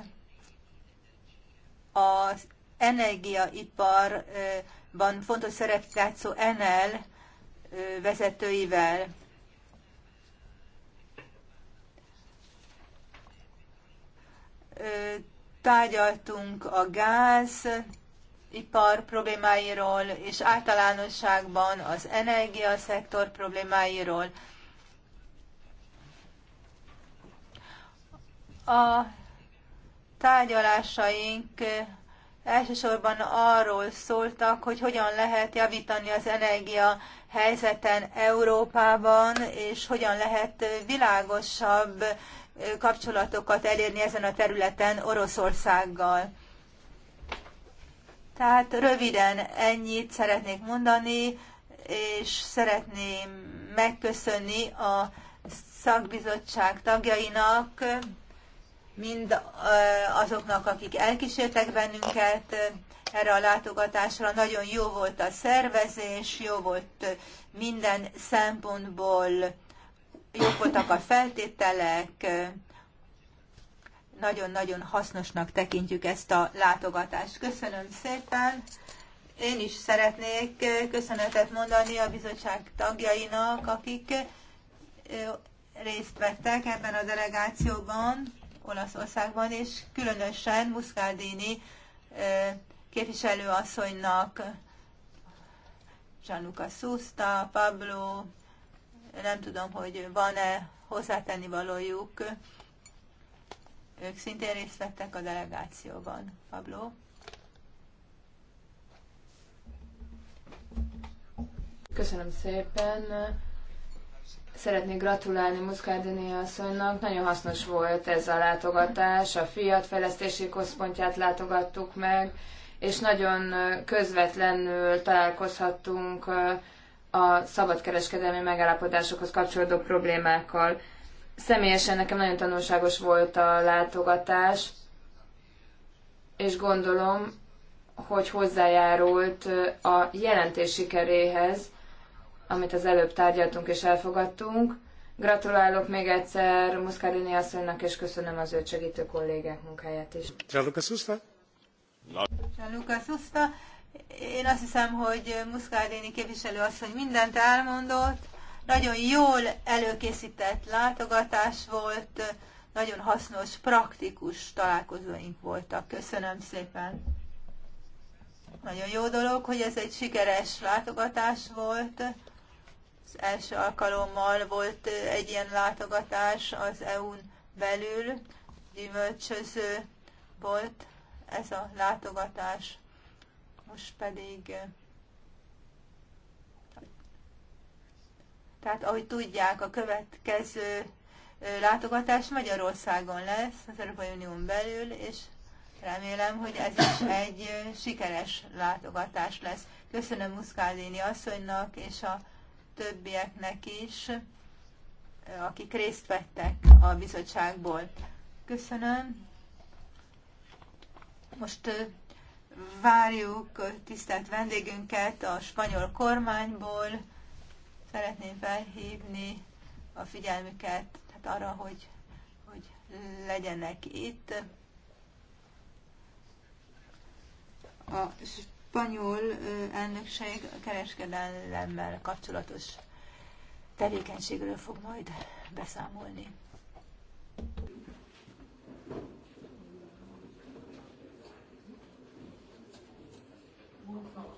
az energiaiparban fontos szerepet játszó Enel vezetőivel. tárgyaltunk a gáz ipar problémáiról, és általánosságban az energiaszektor problémáiról. A tárgyalásaink elsősorban arról szóltak, hogy hogyan lehet javítani az energia helyzeten Európában, és hogyan lehet világosabb kapcsolatokat elérni ezen a területen Oroszországgal. Tehát röviden ennyit szeretnék mondani, és szeretném megköszönni a szakbizottság tagjainak, mind azoknak, akik elkísértek bennünket erre a látogatásra. Nagyon jó volt a szervezés, jó volt minden szempontból jók voltak a feltételek, nagyon-nagyon hasznosnak tekintjük ezt a látogatást. Köszönöm szépen! Én is szeretnék köszönetet mondani a bizottság tagjainak, akik részt vettek ebben a delegációban Olaszországban, és különösen Muscardini képviselőasszonynak, Gianluca Susta, Pablo nem tudom, hogy van-e hozzátenni valójuk. Ők szintén részt vettek a delegációban. Pablo? Köszönöm szépen. Szeretnék gratulálni Muszkádini asszonynak. Nagyon hasznos volt ez a látogatás. A Fiat Fejlesztési Központját látogattuk meg, és nagyon közvetlenül találkozhattunk a szabadkereskedelmi megállapodásokhoz kapcsolódó problémákkal. Személyesen nekem nagyon tanulságos volt a látogatás, és gondolom, hogy hozzájárult a jelentés sikeréhez, amit az előbb tárgyaltunk és elfogadtunk. Gratulálok még egyszer Muscardini asszonynak, és köszönöm az őt segítő kollégák munkáját is. Gianluca Susta? Gianluca Susta. Én azt hiszem, hogy Muszkárdéni képviselő azt, hogy mindent elmondott, nagyon jól előkészített látogatás volt, nagyon hasznos, praktikus találkozóink voltak. Köszönöm szépen! Nagyon jó dolog, hogy ez egy sikeres látogatás volt. Az első alkalommal volt egy ilyen látogatás az EU-n belül, gyümölcsöző volt ez a látogatás. Most pedig eh, Tehát ahogy tudják, a következő eh, látogatás Magyarországon lesz az Európai Unión belül, és remélem, hogy ez is egy eh, sikeres látogatás lesz. Köszönöm Muszkádéni asszonynak és a többieknek is, akik részt vettek a bizottságból. Köszönöm. Most várjuk tisztelt vendégünket a spanyol kormányból. Szeretném felhívni a figyelmüket tehát arra, hogy, hogy legyenek itt. A spanyol elnökség kereskedelemmel kapcsolatos tevékenységről fog majd beszámolni. One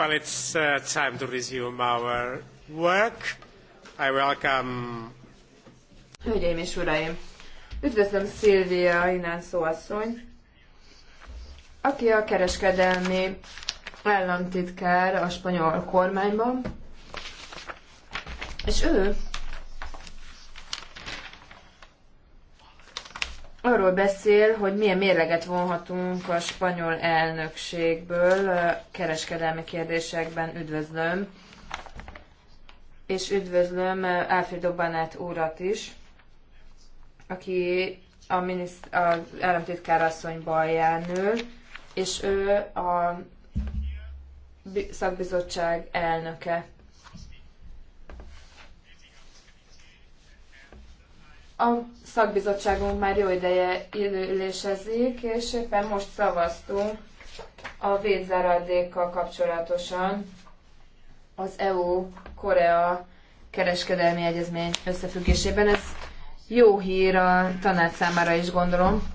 Well, it's uh, time to resume our work. I welcome... Hölgyeim és uraim! Üdvözlöm Szilvia Inánszó asszony, aki a kereskedelmi államtitkár a spanyol kormányban, és ő arról beszél, hogy milyen mérleget vonhatunk a spanyol elnökségből kereskedelmi kérdésekben. Üdvözlöm! És üdvözlöm Alfredo Banát úrat is, aki a miniszt- az államtitkár asszony balján ül, és ő a szakbizottság elnöke. A szakbizottságunk már jó ideje ülésezik, és éppen most szavaztunk a védzáradékkal kapcsolatosan az EU-Korea kereskedelmi egyezmény összefüggésében. Ez jó hír a tanács számára is gondolom.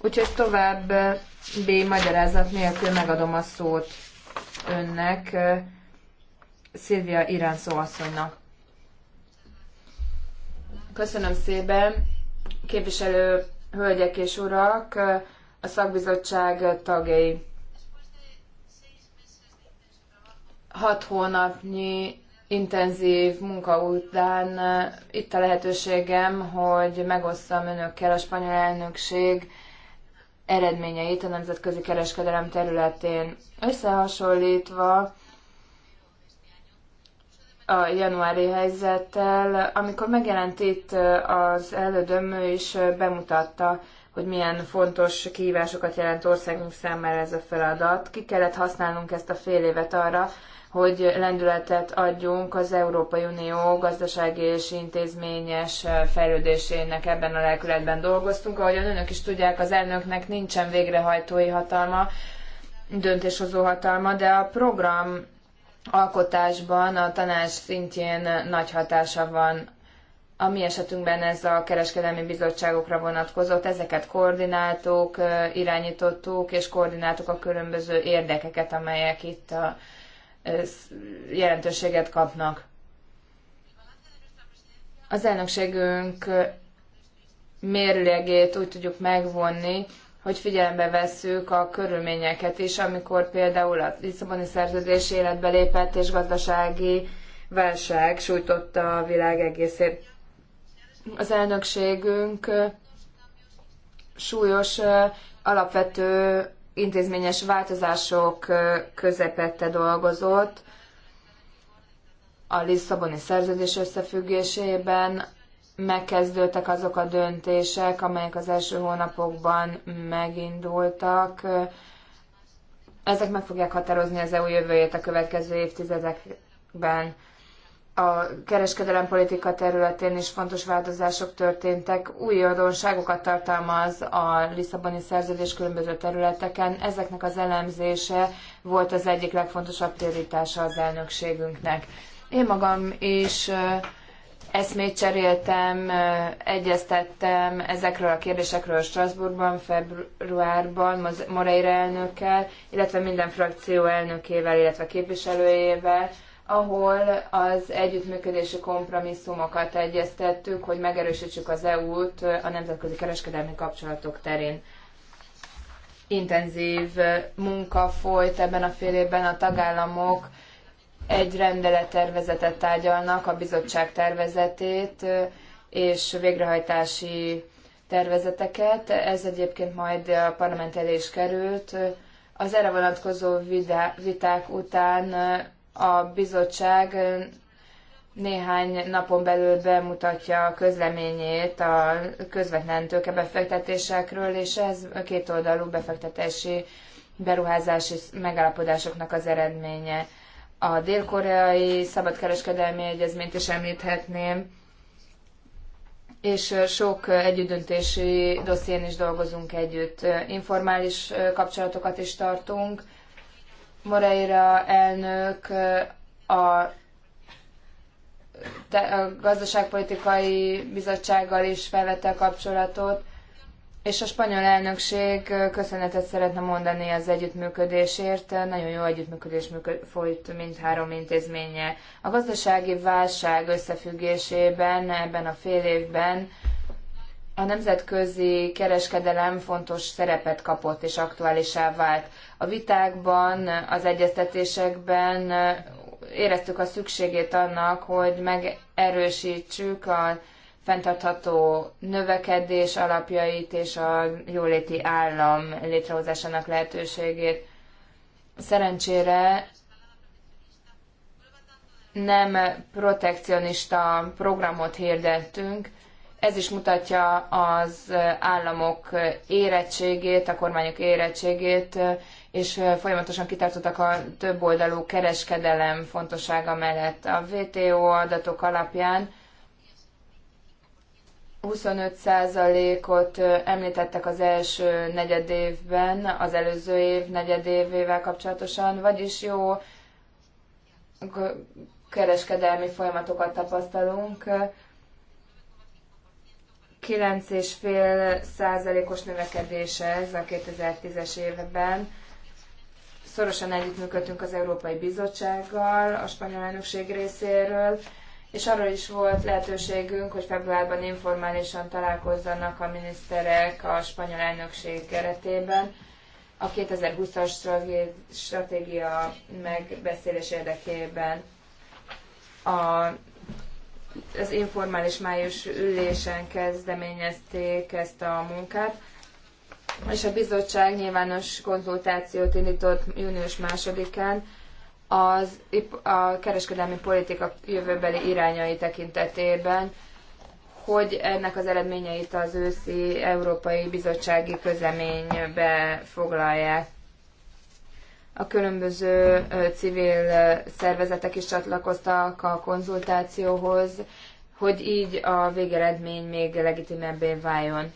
Úgyhogy tovább B magyarázat nélkül megadom a szót önnek, Szilvia Irán szóasszonynak. Köszönöm szépen, képviselő hölgyek és urak, a szakbizottság tagjai. Hat hónapnyi intenzív munka után itt a lehetőségem, hogy megosszam önökkel a spanyol elnökség eredményeit a nemzetközi kereskedelem területén. Összehasonlítva a januári helyzettel, amikor megjelent itt az elődömmő is bemutatta, hogy milyen fontos kihívásokat jelent országunk számára ez a feladat. Ki kellett használnunk ezt a fél évet arra, hogy lendületet adjunk az Európai Unió gazdasági és intézményes fejlődésének ebben a lelkületben dolgoztunk. Ahogyan önök is tudják, az elnöknek nincsen végrehajtói hatalma, döntéshozó hatalma, de a program alkotásban a tanács szintjén nagy hatása van. A mi esetünkben ez a kereskedelmi bizottságokra vonatkozott, ezeket koordináltuk, irányítottuk, és koordináltuk a különböző érdekeket, amelyek itt a jelentőséget kapnak. Az elnökségünk mérlegét úgy tudjuk megvonni, hogy figyelembe vesszük a körülményeket is, amikor például a Lisszaboni szerződés életbe lépett és gazdasági válság sújtotta a világ egészét. Az elnökségünk súlyos alapvető intézményes változások közepette dolgozott a Lisszaboni szerződés összefüggésében, megkezdődtek azok a döntések, amelyek az első hónapokban megindultak. Ezek meg fogják határozni az EU jövőjét a következő évtizedekben a kereskedelempolitika területén is fontos változások történtek. Új adonságokat tartalmaz a Lisszaboni szerződés különböző területeken. Ezeknek az elemzése volt az egyik legfontosabb prioritása az elnökségünknek. Én magam is eszmét cseréltem, egyeztettem ezekről a kérdésekről Strasbourgban, februárban Moreira elnökkel, illetve minden frakció elnökével, illetve képviselőjével, ahol az együttműködési kompromisszumokat egyeztettük, hogy megerősítsük az EU-t a nemzetközi kereskedelmi kapcsolatok terén. Intenzív munka folyt ebben a fél évben a tagállamok egy rendelettervezetet tárgyalnak, a bizottság tervezetét és végrehajtási tervezeteket. Ez egyébként majd a parlament elé is került. Az erre vonatkozó viták után a bizottság néhány napon belül bemutatja a közleményét a közvetlen tőkebefektetésekről, és ez kétoldalú befektetési beruházási megállapodásoknak az eredménye. A dél-koreai szabadkereskedelmi egyezményt is említhetném, és sok együttdöntési dosszién is dolgozunk együtt. Informális kapcsolatokat is tartunk, Moreira elnök a a gazdaságpolitikai bizottsággal is felvette a kapcsolatot, és a spanyol elnökség köszönetet szeretne mondani az együttműködésért. Nagyon jó együttműködés működ, folyt mindhárom intézménye. A gazdasági válság összefüggésében ebben a fél évben a nemzetközi kereskedelem fontos szerepet kapott és aktuálisá vált. A vitákban, az egyeztetésekben éreztük a szükségét annak, hogy megerősítsük a fenntartható növekedés alapjait és a jóléti állam létrehozásának lehetőségét. Szerencsére nem protekcionista programot hirdettünk. Ez is mutatja az államok érettségét, a kormányok érettségét, és folyamatosan kitartottak a többoldalú kereskedelem fontossága mellett. A WTO adatok alapján 25%-ot említettek az első negyedévben, az előző év negyedévével kapcsolatosan, vagyis jó kereskedelmi folyamatokat tapasztalunk. 9,5%-os növekedés ez a 2010-es évben, Szorosan együttműködtünk az Európai Bizottsággal, a spanyol elnökség részéről, és arról is volt lehetőségünk, hogy februárban informálisan találkozzanak a miniszterek a spanyol elnökség keretében a 2020-as stratégia megbeszélés érdekében. A, az informális május ülésen kezdeményezték ezt a munkát és a bizottság nyilvános konzultációt indított június másodikán az, a kereskedelmi politika jövőbeli irányai tekintetében, hogy ennek az eredményeit az őszi Európai Bizottsági Közleménybe foglalják. A különböző civil szervezetek is csatlakoztak a konzultációhoz, hogy így a végeredmény még legitimebbé váljon.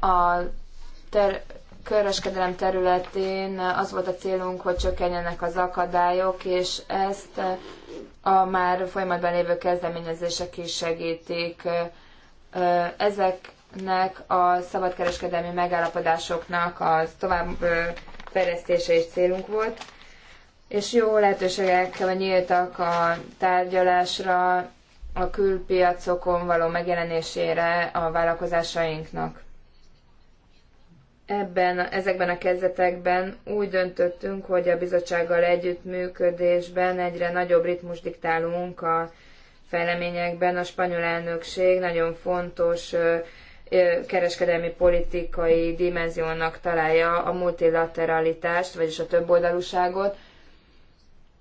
A ter- kereskedelem területén az volt a célunk, hogy csökkenjenek az akadályok, és ezt a már folyamatban lévő kezdeményezések is segítik. Ezeknek a szabadkereskedelmi megállapodásoknak az tovább fejlesztése is célunk volt, és jó lehetőségek nyíltak a tárgyalásra, a külpiacokon való megjelenésére a vállalkozásainknak ebben, ezekben a kezdetekben úgy döntöttünk, hogy a bizottsággal együttműködésben egyre nagyobb ritmus diktálunk a fejleményekben. A spanyol elnökség nagyon fontos kereskedelmi politikai dimenziónak találja a multilateralitást, vagyis a többoldalúságot,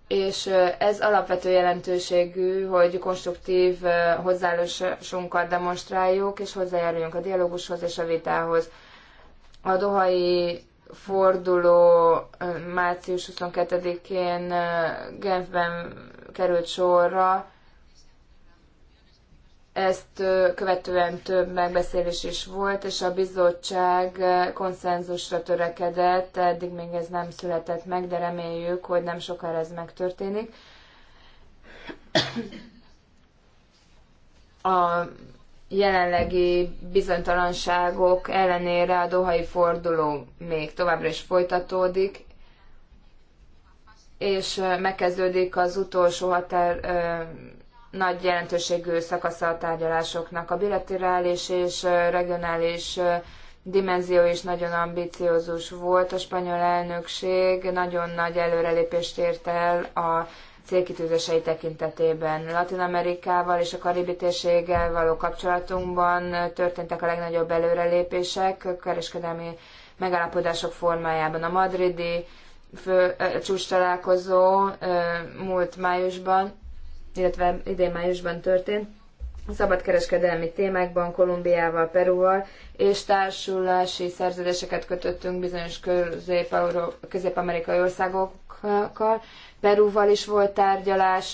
és ez alapvető jelentőségű, hogy konstruktív hozzáállásunkat demonstráljuk, és hozzájáruljunk a dialógushoz és a vitához a dohai forduló március 22-én Genfben került sorra. Ezt követően több megbeszélés is volt, és a bizottság konszenzusra törekedett, eddig még ez nem született meg, de reméljük, hogy nem sokára ez megtörténik. A jelenlegi bizonytalanságok ellenére a dohai forduló még továbbra is folytatódik, és megkezdődik az utolsó határ ö, nagy jelentőségű szakasza a tárgyalásoknak. A bilaterális és regionális dimenzió is nagyon ambiciózus volt. A spanyol elnökség nagyon nagy előrelépést ért el a célkitűzései tekintetében. Latin Amerikával és a Karibi térséggel való kapcsolatunkban történtek a legnagyobb előrelépések kereskedelmi megállapodások formájában. A madridi fő, csúcs találkozó múlt májusban, illetve idén májusban történt, szabadkereskedelmi témákban, Kolumbiával, Peruval, és társulási szerződéseket kötöttünk bizonyos közép-amerikai országokkal, Perúval is volt tárgyalás,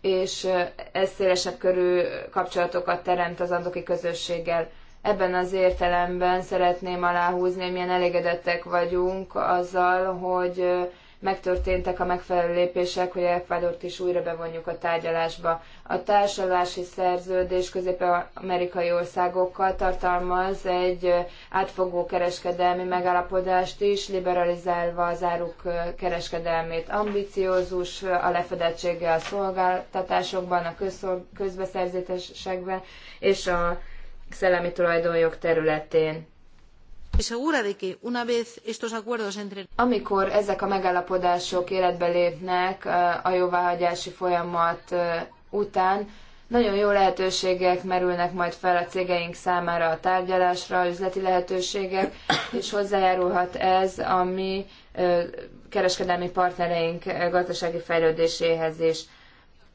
és ez szélesebb körű kapcsolatokat teremt az andoki közösséggel. Ebben az értelemben szeretném aláhúzni, milyen elégedettek vagyunk azzal, hogy megtörténtek a megfelelő lépések, hogy Ecuadort is újra bevonjuk a tárgyalásba. A társulási szerződés közép-amerikai országokkal tartalmaz egy átfogó kereskedelmi megállapodást is, liberalizálva az áruk kereskedelmét. Ambiciózus a lefedettsége a szolgáltatásokban, a közbeszerzésekben és a szellemi tulajdonjog területén amikor ezek a megállapodások életbe lépnek eh, a jóváhagyási folyamat eh, után, nagyon jó lehetőségek merülnek majd fel a cégeink számára a tárgyalásra, üzleti lehetőségek, és hozzájárulhat ez a mi eh, kereskedelmi partnereink gazdasági fejlődéséhez is.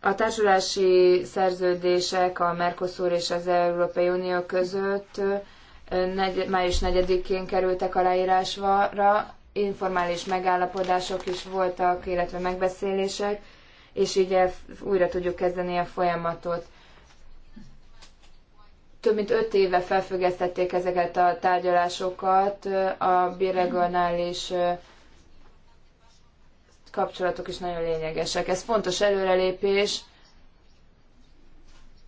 A társulási szerződések a Mercosur és az Európai Unió között negy, május 4-én kerültek aláírásra, informális megállapodások is voltak, illetve megbeszélések, és így újra tudjuk kezdeni a folyamatot. Több mint öt éve felfüggesztették ezeket a tárgyalásokat, a biregionális kapcsolatok is nagyon lényegesek. Ez fontos előrelépés,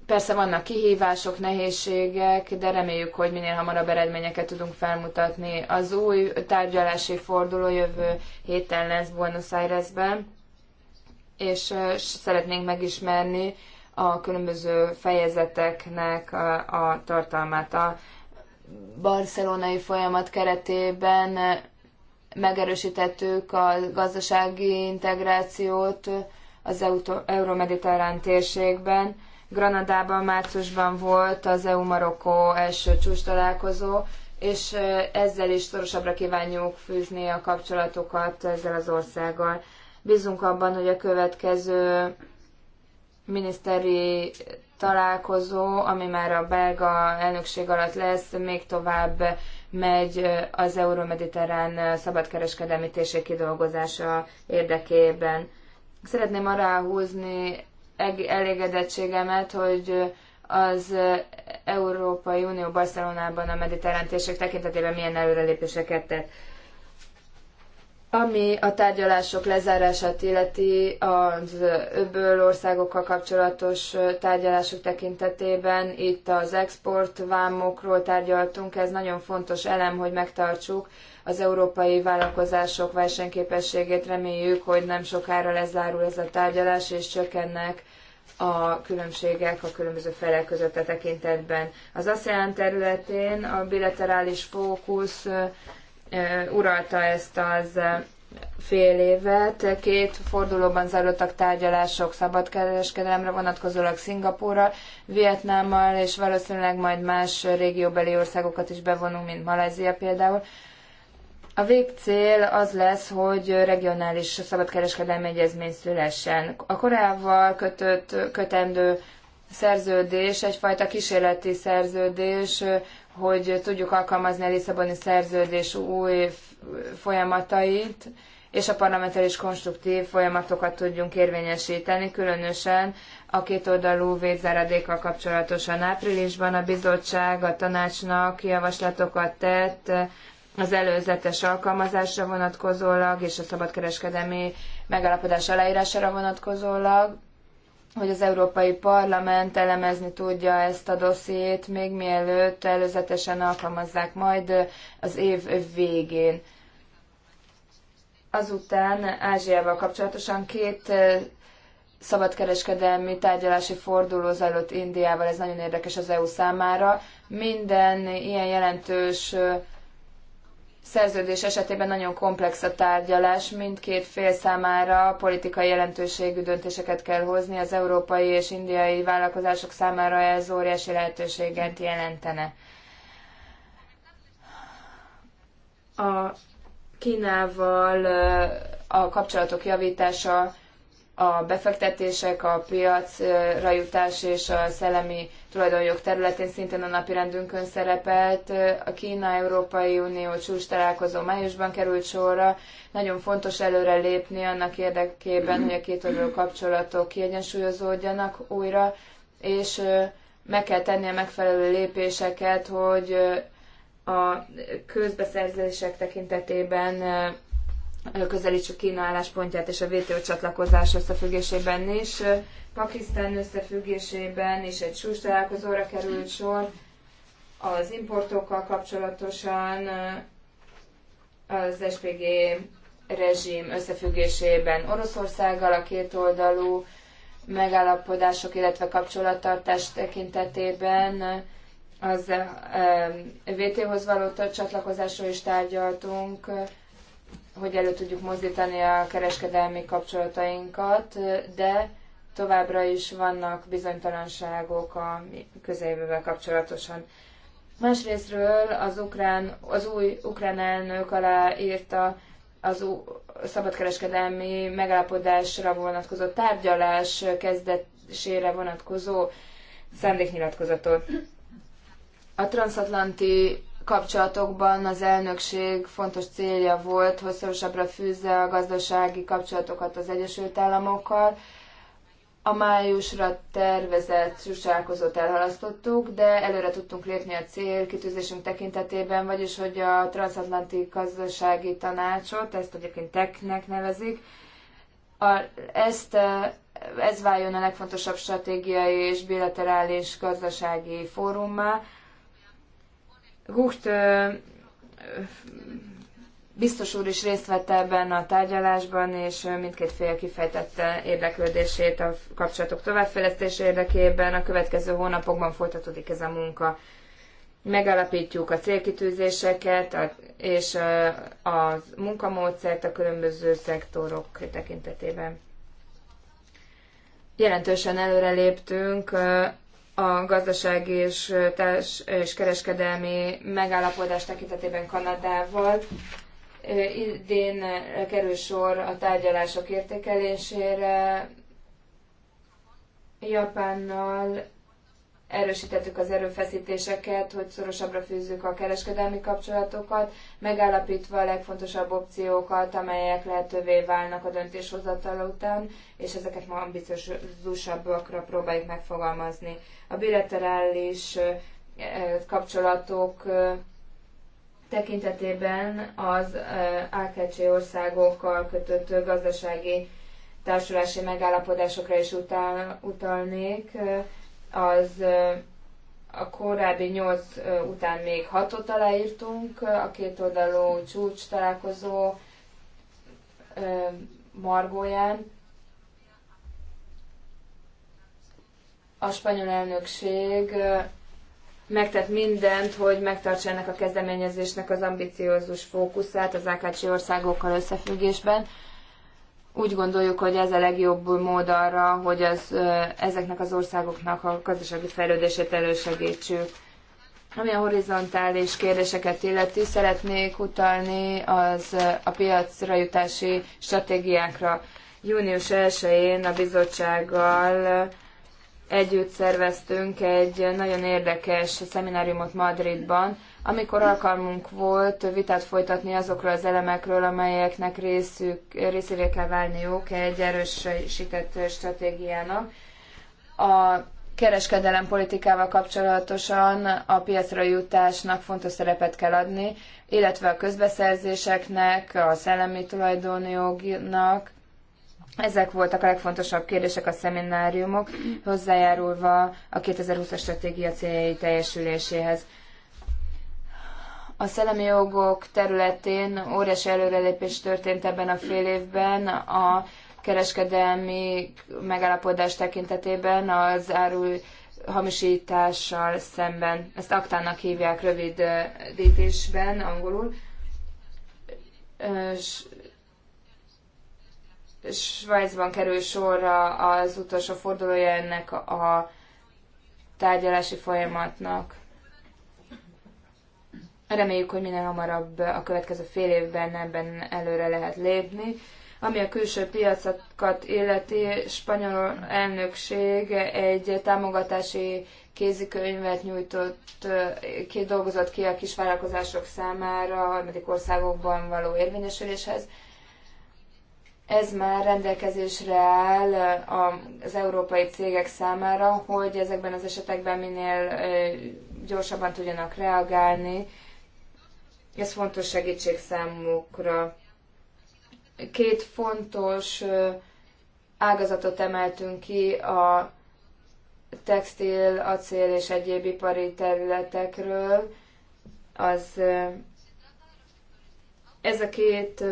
Persze vannak kihívások, nehézségek, de reméljük, hogy minél hamarabb eredményeket tudunk felmutatni. Az új tárgyalási forduló jövő héten lesz Buenos Airesben, és szeretnénk megismerni a különböző fejezeteknek a, a tartalmát. A barcelonai folyamat keretében megerősítettük a gazdasági integrációt az euró-mediterrán térségben, Granadában márciusban volt az EU-Marokkó első csúcs találkozó, és ezzel is szorosabbra kívánjuk fűzni a kapcsolatokat ezzel az országgal. Bízunk abban, hogy a következő miniszteri találkozó, ami már a belga elnökség alatt lesz, még tovább megy az euró-mediterrán szabadkereskedelmi térség kidolgozása érdekében. Szeretném arra húzni elégedettségemet, hogy az Európai Unió Barcelonában a mediterrán térség tekintetében milyen előrelépéseket tett. Ami a tárgyalások lezárását illeti az öböl országokkal kapcsolatos tárgyalások tekintetében, itt az exportvámokról tárgyaltunk, ez nagyon fontos elem, hogy megtartsuk az európai vállalkozások versenyképességét. Reméljük, hogy nem sokára lezárul ez a tárgyalás, és csökkennek a különbségek a különböző felek között a tekintetben. Az ASEAN területén a bilaterális fókusz uralta ezt az fél évet. Két fordulóban zajlottak tárgyalások szabadkereskedelemre vonatkozólag Szingapúrral, Vietnámmal, és valószínűleg majd más régióbeli országokat is bevonunk, mint Malázia például. A végcél az lesz, hogy regionális szabadkereskedelmi egyezmény szülessen. A Koreával kötött, kötendő szerződés egyfajta kísérleti szerződés, hogy tudjuk alkalmazni a Lisszaboni szerződés új folyamatait, és a parlamentális konstruktív folyamatokat tudjunk érvényesíteni, különösen a kétoldalú védzáradékkal kapcsolatosan áprilisban a bizottság a tanácsnak javaslatokat tett az előzetes alkalmazásra vonatkozólag és a szabadkereskedelmi megállapodás aláírására vonatkozólag, hogy az Európai Parlament elemezni tudja ezt a dossziét, még mielőtt előzetesen alkalmazzák majd az év végén. Azután Ázsiával kapcsolatosan két szabadkereskedelmi tárgyalási forduló zajlott Indiával, ez nagyon érdekes az EU számára. Minden ilyen jelentős szerződés esetében nagyon komplex a tárgyalás, mindkét fél számára politikai jelentőségű döntéseket kell hozni, az európai és indiai vállalkozások számára ez óriási lehetőséget jelentene. A Kínával a kapcsolatok javítása, a befektetések, a piacra jutás és a szellemi tulajdonjog területén szintén a napirendünkön szerepelt. A Kína-Európai Unió csúcs találkozó májusban került sorra. Nagyon fontos előre lépni annak érdekében, hogy a kétoldalú kapcsolatok kiegyensúlyozódjanak újra, és meg kell tenni a megfelelő lépéseket, hogy a közbeszerzések tekintetében közelítsük Kína álláspontját és a WTO csatlakozás összefüggésében is. Pakisztán összefüggésében is egy sús találkozóra került sor, az importokkal kapcsolatosan az SPG rezsim összefüggésében Oroszországgal a kétoldalú megállapodások, illetve kapcsolattartás tekintetében az VT-hoz való csatlakozásról is tárgyaltunk, hogy elő tudjuk mozdítani a kereskedelmi kapcsolatainkat, de továbbra is vannak bizonytalanságok a közeljövővel kapcsolatosan. Másrésztről az, ukrán, az új ukrán elnök írta az U- szabadkereskedelmi megállapodásra vonatkozó tárgyalás kezdésére vonatkozó szándéknyilatkozatot. A transatlanti kapcsolatokban az elnökség fontos célja volt, hogy szorosabbra fűzze a gazdasági kapcsolatokat az Egyesült Államokkal, a májusra tervezett csúcsálkozót elhalasztottuk, de előre tudtunk lépni a cél kitűzésünk tekintetében, vagyis hogy a transatlanti gazdasági tanácsot, ezt egyébként teknek nevezik, a, ezt e, ez váljon a legfontosabb stratégiai és bilaterális gazdasági fórummá. Gucht e, biztos úr is részt vette ebben a tárgyalásban, és mindkét fél kifejtette érdeklődését a kapcsolatok továbbfejlesztése érdekében. A következő hónapokban folytatódik ez a munka. Megalapítjuk a célkitűzéseket és a munkamódszert a különböző szektorok tekintetében. Jelentősen előreléptünk a gazdasági és, társ és kereskedelmi megállapodás tekintetében Kanadával. Idén kerül sor a tárgyalások értékelésére. Japánnal erősítettük az erőfeszítéseket, hogy szorosabbra fűzzük a kereskedelmi kapcsolatokat, megállapítva a legfontosabb opciókat, amelyek lehetővé válnak a döntéshozatal után, és ezeket ma ambiciózusabbakra próbáljuk megfogalmazni. A bilaterális kapcsolatok tekintetében az AKC országokkal kötött gazdasági társulási megállapodásokra is utal, utalnék. Az a korábbi nyolc után még hatot aláírtunk, a két oldalú csúcs találkozó margóján. A spanyol elnökség megtett mindent, hogy megtartsa ennek a kezdeményezésnek az ambiciózus fókuszát az Ákácsi országokkal összefüggésben. Úgy gondoljuk, hogy ez a legjobb mód arra, hogy az, ezeknek az országoknak a gazdasági fejlődését elősegítsük. Ami a horizontális kérdéseket illeti, szeretnék utalni az a piacra jutási stratégiákra. Június 1-én a bizottsággal együtt szerveztünk egy nagyon érdekes szemináriumot Madridban, amikor alkalmunk volt vitát folytatni azokról az elemekről, amelyeknek részük, részévé kell válniuk egy erősített stratégiának. A kereskedelem politikával kapcsolatosan a piacra jutásnak fontos szerepet kell adni, illetve a közbeszerzéseknek, a szellemi tulajdonjognak, ezek voltak a legfontosabb kérdések a szemináriumok, hozzájárulva a 2020-as stratégia céljai teljesüléséhez. A szellemi jogok területén óriási előrelépés történt ebben a fél évben. A kereskedelmi megállapodás tekintetében az árul hamisítással szemben. Ezt aktának hívják rövidítésben angolul. Svájcban kerül sorra az utolsó fordulója ennek a tárgyalási folyamatnak. Reméljük, hogy minél hamarabb a következő fél évben ebben előre lehet lépni. Ami a külső piacokat illeti, spanyol elnökség egy támogatási kézikönyvet nyújtott, dolgozott ki a kisvállalkozások számára a harmadik országokban való érvényesüléshez ez már rendelkezésre áll az európai cégek számára, hogy ezekben az esetekben minél gyorsabban tudjanak reagálni. Ez fontos segítség számukra. Két fontos ágazatot emeltünk ki a textil, acél és egyéb ipari területekről. Az ez a két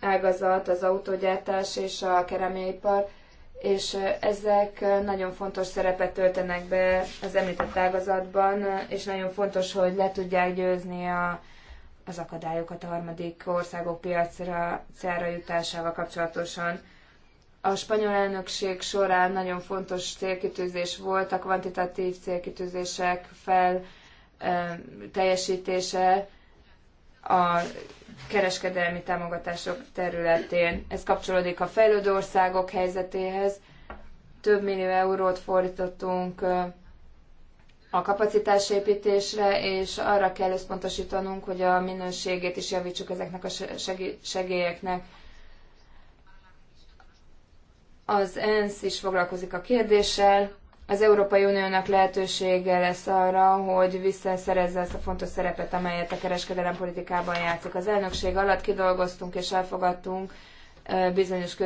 ágazat, az autógyártás és a kerámiaipar, és ezek nagyon fontos szerepet töltenek be az említett ágazatban, és nagyon fontos, hogy le tudják győzni a, az akadályokat a harmadik országok piacra célra jutásával kapcsolatosan. A spanyol elnökség során nagyon fontos célkitűzés volt a kvantitatív célkitűzések fel teljesítése, a kereskedelmi támogatások területén. Ez kapcsolódik a fejlődő országok helyzetéhez. Több millió eurót fordítottunk a kapacitásépítésre, és arra kell összpontosítanunk, hogy a minőségét is javítsuk ezeknek a segélyeknek. Az ENSZ is foglalkozik a kérdéssel, az Európai Uniónak lehetősége lesz arra, hogy visszaszerezze ezt a fontos szerepet, amelyet a kereskedelem politikában játszik. Az elnökség alatt kidolgoztunk és elfogadtunk bizonyos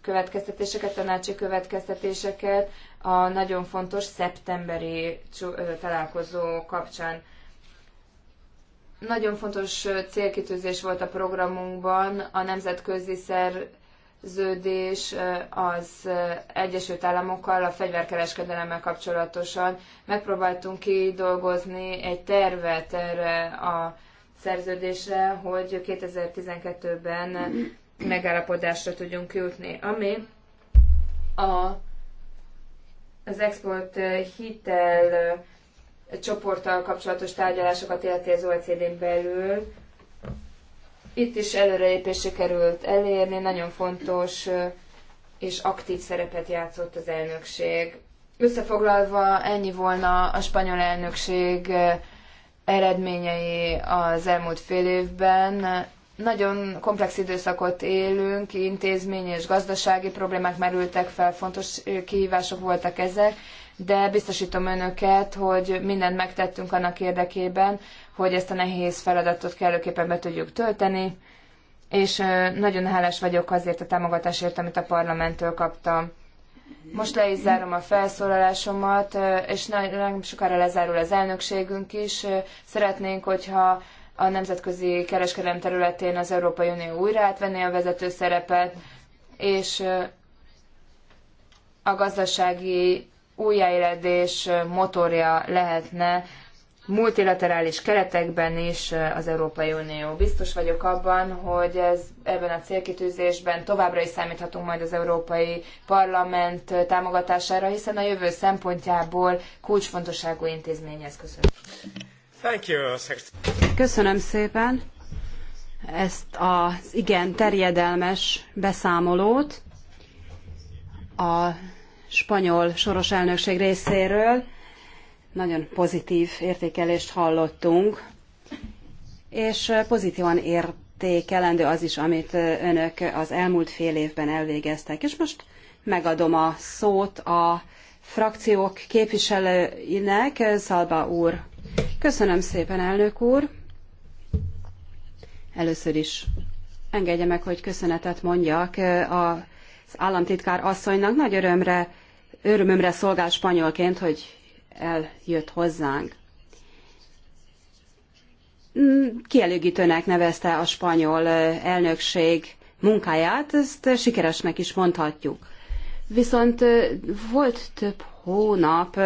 következtetéseket, tanácsi következtetéseket a nagyon fontos szeptemberi találkozó kapcsán. Nagyon fontos célkitűzés volt a programunkban a nemzetközi szer, szerződés az Egyesült Államokkal a fegyverkereskedelemmel kapcsolatosan. Megpróbáltunk kidolgozni egy tervet erre a szerződésre, hogy 2012-ben megállapodásra tudjunk jutni. Ami a, az export hitel csoporttal kapcsolatos tárgyalásokat illeti az OECD-n belül, itt is előrelépés sikerült elérni, nagyon fontos és aktív szerepet játszott az elnökség. Összefoglalva ennyi volna a spanyol elnökség eredményei az elmúlt fél évben. Nagyon komplex időszakot élünk, intézmény és gazdasági problémák merültek fel, fontos kihívások voltak ezek, de biztosítom önöket, hogy mindent megtettünk annak érdekében, hogy ezt a nehéz feladatot kellőképpen be tudjuk tölteni, és nagyon hálás vagyok azért a támogatásért, amit a parlamenttől kaptam. Most le is zárom a felszólalásomat, és nem sokára lezárul az elnökségünk is. Szeretnénk, hogyha a nemzetközi kereskedelem területén az Európai Unió újra átvenné a vezető szerepet, és a gazdasági újjáéledés motorja lehetne multilaterális keretekben is az Európai Unió. Biztos vagyok abban, hogy ez, ebben a célkitűzésben továbbra is számíthatunk majd az Európai Parlament támogatására, hiszen a jövő szempontjából kulcsfontosságú intézmény ez. Köszönöm. Köszönöm szépen ezt az igen terjedelmes beszámolót. A spanyol soros elnökség részéről. Nagyon pozitív értékelést hallottunk, és pozitívan értékelendő az is, amit önök az elmúlt fél évben elvégeztek. És most megadom a szót a frakciók képviselőinek, Szalba úr. Köszönöm szépen, elnök úr. Először is engedje meg, hogy köszönetet mondjak a eh, az államtitkár asszonynak nagy örömre örömömre szolgál spanyolként, hogy eljött hozzánk. Mm, kielégítőnek nevezte a spanyol elnökség munkáját, ezt sikeresnek is mondhatjuk. Viszont volt több hónap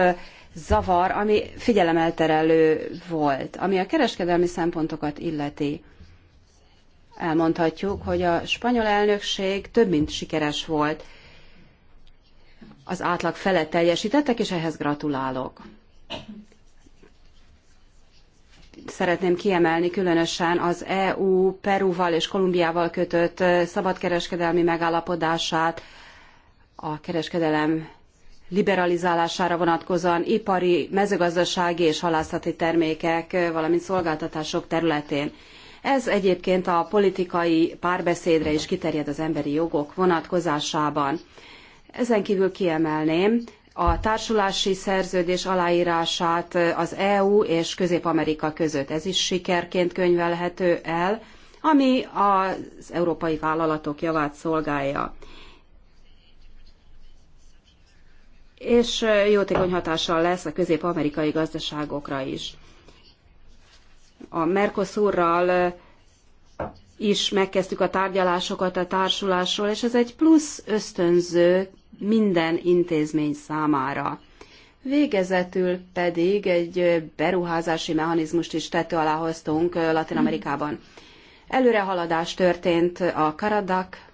zavar, ami figyelemelterelő volt, ami a kereskedelmi szempontokat illeti. Elmondhatjuk, hogy a spanyol elnökség több mint sikeres volt az átlag felett teljesítettek, és ehhez gratulálok. Szeretném kiemelni különösen az EU Perúval és Kolumbiával kötött szabadkereskedelmi megállapodását, a kereskedelem liberalizálására vonatkozóan ipari, mezőgazdasági és halászati termékek, valamint szolgáltatások területén. Ez egyébként a politikai párbeszédre is kiterjed az emberi jogok vonatkozásában. Ezen kívül kiemelném a társulási szerződés aláírását az EU és Közép-Amerika között. Ez is sikerként könyvelhető el, ami az európai vállalatok javát szolgálja. És jótékony hatással lesz a közép-amerikai gazdaságokra is. A Mercosurral is megkezdtük a tárgyalásokat a társulásról, és ez egy plusz ösztönző minden intézmény számára. Végezetül pedig egy beruházási mechanizmust is tető alá hoztunk Latin Amerikában. Előrehaladás történt a Karadak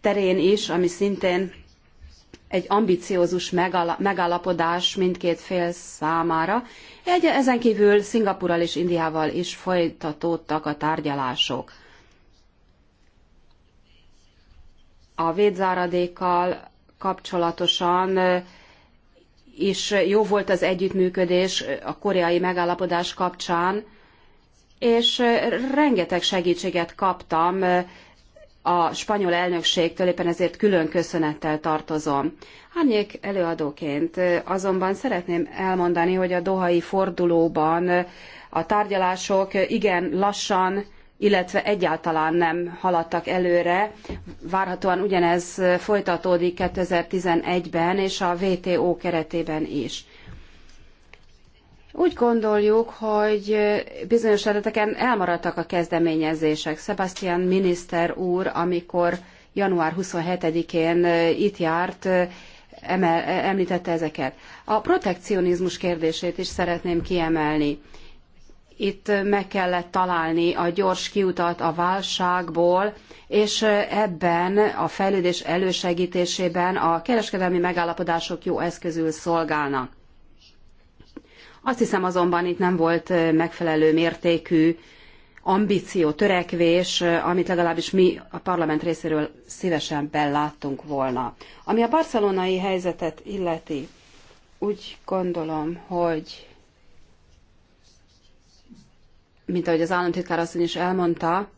terén is, ami szintén egy ambiciózus megállapodás mindkét fél számára. Egy, ezen kívül Szingapurral és Indiával is folytatódtak a tárgyalások. a védzáradékkal kapcsolatosan is jó volt az együttműködés a koreai megállapodás kapcsán, és rengeteg segítséget kaptam a spanyol elnökségtől, éppen ezért külön köszönettel tartozom. Árnyék előadóként azonban szeretném elmondani, hogy a dohai fordulóban a tárgyalások igen lassan illetve egyáltalán nem haladtak előre. Várhatóan ugyanez folytatódik 2011-ben és a WTO keretében is. Úgy gondoljuk, hogy bizonyos területeken elmaradtak a kezdeményezések. Sebastian miniszter úr, amikor január 27-én itt járt, említette ezeket. A protekcionizmus kérdését is szeretném kiemelni. Itt meg kellett találni a gyors kiutat a válságból, és ebben a fejlődés elősegítésében a kereskedelmi megállapodások jó eszközül szolgálnak. Azt hiszem azonban itt nem volt megfelelő mértékű ambíció, törekvés, amit legalábbis mi a parlament részéről szívesen belláttunk volna. Ami a barcelonai helyzetet illeti, úgy gondolom, hogy mint ahogy az államtitkár asszony is elmondta,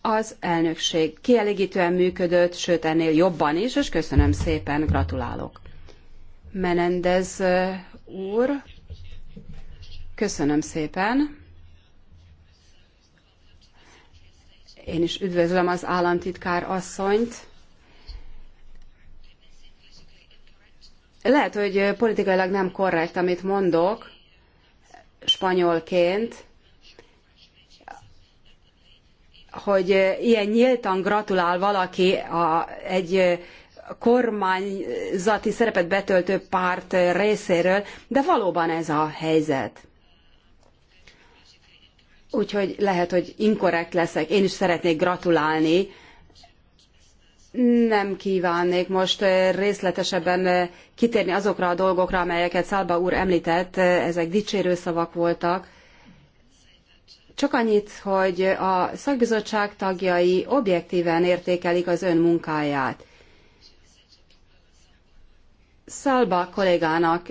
az elnökség kielégítően működött, sőt ennél jobban is, és köszönöm szépen, gratulálok. Menendez uh, úr, köszönöm szépen. Én is üdvözlöm az államtitkár asszonyt. Lehet, hogy politikailag nem korrekt, amit mondok spanyolként, hogy ilyen nyíltan gratulál valaki a, egy kormányzati szerepet betöltő párt részéről, de valóban ez a helyzet. Úgyhogy lehet, hogy inkorrekt leszek. Én is szeretnék gratulálni. Nem kívánnék most részletesebben kitérni azokra a dolgokra, amelyeket Szálba úr említett. Ezek dicsérő szavak voltak. Csak annyit, hogy a szakbizottság tagjai objektíven értékelik az ön munkáját. Szalba kollégának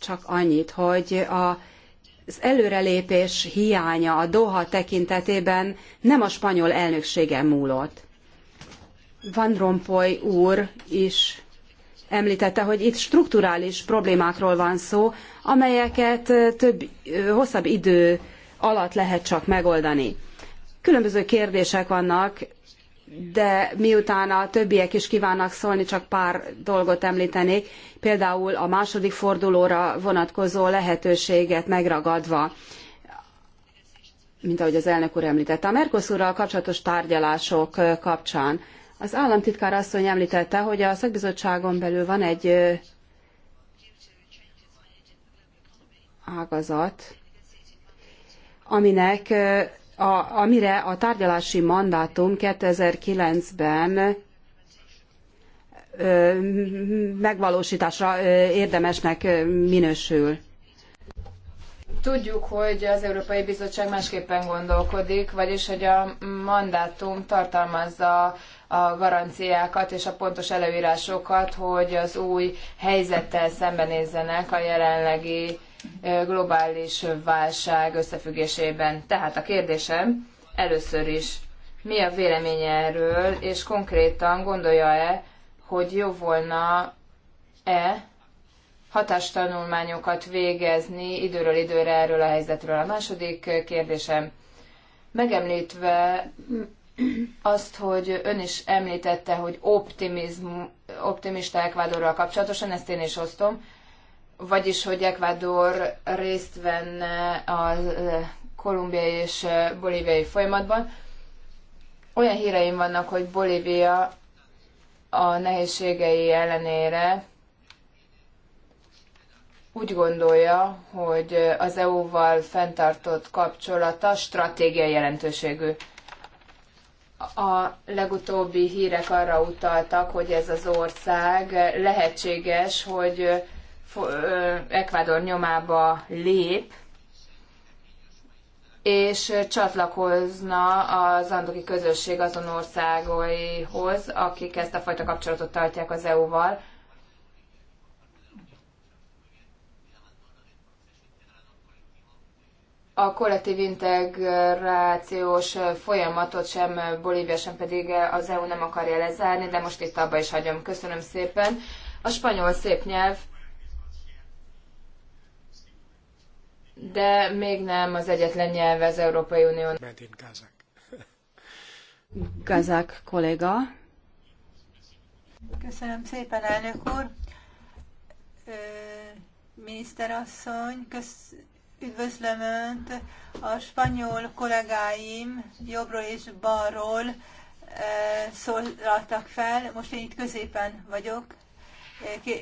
csak annyit, hogy a az előrelépés hiánya a Doha tekintetében nem a spanyol elnökségen múlott. Van Rompuy úr is említette, hogy itt strukturális problémákról van szó, amelyeket több, hosszabb idő alatt lehet csak megoldani. Különböző kérdések vannak, de miután a többiek is kívánnak szólni, csak pár dolgot említenék, például a második fordulóra vonatkozó lehetőséget megragadva, mint ahogy az elnök úr említette, a Mercosurral kapcsolatos tárgyalások kapcsán. Az államtitkár asszony említette, hogy a szakbizottságon belül van egy ágazat, aminek a, amire a tárgyalási mandátum 2009-ben megvalósításra érdemesnek minősül. Tudjuk, hogy az Európai Bizottság másképpen gondolkodik, vagyis hogy a mandátum tartalmazza a garanciákat és a pontos előírásokat, hogy az új helyzettel szembenézzenek a jelenlegi globális válság összefüggésében. Tehát a kérdésem először is, mi a véleménye erről, és konkrétan gondolja-e, hogy jó volna-e hatástanulmányokat végezni időről időre erről a helyzetről. A második kérdésem, megemlítve azt, hogy ön is említette, hogy optimizm, optimista Ekvádorral kapcsolatosan, ezt én is osztom, vagyis hogy Ecuador részt venne a kolumbiai és bolíviai folyamatban. Olyan híreim vannak, hogy Bolívia a nehézségei ellenére úgy gondolja, hogy az EU-val fenntartott kapcsolata stratégiai jelentőségű. A legutóbbi hírek arra utaltak, hogy ez az ország lehetséges, hogy ekvador nyomába lép, és csatlakozna az andoki közösség azon országaihoz, akik ezt a fajta kapcsolatot tartják az EU-val. A kollektív integrációs folyamatot sem Bolívia, sem pedig az EU nem akarja lezárni, de most itt abba is hagyom. Köszönöm szépen. A spanyol szép nyelv de még nem az egyetlen nyelv az Európai Unión. Medin Gazak. Gazak kolléga. Köszönöm szépen, elnök úr. Miniszterasszony, kösz, üdvözlöm Önt. A spanyol kollégáim jobbról és balról szólaltak fel. Most én itt középen vagyok,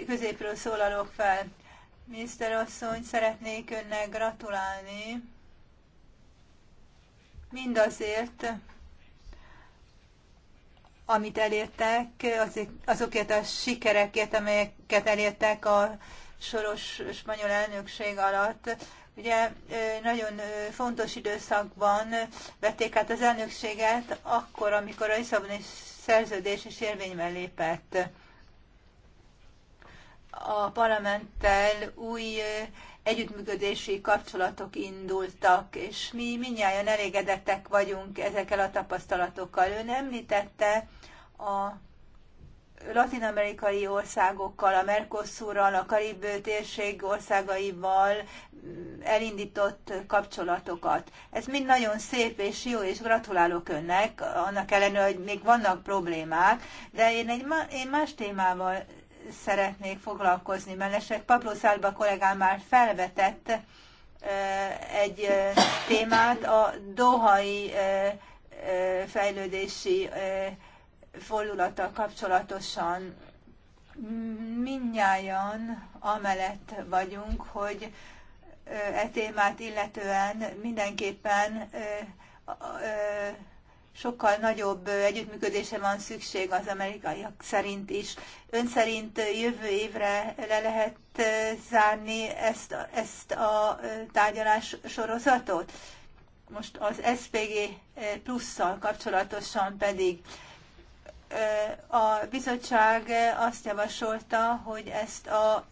középről szólalok fel Mr. Asszony, szeretnék önnek gratulálni mindazért, amit elértek, azokért a sikerekért, amelyeket elértek a soros spanyol elnökség alatt. Ugye nagyon fontos időszakban vették át az elnökséget, akkor, amikor a Lisszaboni szerződés is érvényben lépett a parlamenttel új együttműködési kapcsolatok indultak, és mi minnyáján elégedettek vagyunk ezekkel a tapasztalatokkal. Ön említette a latin-amerikai országokkal, a Mercosurral, a Karib térség országaival mm, elindított kapcsolatokat. Ez mind nagyon szép és jó, és gratulálok önnek, annak ellenőre, hogy még vannak problémák, de én egy én más témával szeretnék foglalkozni. esetleg Pablo Szálba kollégám már felvetett egy témát, a dohai fejlődési fordulata kapcsolatosan mindnyájan amellett vagyunk, hogy e témát illetően mindenképpen sokkal nagyobb együttműködése van szükség az amerikaiak szerint is. Ön szerint jövő évre le lehet zárni ezt, ezt a tárgyalás sorozatot? Most az SPG plusszal kapcsolatosan pedig a bizottság azt javasolta, hogy ezt a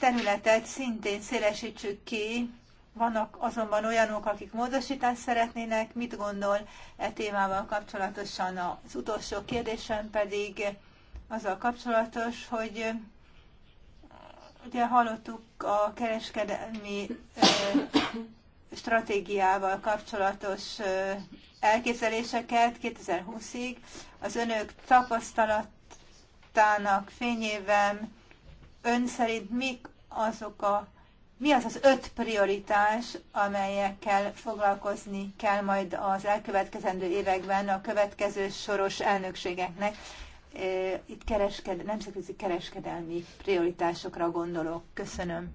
területet szintén szélesítsük ki, vannak azonban olyanok, akik módosítást szeretnének. Mit gondol e témával kapcsolatosan? Az utolsó kérdésem pedig azzal kapcsolatos, hogy ugye hallottuk a kereskedelmi stratégiával kapcsolatos elképzeléseket 2020-ig. Az önök tapasztalatának fényében ön szerint mik azok a mi az az öt prioritás, amelyekkel foglalkozni kell majd az elkövetkezendő években a következő soros elnökségeknek? Itt keresked, nemzetközi kereskedelmi prioritásokra gondolok. Köszönöm.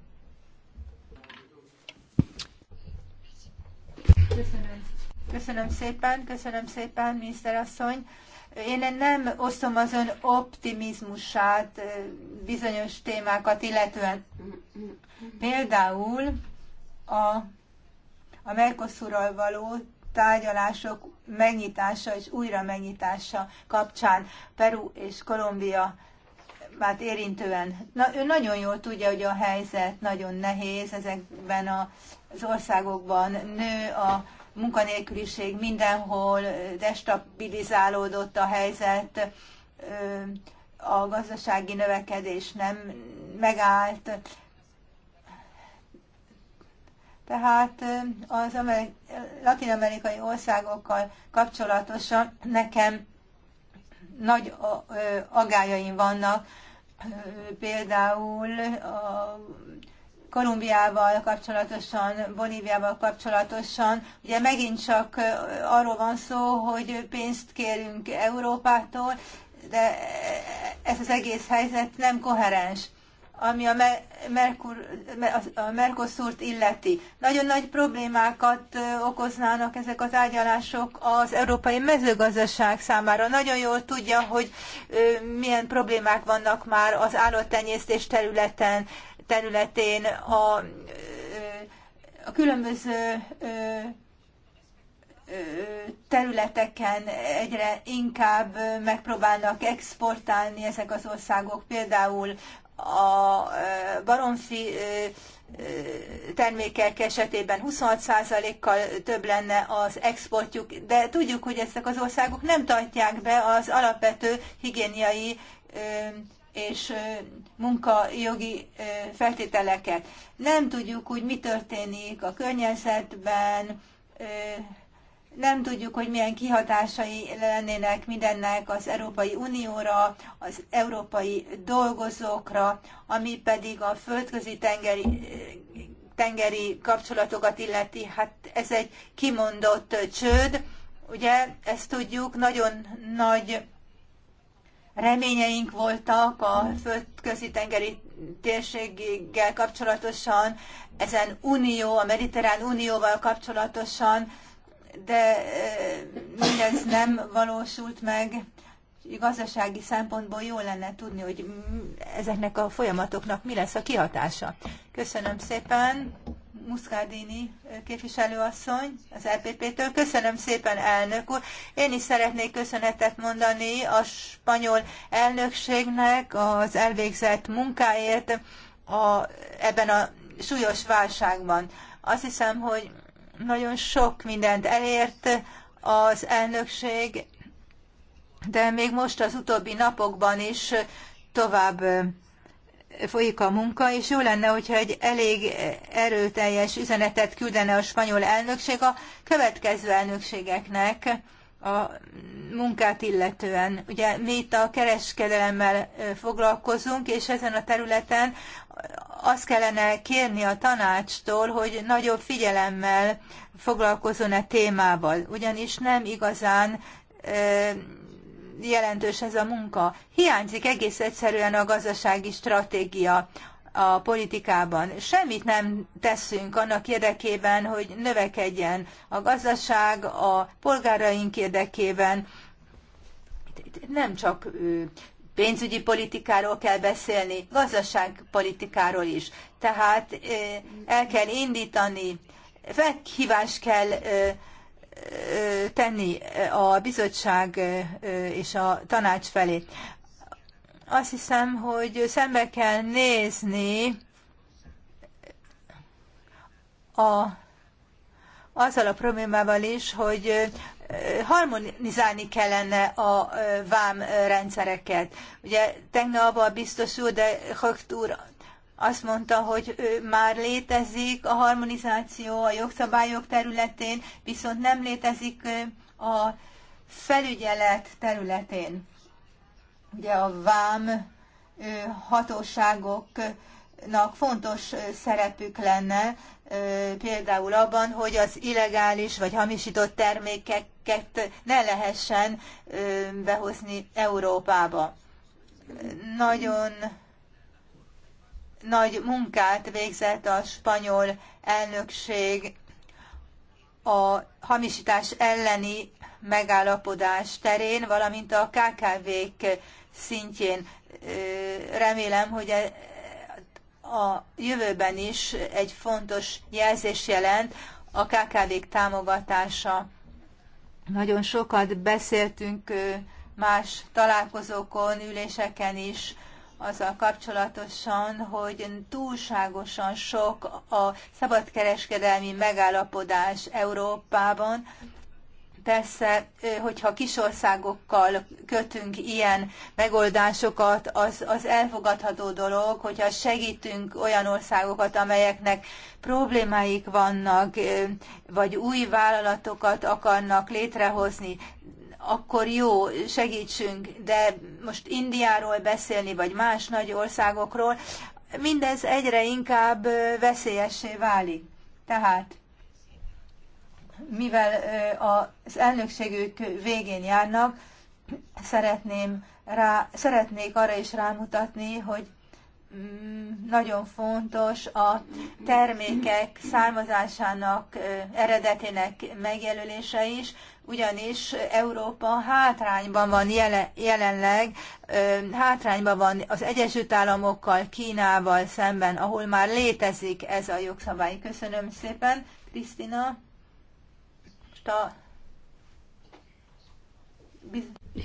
Köszönöm. Köszönöm szépen, köszönöm szépen, miniszterasszony. Én nem osztom az ön optimizmusát bizonyos témákat illetően. Például a, a Mercosurral való tárgyalások megnyitása és újra megnyitása kapcsán Peru és Kolumbia hát érintően. Na, ő nagyon jól tudja, hogy a helyzet nagyon nehéz ezekben az országokban. Nő a munkanélküliség mindenhol, destabilizálódott a helyzet, a gazdasági növekedés nem megállt. Tehát az latin-amerikai országokkal kapcsolatosan nekem nagy agályaim vannak, például a Kolumbiával kapcsolatosan, Bolíviával kapcsolatosan. Ugye megint csak arról van szó, hogy pénzt kérünk Európától, de ez az egész helyzet nem koherens ami a, Merkur, a Mercosur-t illeti. Nagyon nagy problémákat okoznának ezek az ágyalások az európai mezőgazdaság számára. Nagyon jól tudja, hogy milyen problémák vannak már az állattenyésztés területen, területén, a, a különböző területeken egyre inkább megpróbálnak exportálni ezek az országok, például a baromfi termékek esetében 26%-kal több lenne az exportjuk, de tudjuk, hogy ezek az országok nem tartják be az alapvető higiéniai és munkajogi feltételeket. Nem tudjuk, hogy mi történik a környezetben, nem tudjuk, hogy milyen kihatásai lennének mindennek az Európai Unióra, az európai dolgozókra, ami pedig a földközi tengeri, tengeri kapcsolatokat illeti. Hát ez egy kimondott csőd, ugye ezt tudjuk, nagyon nagy reményeink voltak a földközi tengeri térséggel kapcsolatosan, ezen unió, a mediterrán unióval kapcsolatosan, de e, mindez nem valósult meg. Gazdasági szempontból jó lenne tudni, hogy ezeknek a folyamatoknak mi lesz a kihatása. Köszönöm szépen! Muscardini képviselőasszony az epp től Köszönöm szépen, elnök úr. Én is szeretnék köszönetet mondani a spanyol elnökségnek az elvégzett munkáért a, ebben a súlyos válságban. Azt hiszem, hogy nagyon sok mindent elért az elnökség, de még most az utóbbi napokban is tovább folyik a munka, és jó lenne, hogyha egy elég erőteljes üzenetet küldene a spanyol elnökség a következő elnökségeknek a munkát illetően. Ugye mi itt a kereskedelemmel foglalkozunk, és ezen a területen azt kellene kérni a tanácstól, hogy nagyobb figyelemmel foglalkozzon e témával, ugyanis nem igazán jelentős ez a munka. Hiányzik egész egyszerűen a gazdasági stratégia a politikában. Semmit nem teszünk annak érdekében, hogy növekedjen a gazdaság a polgáraink érdekében. Nem csak pénzügyi politikáról kell beszélni, gazdaságpolitikáról is. Tehát el kell indítani, meghívást kell tenni a bizottság és a tanács felé. Azt hiszem, hogy szembe kell nézni a, azzal a problémával is, hogy harmonizálni kellene a vám rendszereket. Ugye tegnap a biztos úr, de Högt úr azt mondta, hogy már létezik a harmonizáció a jogszabályok területén, viszont nem létezik a felügyelet területén. Ugye a vám hatóságoknak fontos szerepük lenne, például abban, hogy az illegális vagy hamisított termékeket ne lehessen behozni Európába. Nagyon nagy munkát végzett a spanyol elnökség a hamisítás elleni megállapodás terén, valamint a KKV-k szintjén. Remélem, hogy e, a jövőben is egy fontos jelzés jelent a KKV-k támogatása. Nagyon sokat beszéltünk más találkozókon, üléseken is azzal kapcsolatosan, hogy túlságosan sok a szabadkereskedelmi megállapodás Európában. Persze, hogyha országokkal kötünk ilyen megoldásokat, az, az elfogadható dolog, hogyha segítünk olyan országokat, amelyeknek problémáik vannak, vagy új vállalatokat akarnak létrehozni akkor jó, segítsünk, de most Indiáról beszélni, vagy más nagy országokról, mindez egyre inkább veszélyessé válik. Tehát, mivel az elnökségük végén járnak, szeretném rá, szeretnék arra is rámutatni, hogy Mm, nagyon fontos a termékek származásának eredetének megjelölése is, ugyanis Európa hátrányban van jelenleg, hátrányban van az Egyesült Államokkal, Kínával szemben, ahol már létezik ez a jogszabály. Köszönöm szépen, Krisztina.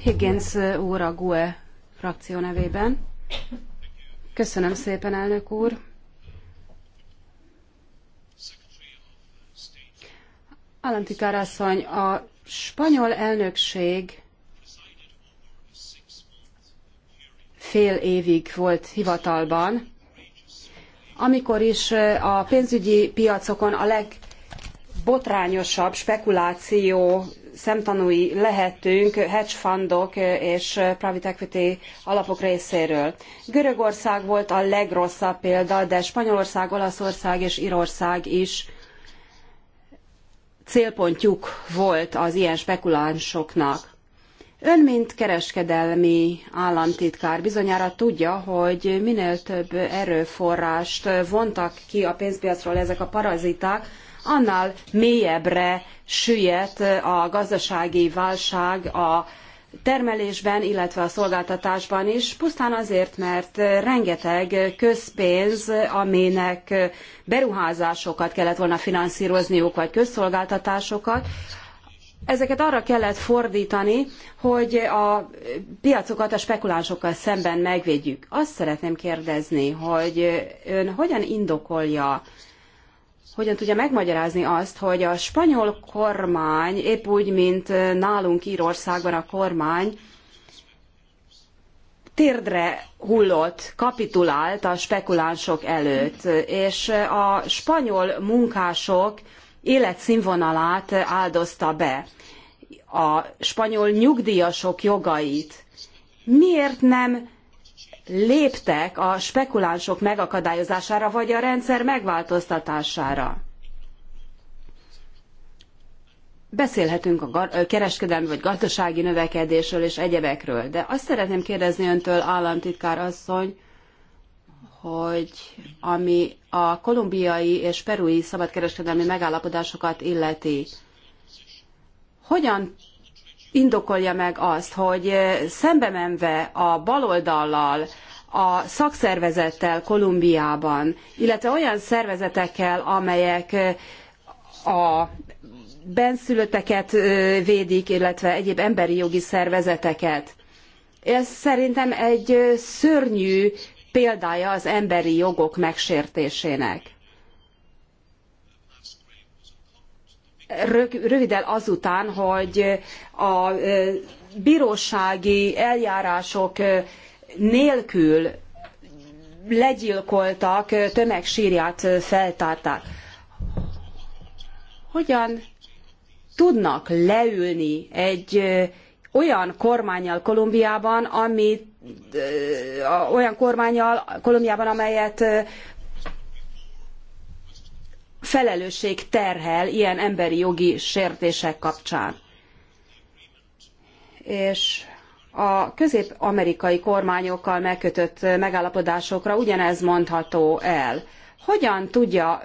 Higgins úr a GUE frakció nevében. Köszönöm szépen, elnök úr. Államtitkár asszony, a spanyol elnökség fél évig volt hivatalban, amikor is a pénzügyi piacokon a legbotrányosabb spekuláció szemtanúi lehetünk hedge fundok és private equity alapok részéről. Görögország volt a legrosszabb példa, de Spanyolország, Olaszország és Írország is célpontjuk volt az ilyen spekulánsoknak. Ön, mint kereskedelmi államtitkár bizonyára tudja, hogy minél több erőforrást vontak ki a pénzpiacról ezek a paraziták, annál mélyebbre süllyed a gazdasági válság a termelésben, illetve a szolgáltatásban is, pusztán azért, mert rengeteg közpénz, aminek beruházásokat kellett volna finanszírozniuk, vagy közszolgáltatásokat, ezeket arra kellett fordítani, hogy a piacokat a spekulánsokkal szemben megvédjük. Azt szeretném kérdezni, hogy ön hogyan indokolja hogyan tudja megmagyarázni azt, hogy a spanyol kormány, épp úgy, mint nálunk Írországban a kormány, térdre hullott, kapitulált a spekulánsok előtt, és a spanyol munkások életszínvonalát áldozta be, a spanyol nyugdíjasok jogait. Miért nem léptek a spekulánsok megakadályozására, vagy a rendszer megváltoztatására. Beszélhetünk a kereskedelmi vagy gazdasági növekedésről és egyebekről, de azt szeretném kérdezni öntől, államtitkár asszony, hogy ami a kolumbiai és perui szabadkereskedelmi megállapodásokat illeti, hogyan indokolja meg azt, hogy szembe menve a baloldallal, a szakszervezettel Kolumbiában, illetve olyan szervezetekkel, amelyek a benszülötteket védik, illetve egyéb emberi jogi szervezeteket. Ez szerintem egy szörnyű példája az emberi jogok megsértésének. röviddel azután, hogy a bírósági eljárások nélkül legyilkoltak, tömegsírját feltárták. Hogyan tudnak leülni egy olyan kormányjal Kolumbiában, amit olyan kormányjal Kolumbiában, amelyet felelősség terhel ilyen emberi jogi sértések kapcsán. És a közép-amerikai kormányokkal megkötött megállapodásokra ugyanez mondható el. Hogyan tudja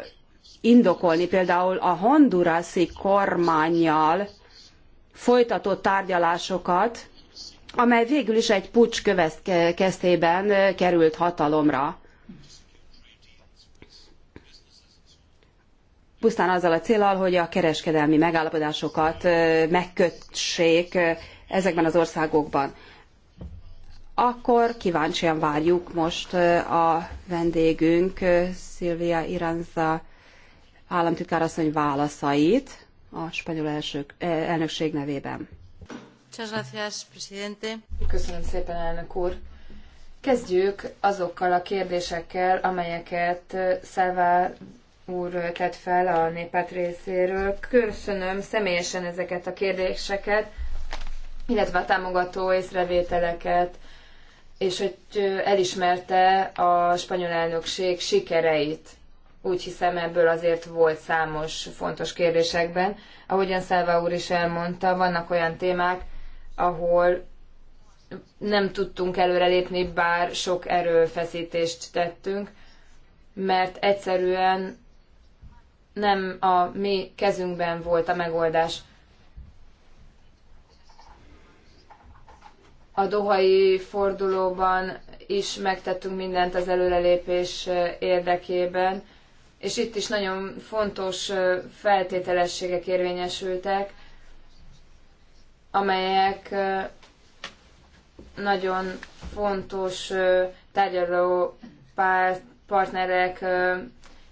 indokolni például a hondurászi kormányjal folytatott tárgyalásokat, amely végül is egy pucs következtében került hatalomra. pusztán azzal a célral, hogy a kereskedelmi megállapodásokat megkötsék ezekben az országokban. Akkor kíváncsian várjuk most a vendégünk, Szilvia Iranza államtitkárasszony válaszait a spanyol elsők, elnökség nevében. Köszönöm szépen, elnök úr! Kezdjük azokkal a kérdésekkel, amelyeket Szelvá úr tett fel a népet részéről. Köszönöm személyesen ezeket a kérdéseket, illetve a támogató észrevételeket, és hogy elismerte a spanyol elnökség sikereit. Úgy hiszem, ebből azért volt számos fontos kérdésekben. Ahogyan Szálva úr is elmondta, vannak olyan témák, ahol nem tudtunk előrelépni, bár sok erőfeszítést tettünk, mert egyszerűen nem a mi kezünkben volt a megoldás. A dohai fordulóban is megtettünk mindent az előrelépés érdekében, és itt is nagyon fontos feltételességek érvényesültek, amelyek nagyon fontos tárgyaló partnerek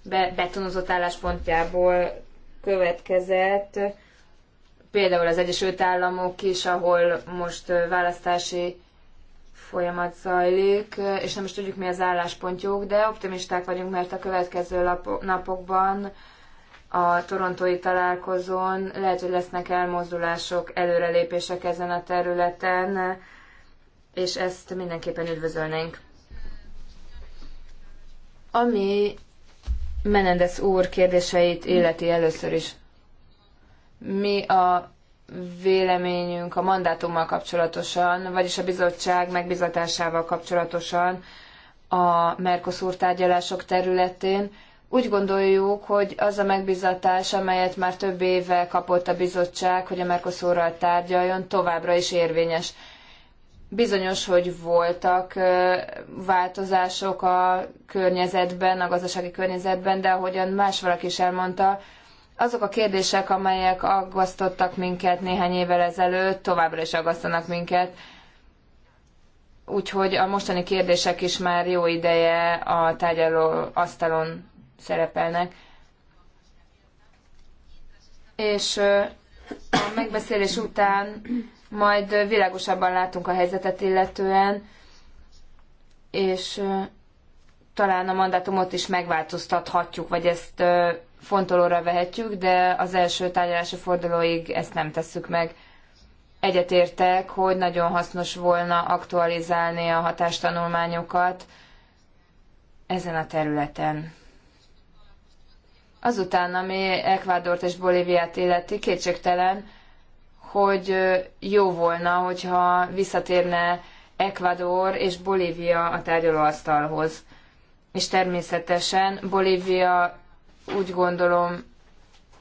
be, betonozott álláspontjából következett. Például az Egyesült Államok is, ahol most választási folyamat zajlik, és nem is tudjuk mi az álláspontjuk, de optimisták vagyunk, mert a következő napokban a torontói találkozón lehet, hogy lesznek elmozdulások, előrelépések ezen a területen, és ezt mindenképpen üdvözölnénk. Ami Menendez úr kérdéseit illeti először is. Mi a véleményünk a mandátummal kapcsolatosan, vagyis a bizottság megbizatásával kapcsolatosan a Mercosur tárgyalások területén. Úgy gondoljuk, hogy az a megbizatás, amelyet már több éve kapott a bizottság, hogy a Mercosurral tárgyaljon, továbbra is érvényes. Bizonyos, hogy voltak változások a környezetben, a gazdasági környezetben, de ahogyan más valaki is elmondta, azok a kérdések, amelyek aggasztottak minket néhány évvel ezelőtt, továbbra is aggasztanak minket. Úgyhogy a mostani kérdések is már jó ideje a tárgyaló asztalon szerepelnek. És a megbeszélés után majd világosabban látunk a helyzetet illetően, és talán a mandátumot is megváltoztathatjuk, vagy ezt fontolóra vehetjük, de az első tárgyalási fordulóig ezt nem tesszük meg. Egyetértek, hogy nagyon hasznos volna aktualizálni a hatástanulmányokat ezen a területen. Azután, ami Ekvádort és Bolíviát illeti, kétségtelen, hogy jó volna, hogyha visszatérne Ecuador és Bolívia a tárgyalóasztalhoz. És természetesen Bolívia úgy gondolom,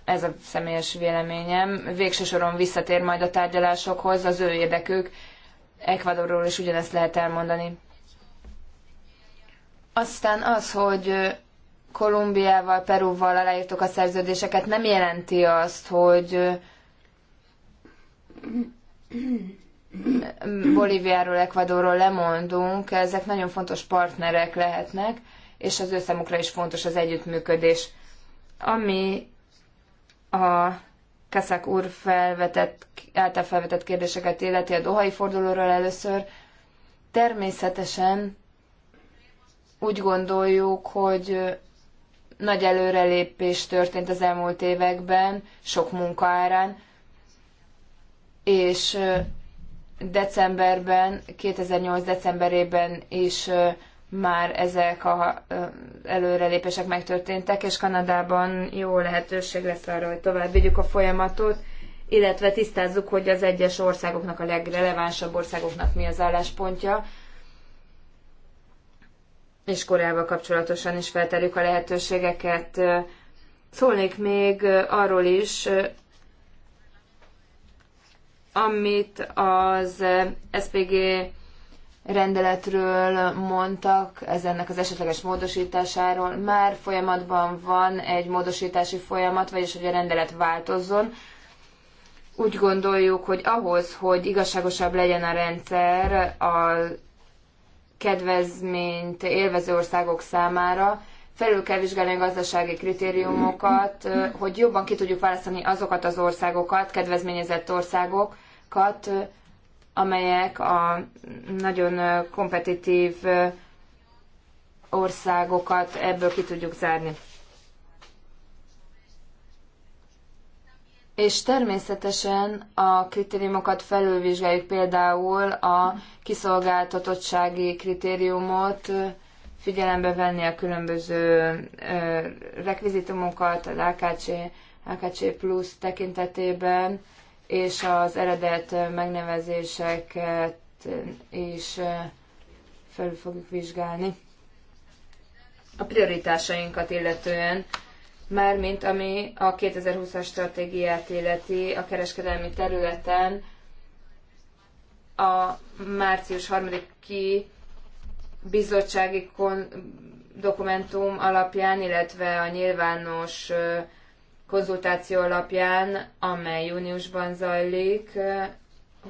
ez a személyes véleményem, végső soron visszatér majd a tárgyalásokhoz, az ő érdekük. Ecuadorról is ugyanezt lehet elmondani. Aztán az, hogy Kolumbiával, Perúval aláírtuk a szerződéseket, nem jelenti azt, hogy Bolíviáról, Ekvadorról lemondunk, ezek nagyon fontos partnerek lehetnek, és az ő számukra is fontos az együttműködés. Ami a Kaszák úr felvetett, által felvetett kérdéseket illeti a Dohai fordulóról először, természetesen úgy gondoljuk, hogy nagy előrelépés történt az elmúlt években, sok munka árán, és decemberben, 2008 decemberében is már ezek a előrelépések megtörténtek, és Kanadában jó lehetőség lesz arra, hogy tovább vigyük a folyamatot, illetve tisztázzuk, hogy az egyes országoknak, a legrelevánsabb országoknak mi az álláspontja, és Koreával kapcsolatosan is felterjük a lehetőségeket. Szólnék még arról is, amit az SPG rendeletről mondtak, ez ennek az esetleges módosításáról. Már folyamatban van egy módosítási folyamat, vagyis hogy a rendelet változzon. Úgy gondoljuk, hogy ahhoz, hogy igazságosabb legyen a rendszer a kedvezményt élvező országok számára, felül kell vizsgálni a gazdasági kritériumokat, hogy jobban ki tudjuk választani azokat az országokat, kedvezményezett országok, kat, amelyek a nagyon kompetitív országokat ebből ki tudjuk zárni. És természetesen a kritériumokat felülvizsgáljuk, például a kiszolgáltatottsági kritériumot figyelembe venni a különböző rekvizitumokat, az AKC, AKC plusz tekintetében, és az eredet megnevezéseket is felül fogjuk vizsgálni. A prioritásainkat illetően, mármint ami a 2020-as stratégiát illeti a kereskedelmi területen, a március 3-i bizottsági dokumentum alapján, illetve a nyilvános konzultáció alapján, amely júniusban zajlik,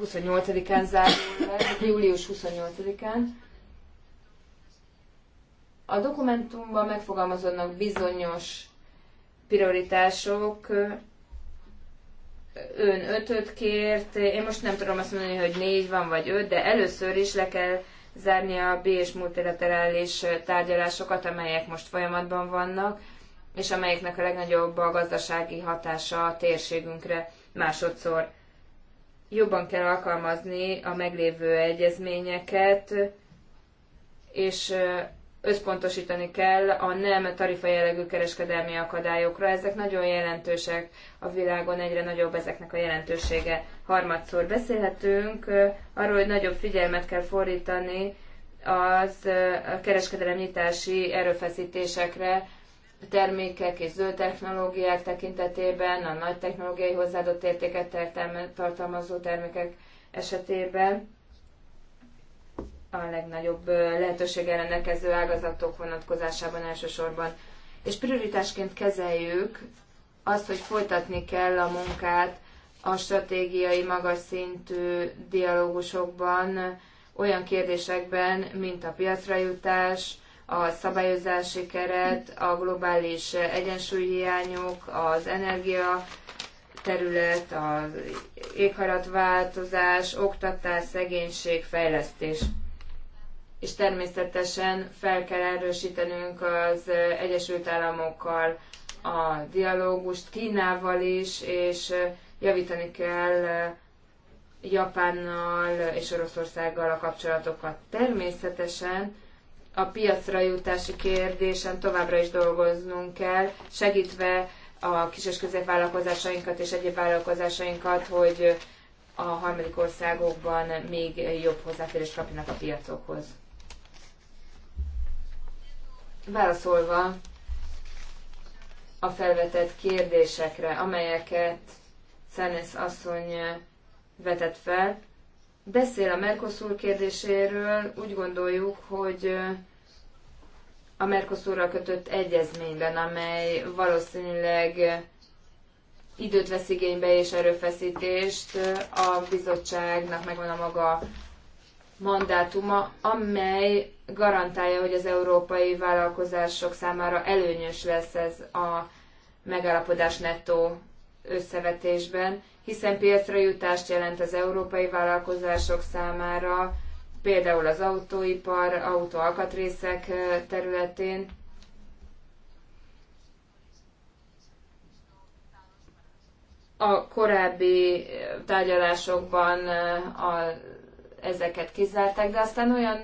28-án zárul le, július 28-án. A dokumentumban megfogalmazódnak bizonyos prioritások, ön ötöt kért, én most nem tudom azt mondani, hogy négy van vagy öt, de először is le kell zárni a B és multilaterális tárgyalásokat, amelyek most folyamatban vannak és amelyeknek a legnagyobb a gazdasági hatása a térségünkre másodszor. Jobban kell alkalmazni a meglévő egyezményeket, és összpontosítani kell a nem tarifa jellegű kereskedelmi akadályokra. Ezek nagyon jelentősek a világon, egyre nagyobb ezeknek a jelentősége. Harmadszor beszélhetünk arról, hogy nagyobb figyelmet kell fordítani az kereskedelemnyitási erőfeszítésekre termékek és zöld technológiák tekintetében, a nagy technológiai hozzáadott értéket tartalmazó termékek esetében a legnagyobb lehetőséggel rendelkező ágazatok vonatkozásában elsősorban. És prioritásként kezeljük azt, hogy folytatni kell a munkát a stratégiai magas szintű dialógusokban, olyan kérdésekben, mint a piacra jutás, a szabályozási keret, a globális egyensúlyhiányok, az energia terület, az éghajlatváltozás, oktatás, szegénység, fejlesztés. És természetesen fel kell erősítenünk az Egyesült Államokkal a dialógust, Kínával is, és javítani kell Japánnal és Oroszországgal a kapcsolatokat. Természetesen a piacra jutási kérdésen továbbra is dolgoznunk kell, segítve a kis és középvállalkozásainkat és egyéb vállalkozásainkat, hogy a harmadik országokban még jobb hozzáférést kapjanak a piacokhoz. Válaszolva a felvetett kérdésekre, amelyeket Szenes asszony vetett fel, beszél a Mercosur kérdéséről, úgy gondoljuk, hogy a Mercosurra kötött egyezményben, amely valószínűleg időt vesz igénybe és erőfeszítést, a bizottságnak megvan a maga mandátuma, amely garantálja, hogy az európai vállalkozások számára előnyös lesz ez a megállapodás nettó összevetésben, hiszen piacra jutást jelent az európai vállalkozások számára, például az autóipar, autóalkatrészek területén. A korábbi tárgyalásokban a, ezeket kizárták, de aztán olyan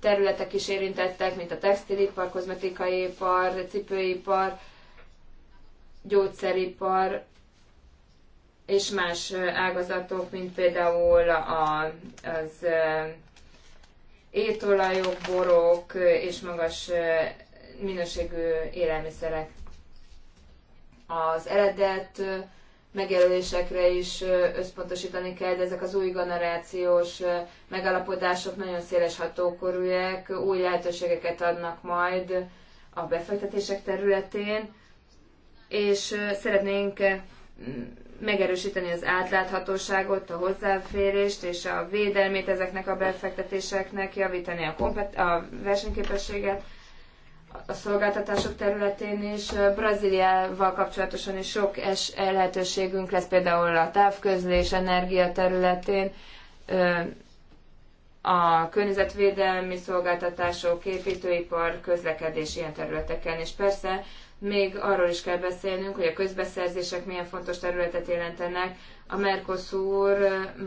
területek is érintettek, mint a textilipar, kozmetikai ipar, cipőipar, gyógyszeripar, és más ágazatok, mint például az étolajok, borok és magas minőségű élelmiszerek. Az eredet megjelölésekre is összpontosítani kell, de ezek az új generációs megalapodások nagyon széles hatókorúek, új lehetőségeket adnak majd a befektetések területén, és szeretnénk megerősíteni az átláthatóságot, a hozzáférést és a védelmét ezeknek a befektetéseknek, javítani a, kompet- a versenyképességet a szolgáltatások területén is. Brazíliával kapcsolatosan is sok es lehetőségünk lesz például a távközlés, energia területén, a környezetvédelmi szolgáltatások, építőipar, közlekedés ilyen területeken, és persze még arról is kell beszélnünk, hogy a közbeszerzések milyen fontos területet jelentenek. A Mercosur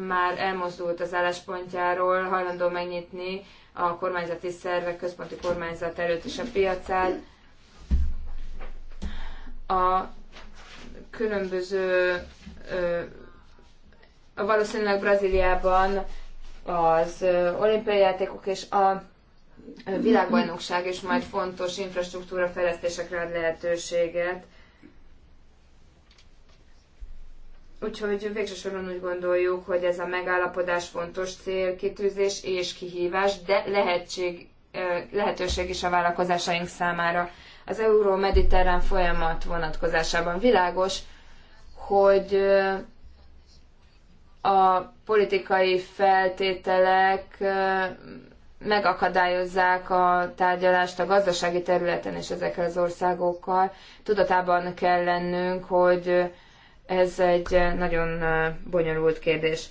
már elmozdult az álláspontjáról, hajlandó megnyitni a kormányzati szervek, központi kormányzat előtt is a piacát. A különböző valószínűleg Brazíliában az olimpiai játékok és a világbajnokság és majd fontos infrastruktúra fejlesztésekre ad lehetőséget. Úgyhogy végső soron úgy gondoljuk, hogy ez a megállapodás fontos célkitűzés és kihívás, de lehetség, lehetőség is a vállalkozásaink számára. Az euró-mediterrán folyamat vonatkozásában világos, hogy a politikai feltételek megakadályozzák a tárgyalást a gazdasági területen és ezekkel az országokkal. Tudatában kell lennünk, hogy ez egy nagyon bonyolult kérdés.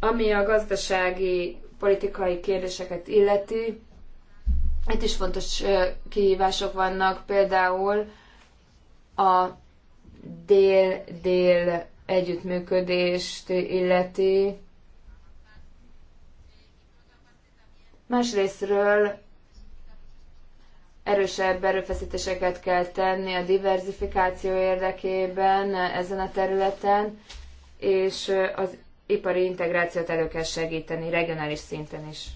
Ami a gazdasági politikai kérdéseket illeti, itt is fontos kihívások vannak, például a dél-dél együttműködést illeti, Másrésztről erősebb erőfeszítéseket kell tenni a diversifikáció érdekében ezen a területen, és az ipari integrációt elő kell segíteni regionális szinten is.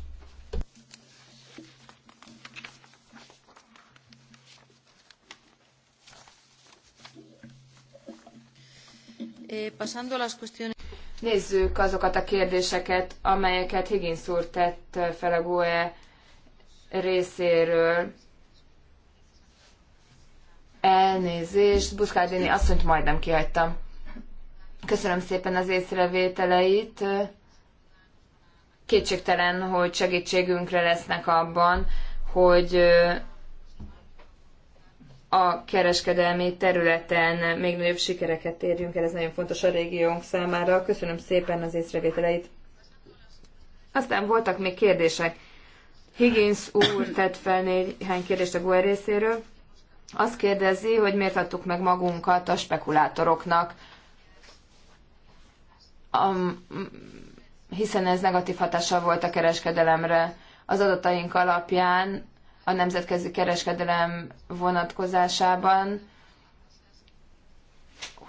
Eh, pasando a las cuestiones. Nézzük azokat a kérdéseket, amelyeket Higgins úr tett fel a GUE részéről. Elnézést, Buszkárdini asszonyt majdnem kihagytam. Köszönöm szépen az észrevételeit. Kétségtelen, hogy segítségünkre lesznek abban, hogy a kereskedelmi területen még nagyobb sikereket érjünk el, ez nagyon fontos a régiónk számára. Köszönöm szépen az észrevételeit. Aztán voltak még kérdések. Higgins úr tett fel néhány kérdést a GUE részéről. Azt kérdezi, hogy miért adtuk meg magunkat a spekulátoroknak, um, hiszen ez negatív hatással volt a kereskedelemre. Az adataink alapján a nemzetközi kereskedelem vonatkozásában.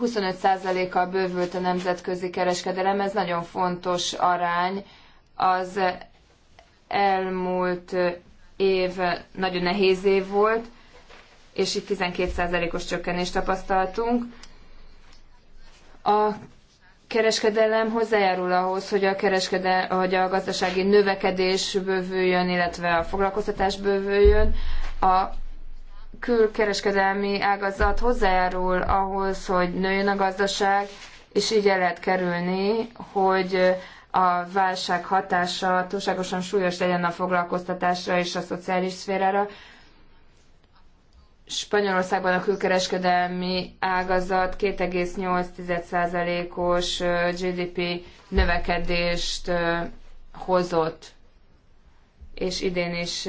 25%-kal bővült a nemzetközi kereskedelem, ez nagyon fontos arány. Az elmúlt év nagyon nehéz év volt, és itt 12%-os csökkenést tapasztaltunk. A kereskedelem hozzájárul ahhoz, hogy a, kereskedel, hogy a gazdasági növekedés bővüljön, illetve a foglalkoztatás bővüljön. A külkereskedelmi ágazat hozzájárul ahhoz, hogy nőjön a gazdaság, és így el lehet kerülni, hogy a válság hatása túlságosan súlyos legyen a foglalkoztatásra és a szociális szférára, Spanyolországban a külkereskedelmi ágazat 2,8%-os GDP növekedést hozott, és idén is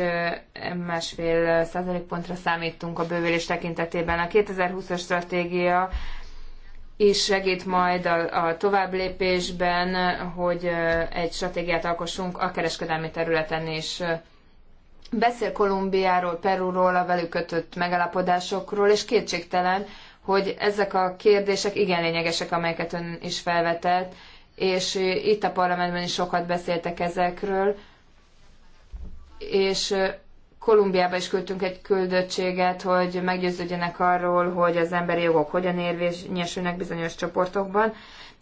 másfél százalékpontra számítunk a bővülés tekintetében. A 2020-as stratégia is segít majd a, a tovább lépésben, hogy egy stratégiát alkossunk a kereskedelmi területen is. Beszél Kolumbiáról, Perúról, a velük kötött megállapodásokról, és kétségtelen, hogy ezek a kérdések igen lényegesek, amelyeket ön is felvetett, és itt a parlamentben is sokat beszéltek ezekről, és Kolumbiába is küldtünk egy küldöttséget, hogy meggyőződjenek arról, hogy az emberi jogok hogyan érvényesülnek bizonyos csoportokban,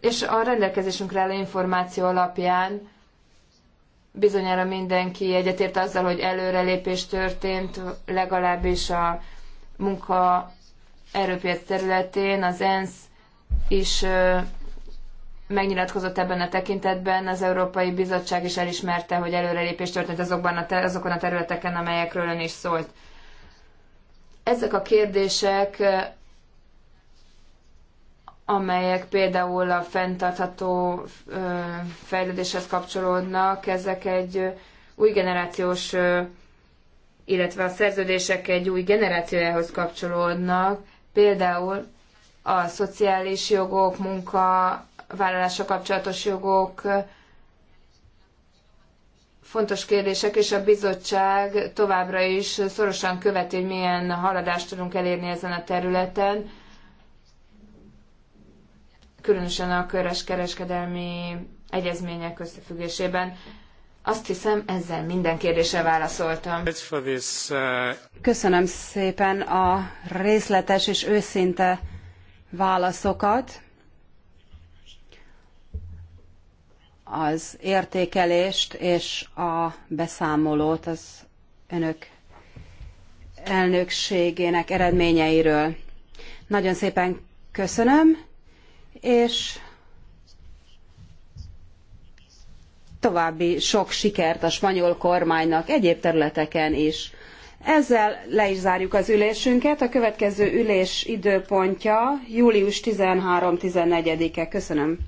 és a rendelkezésünkre álló információ alapján Bizonyára mindenki egyetért azzal, hogy előrelépés történt, legalábbis a munka erőpiac területén. Az ENSZ is megnyilatkozott ebben a tekintetben, az Európai Bizottság is elismerte, hogy előrelépés történt azokban a ter- azokon a területeken, amelyekről ön is szólt. Ezek a kérdések amelyek például a fenntartható fejlődéshez kapcsolódnak, ezek egy új generációs, illetve a szerződések egy új generációjához kapcsolódnak, például a szociális jogok, munka, vállalása kapcsolatos jogok, fontos kérdések, és a bizottság továbbra is szorosan követi, hogy milyen haladást tudunk elérni ezen a területen különösen a körös kereskedelmi egyezmények összefüggésében. Azt hiszem, ezzel minden kérdése válaszoltam. Köszönöm szépen a részletes és őszinte válaszokat. Az értékelést és a beszámolót az önök elnökségének eredményeiről. Nagyon szépen köszönöm és további sok sikert a spanyol kormánynak egyéb területeken is. Ezzel le is zárjuk az ülésünket. A következő ülés időpontja július 13-14-e. Köszönöm.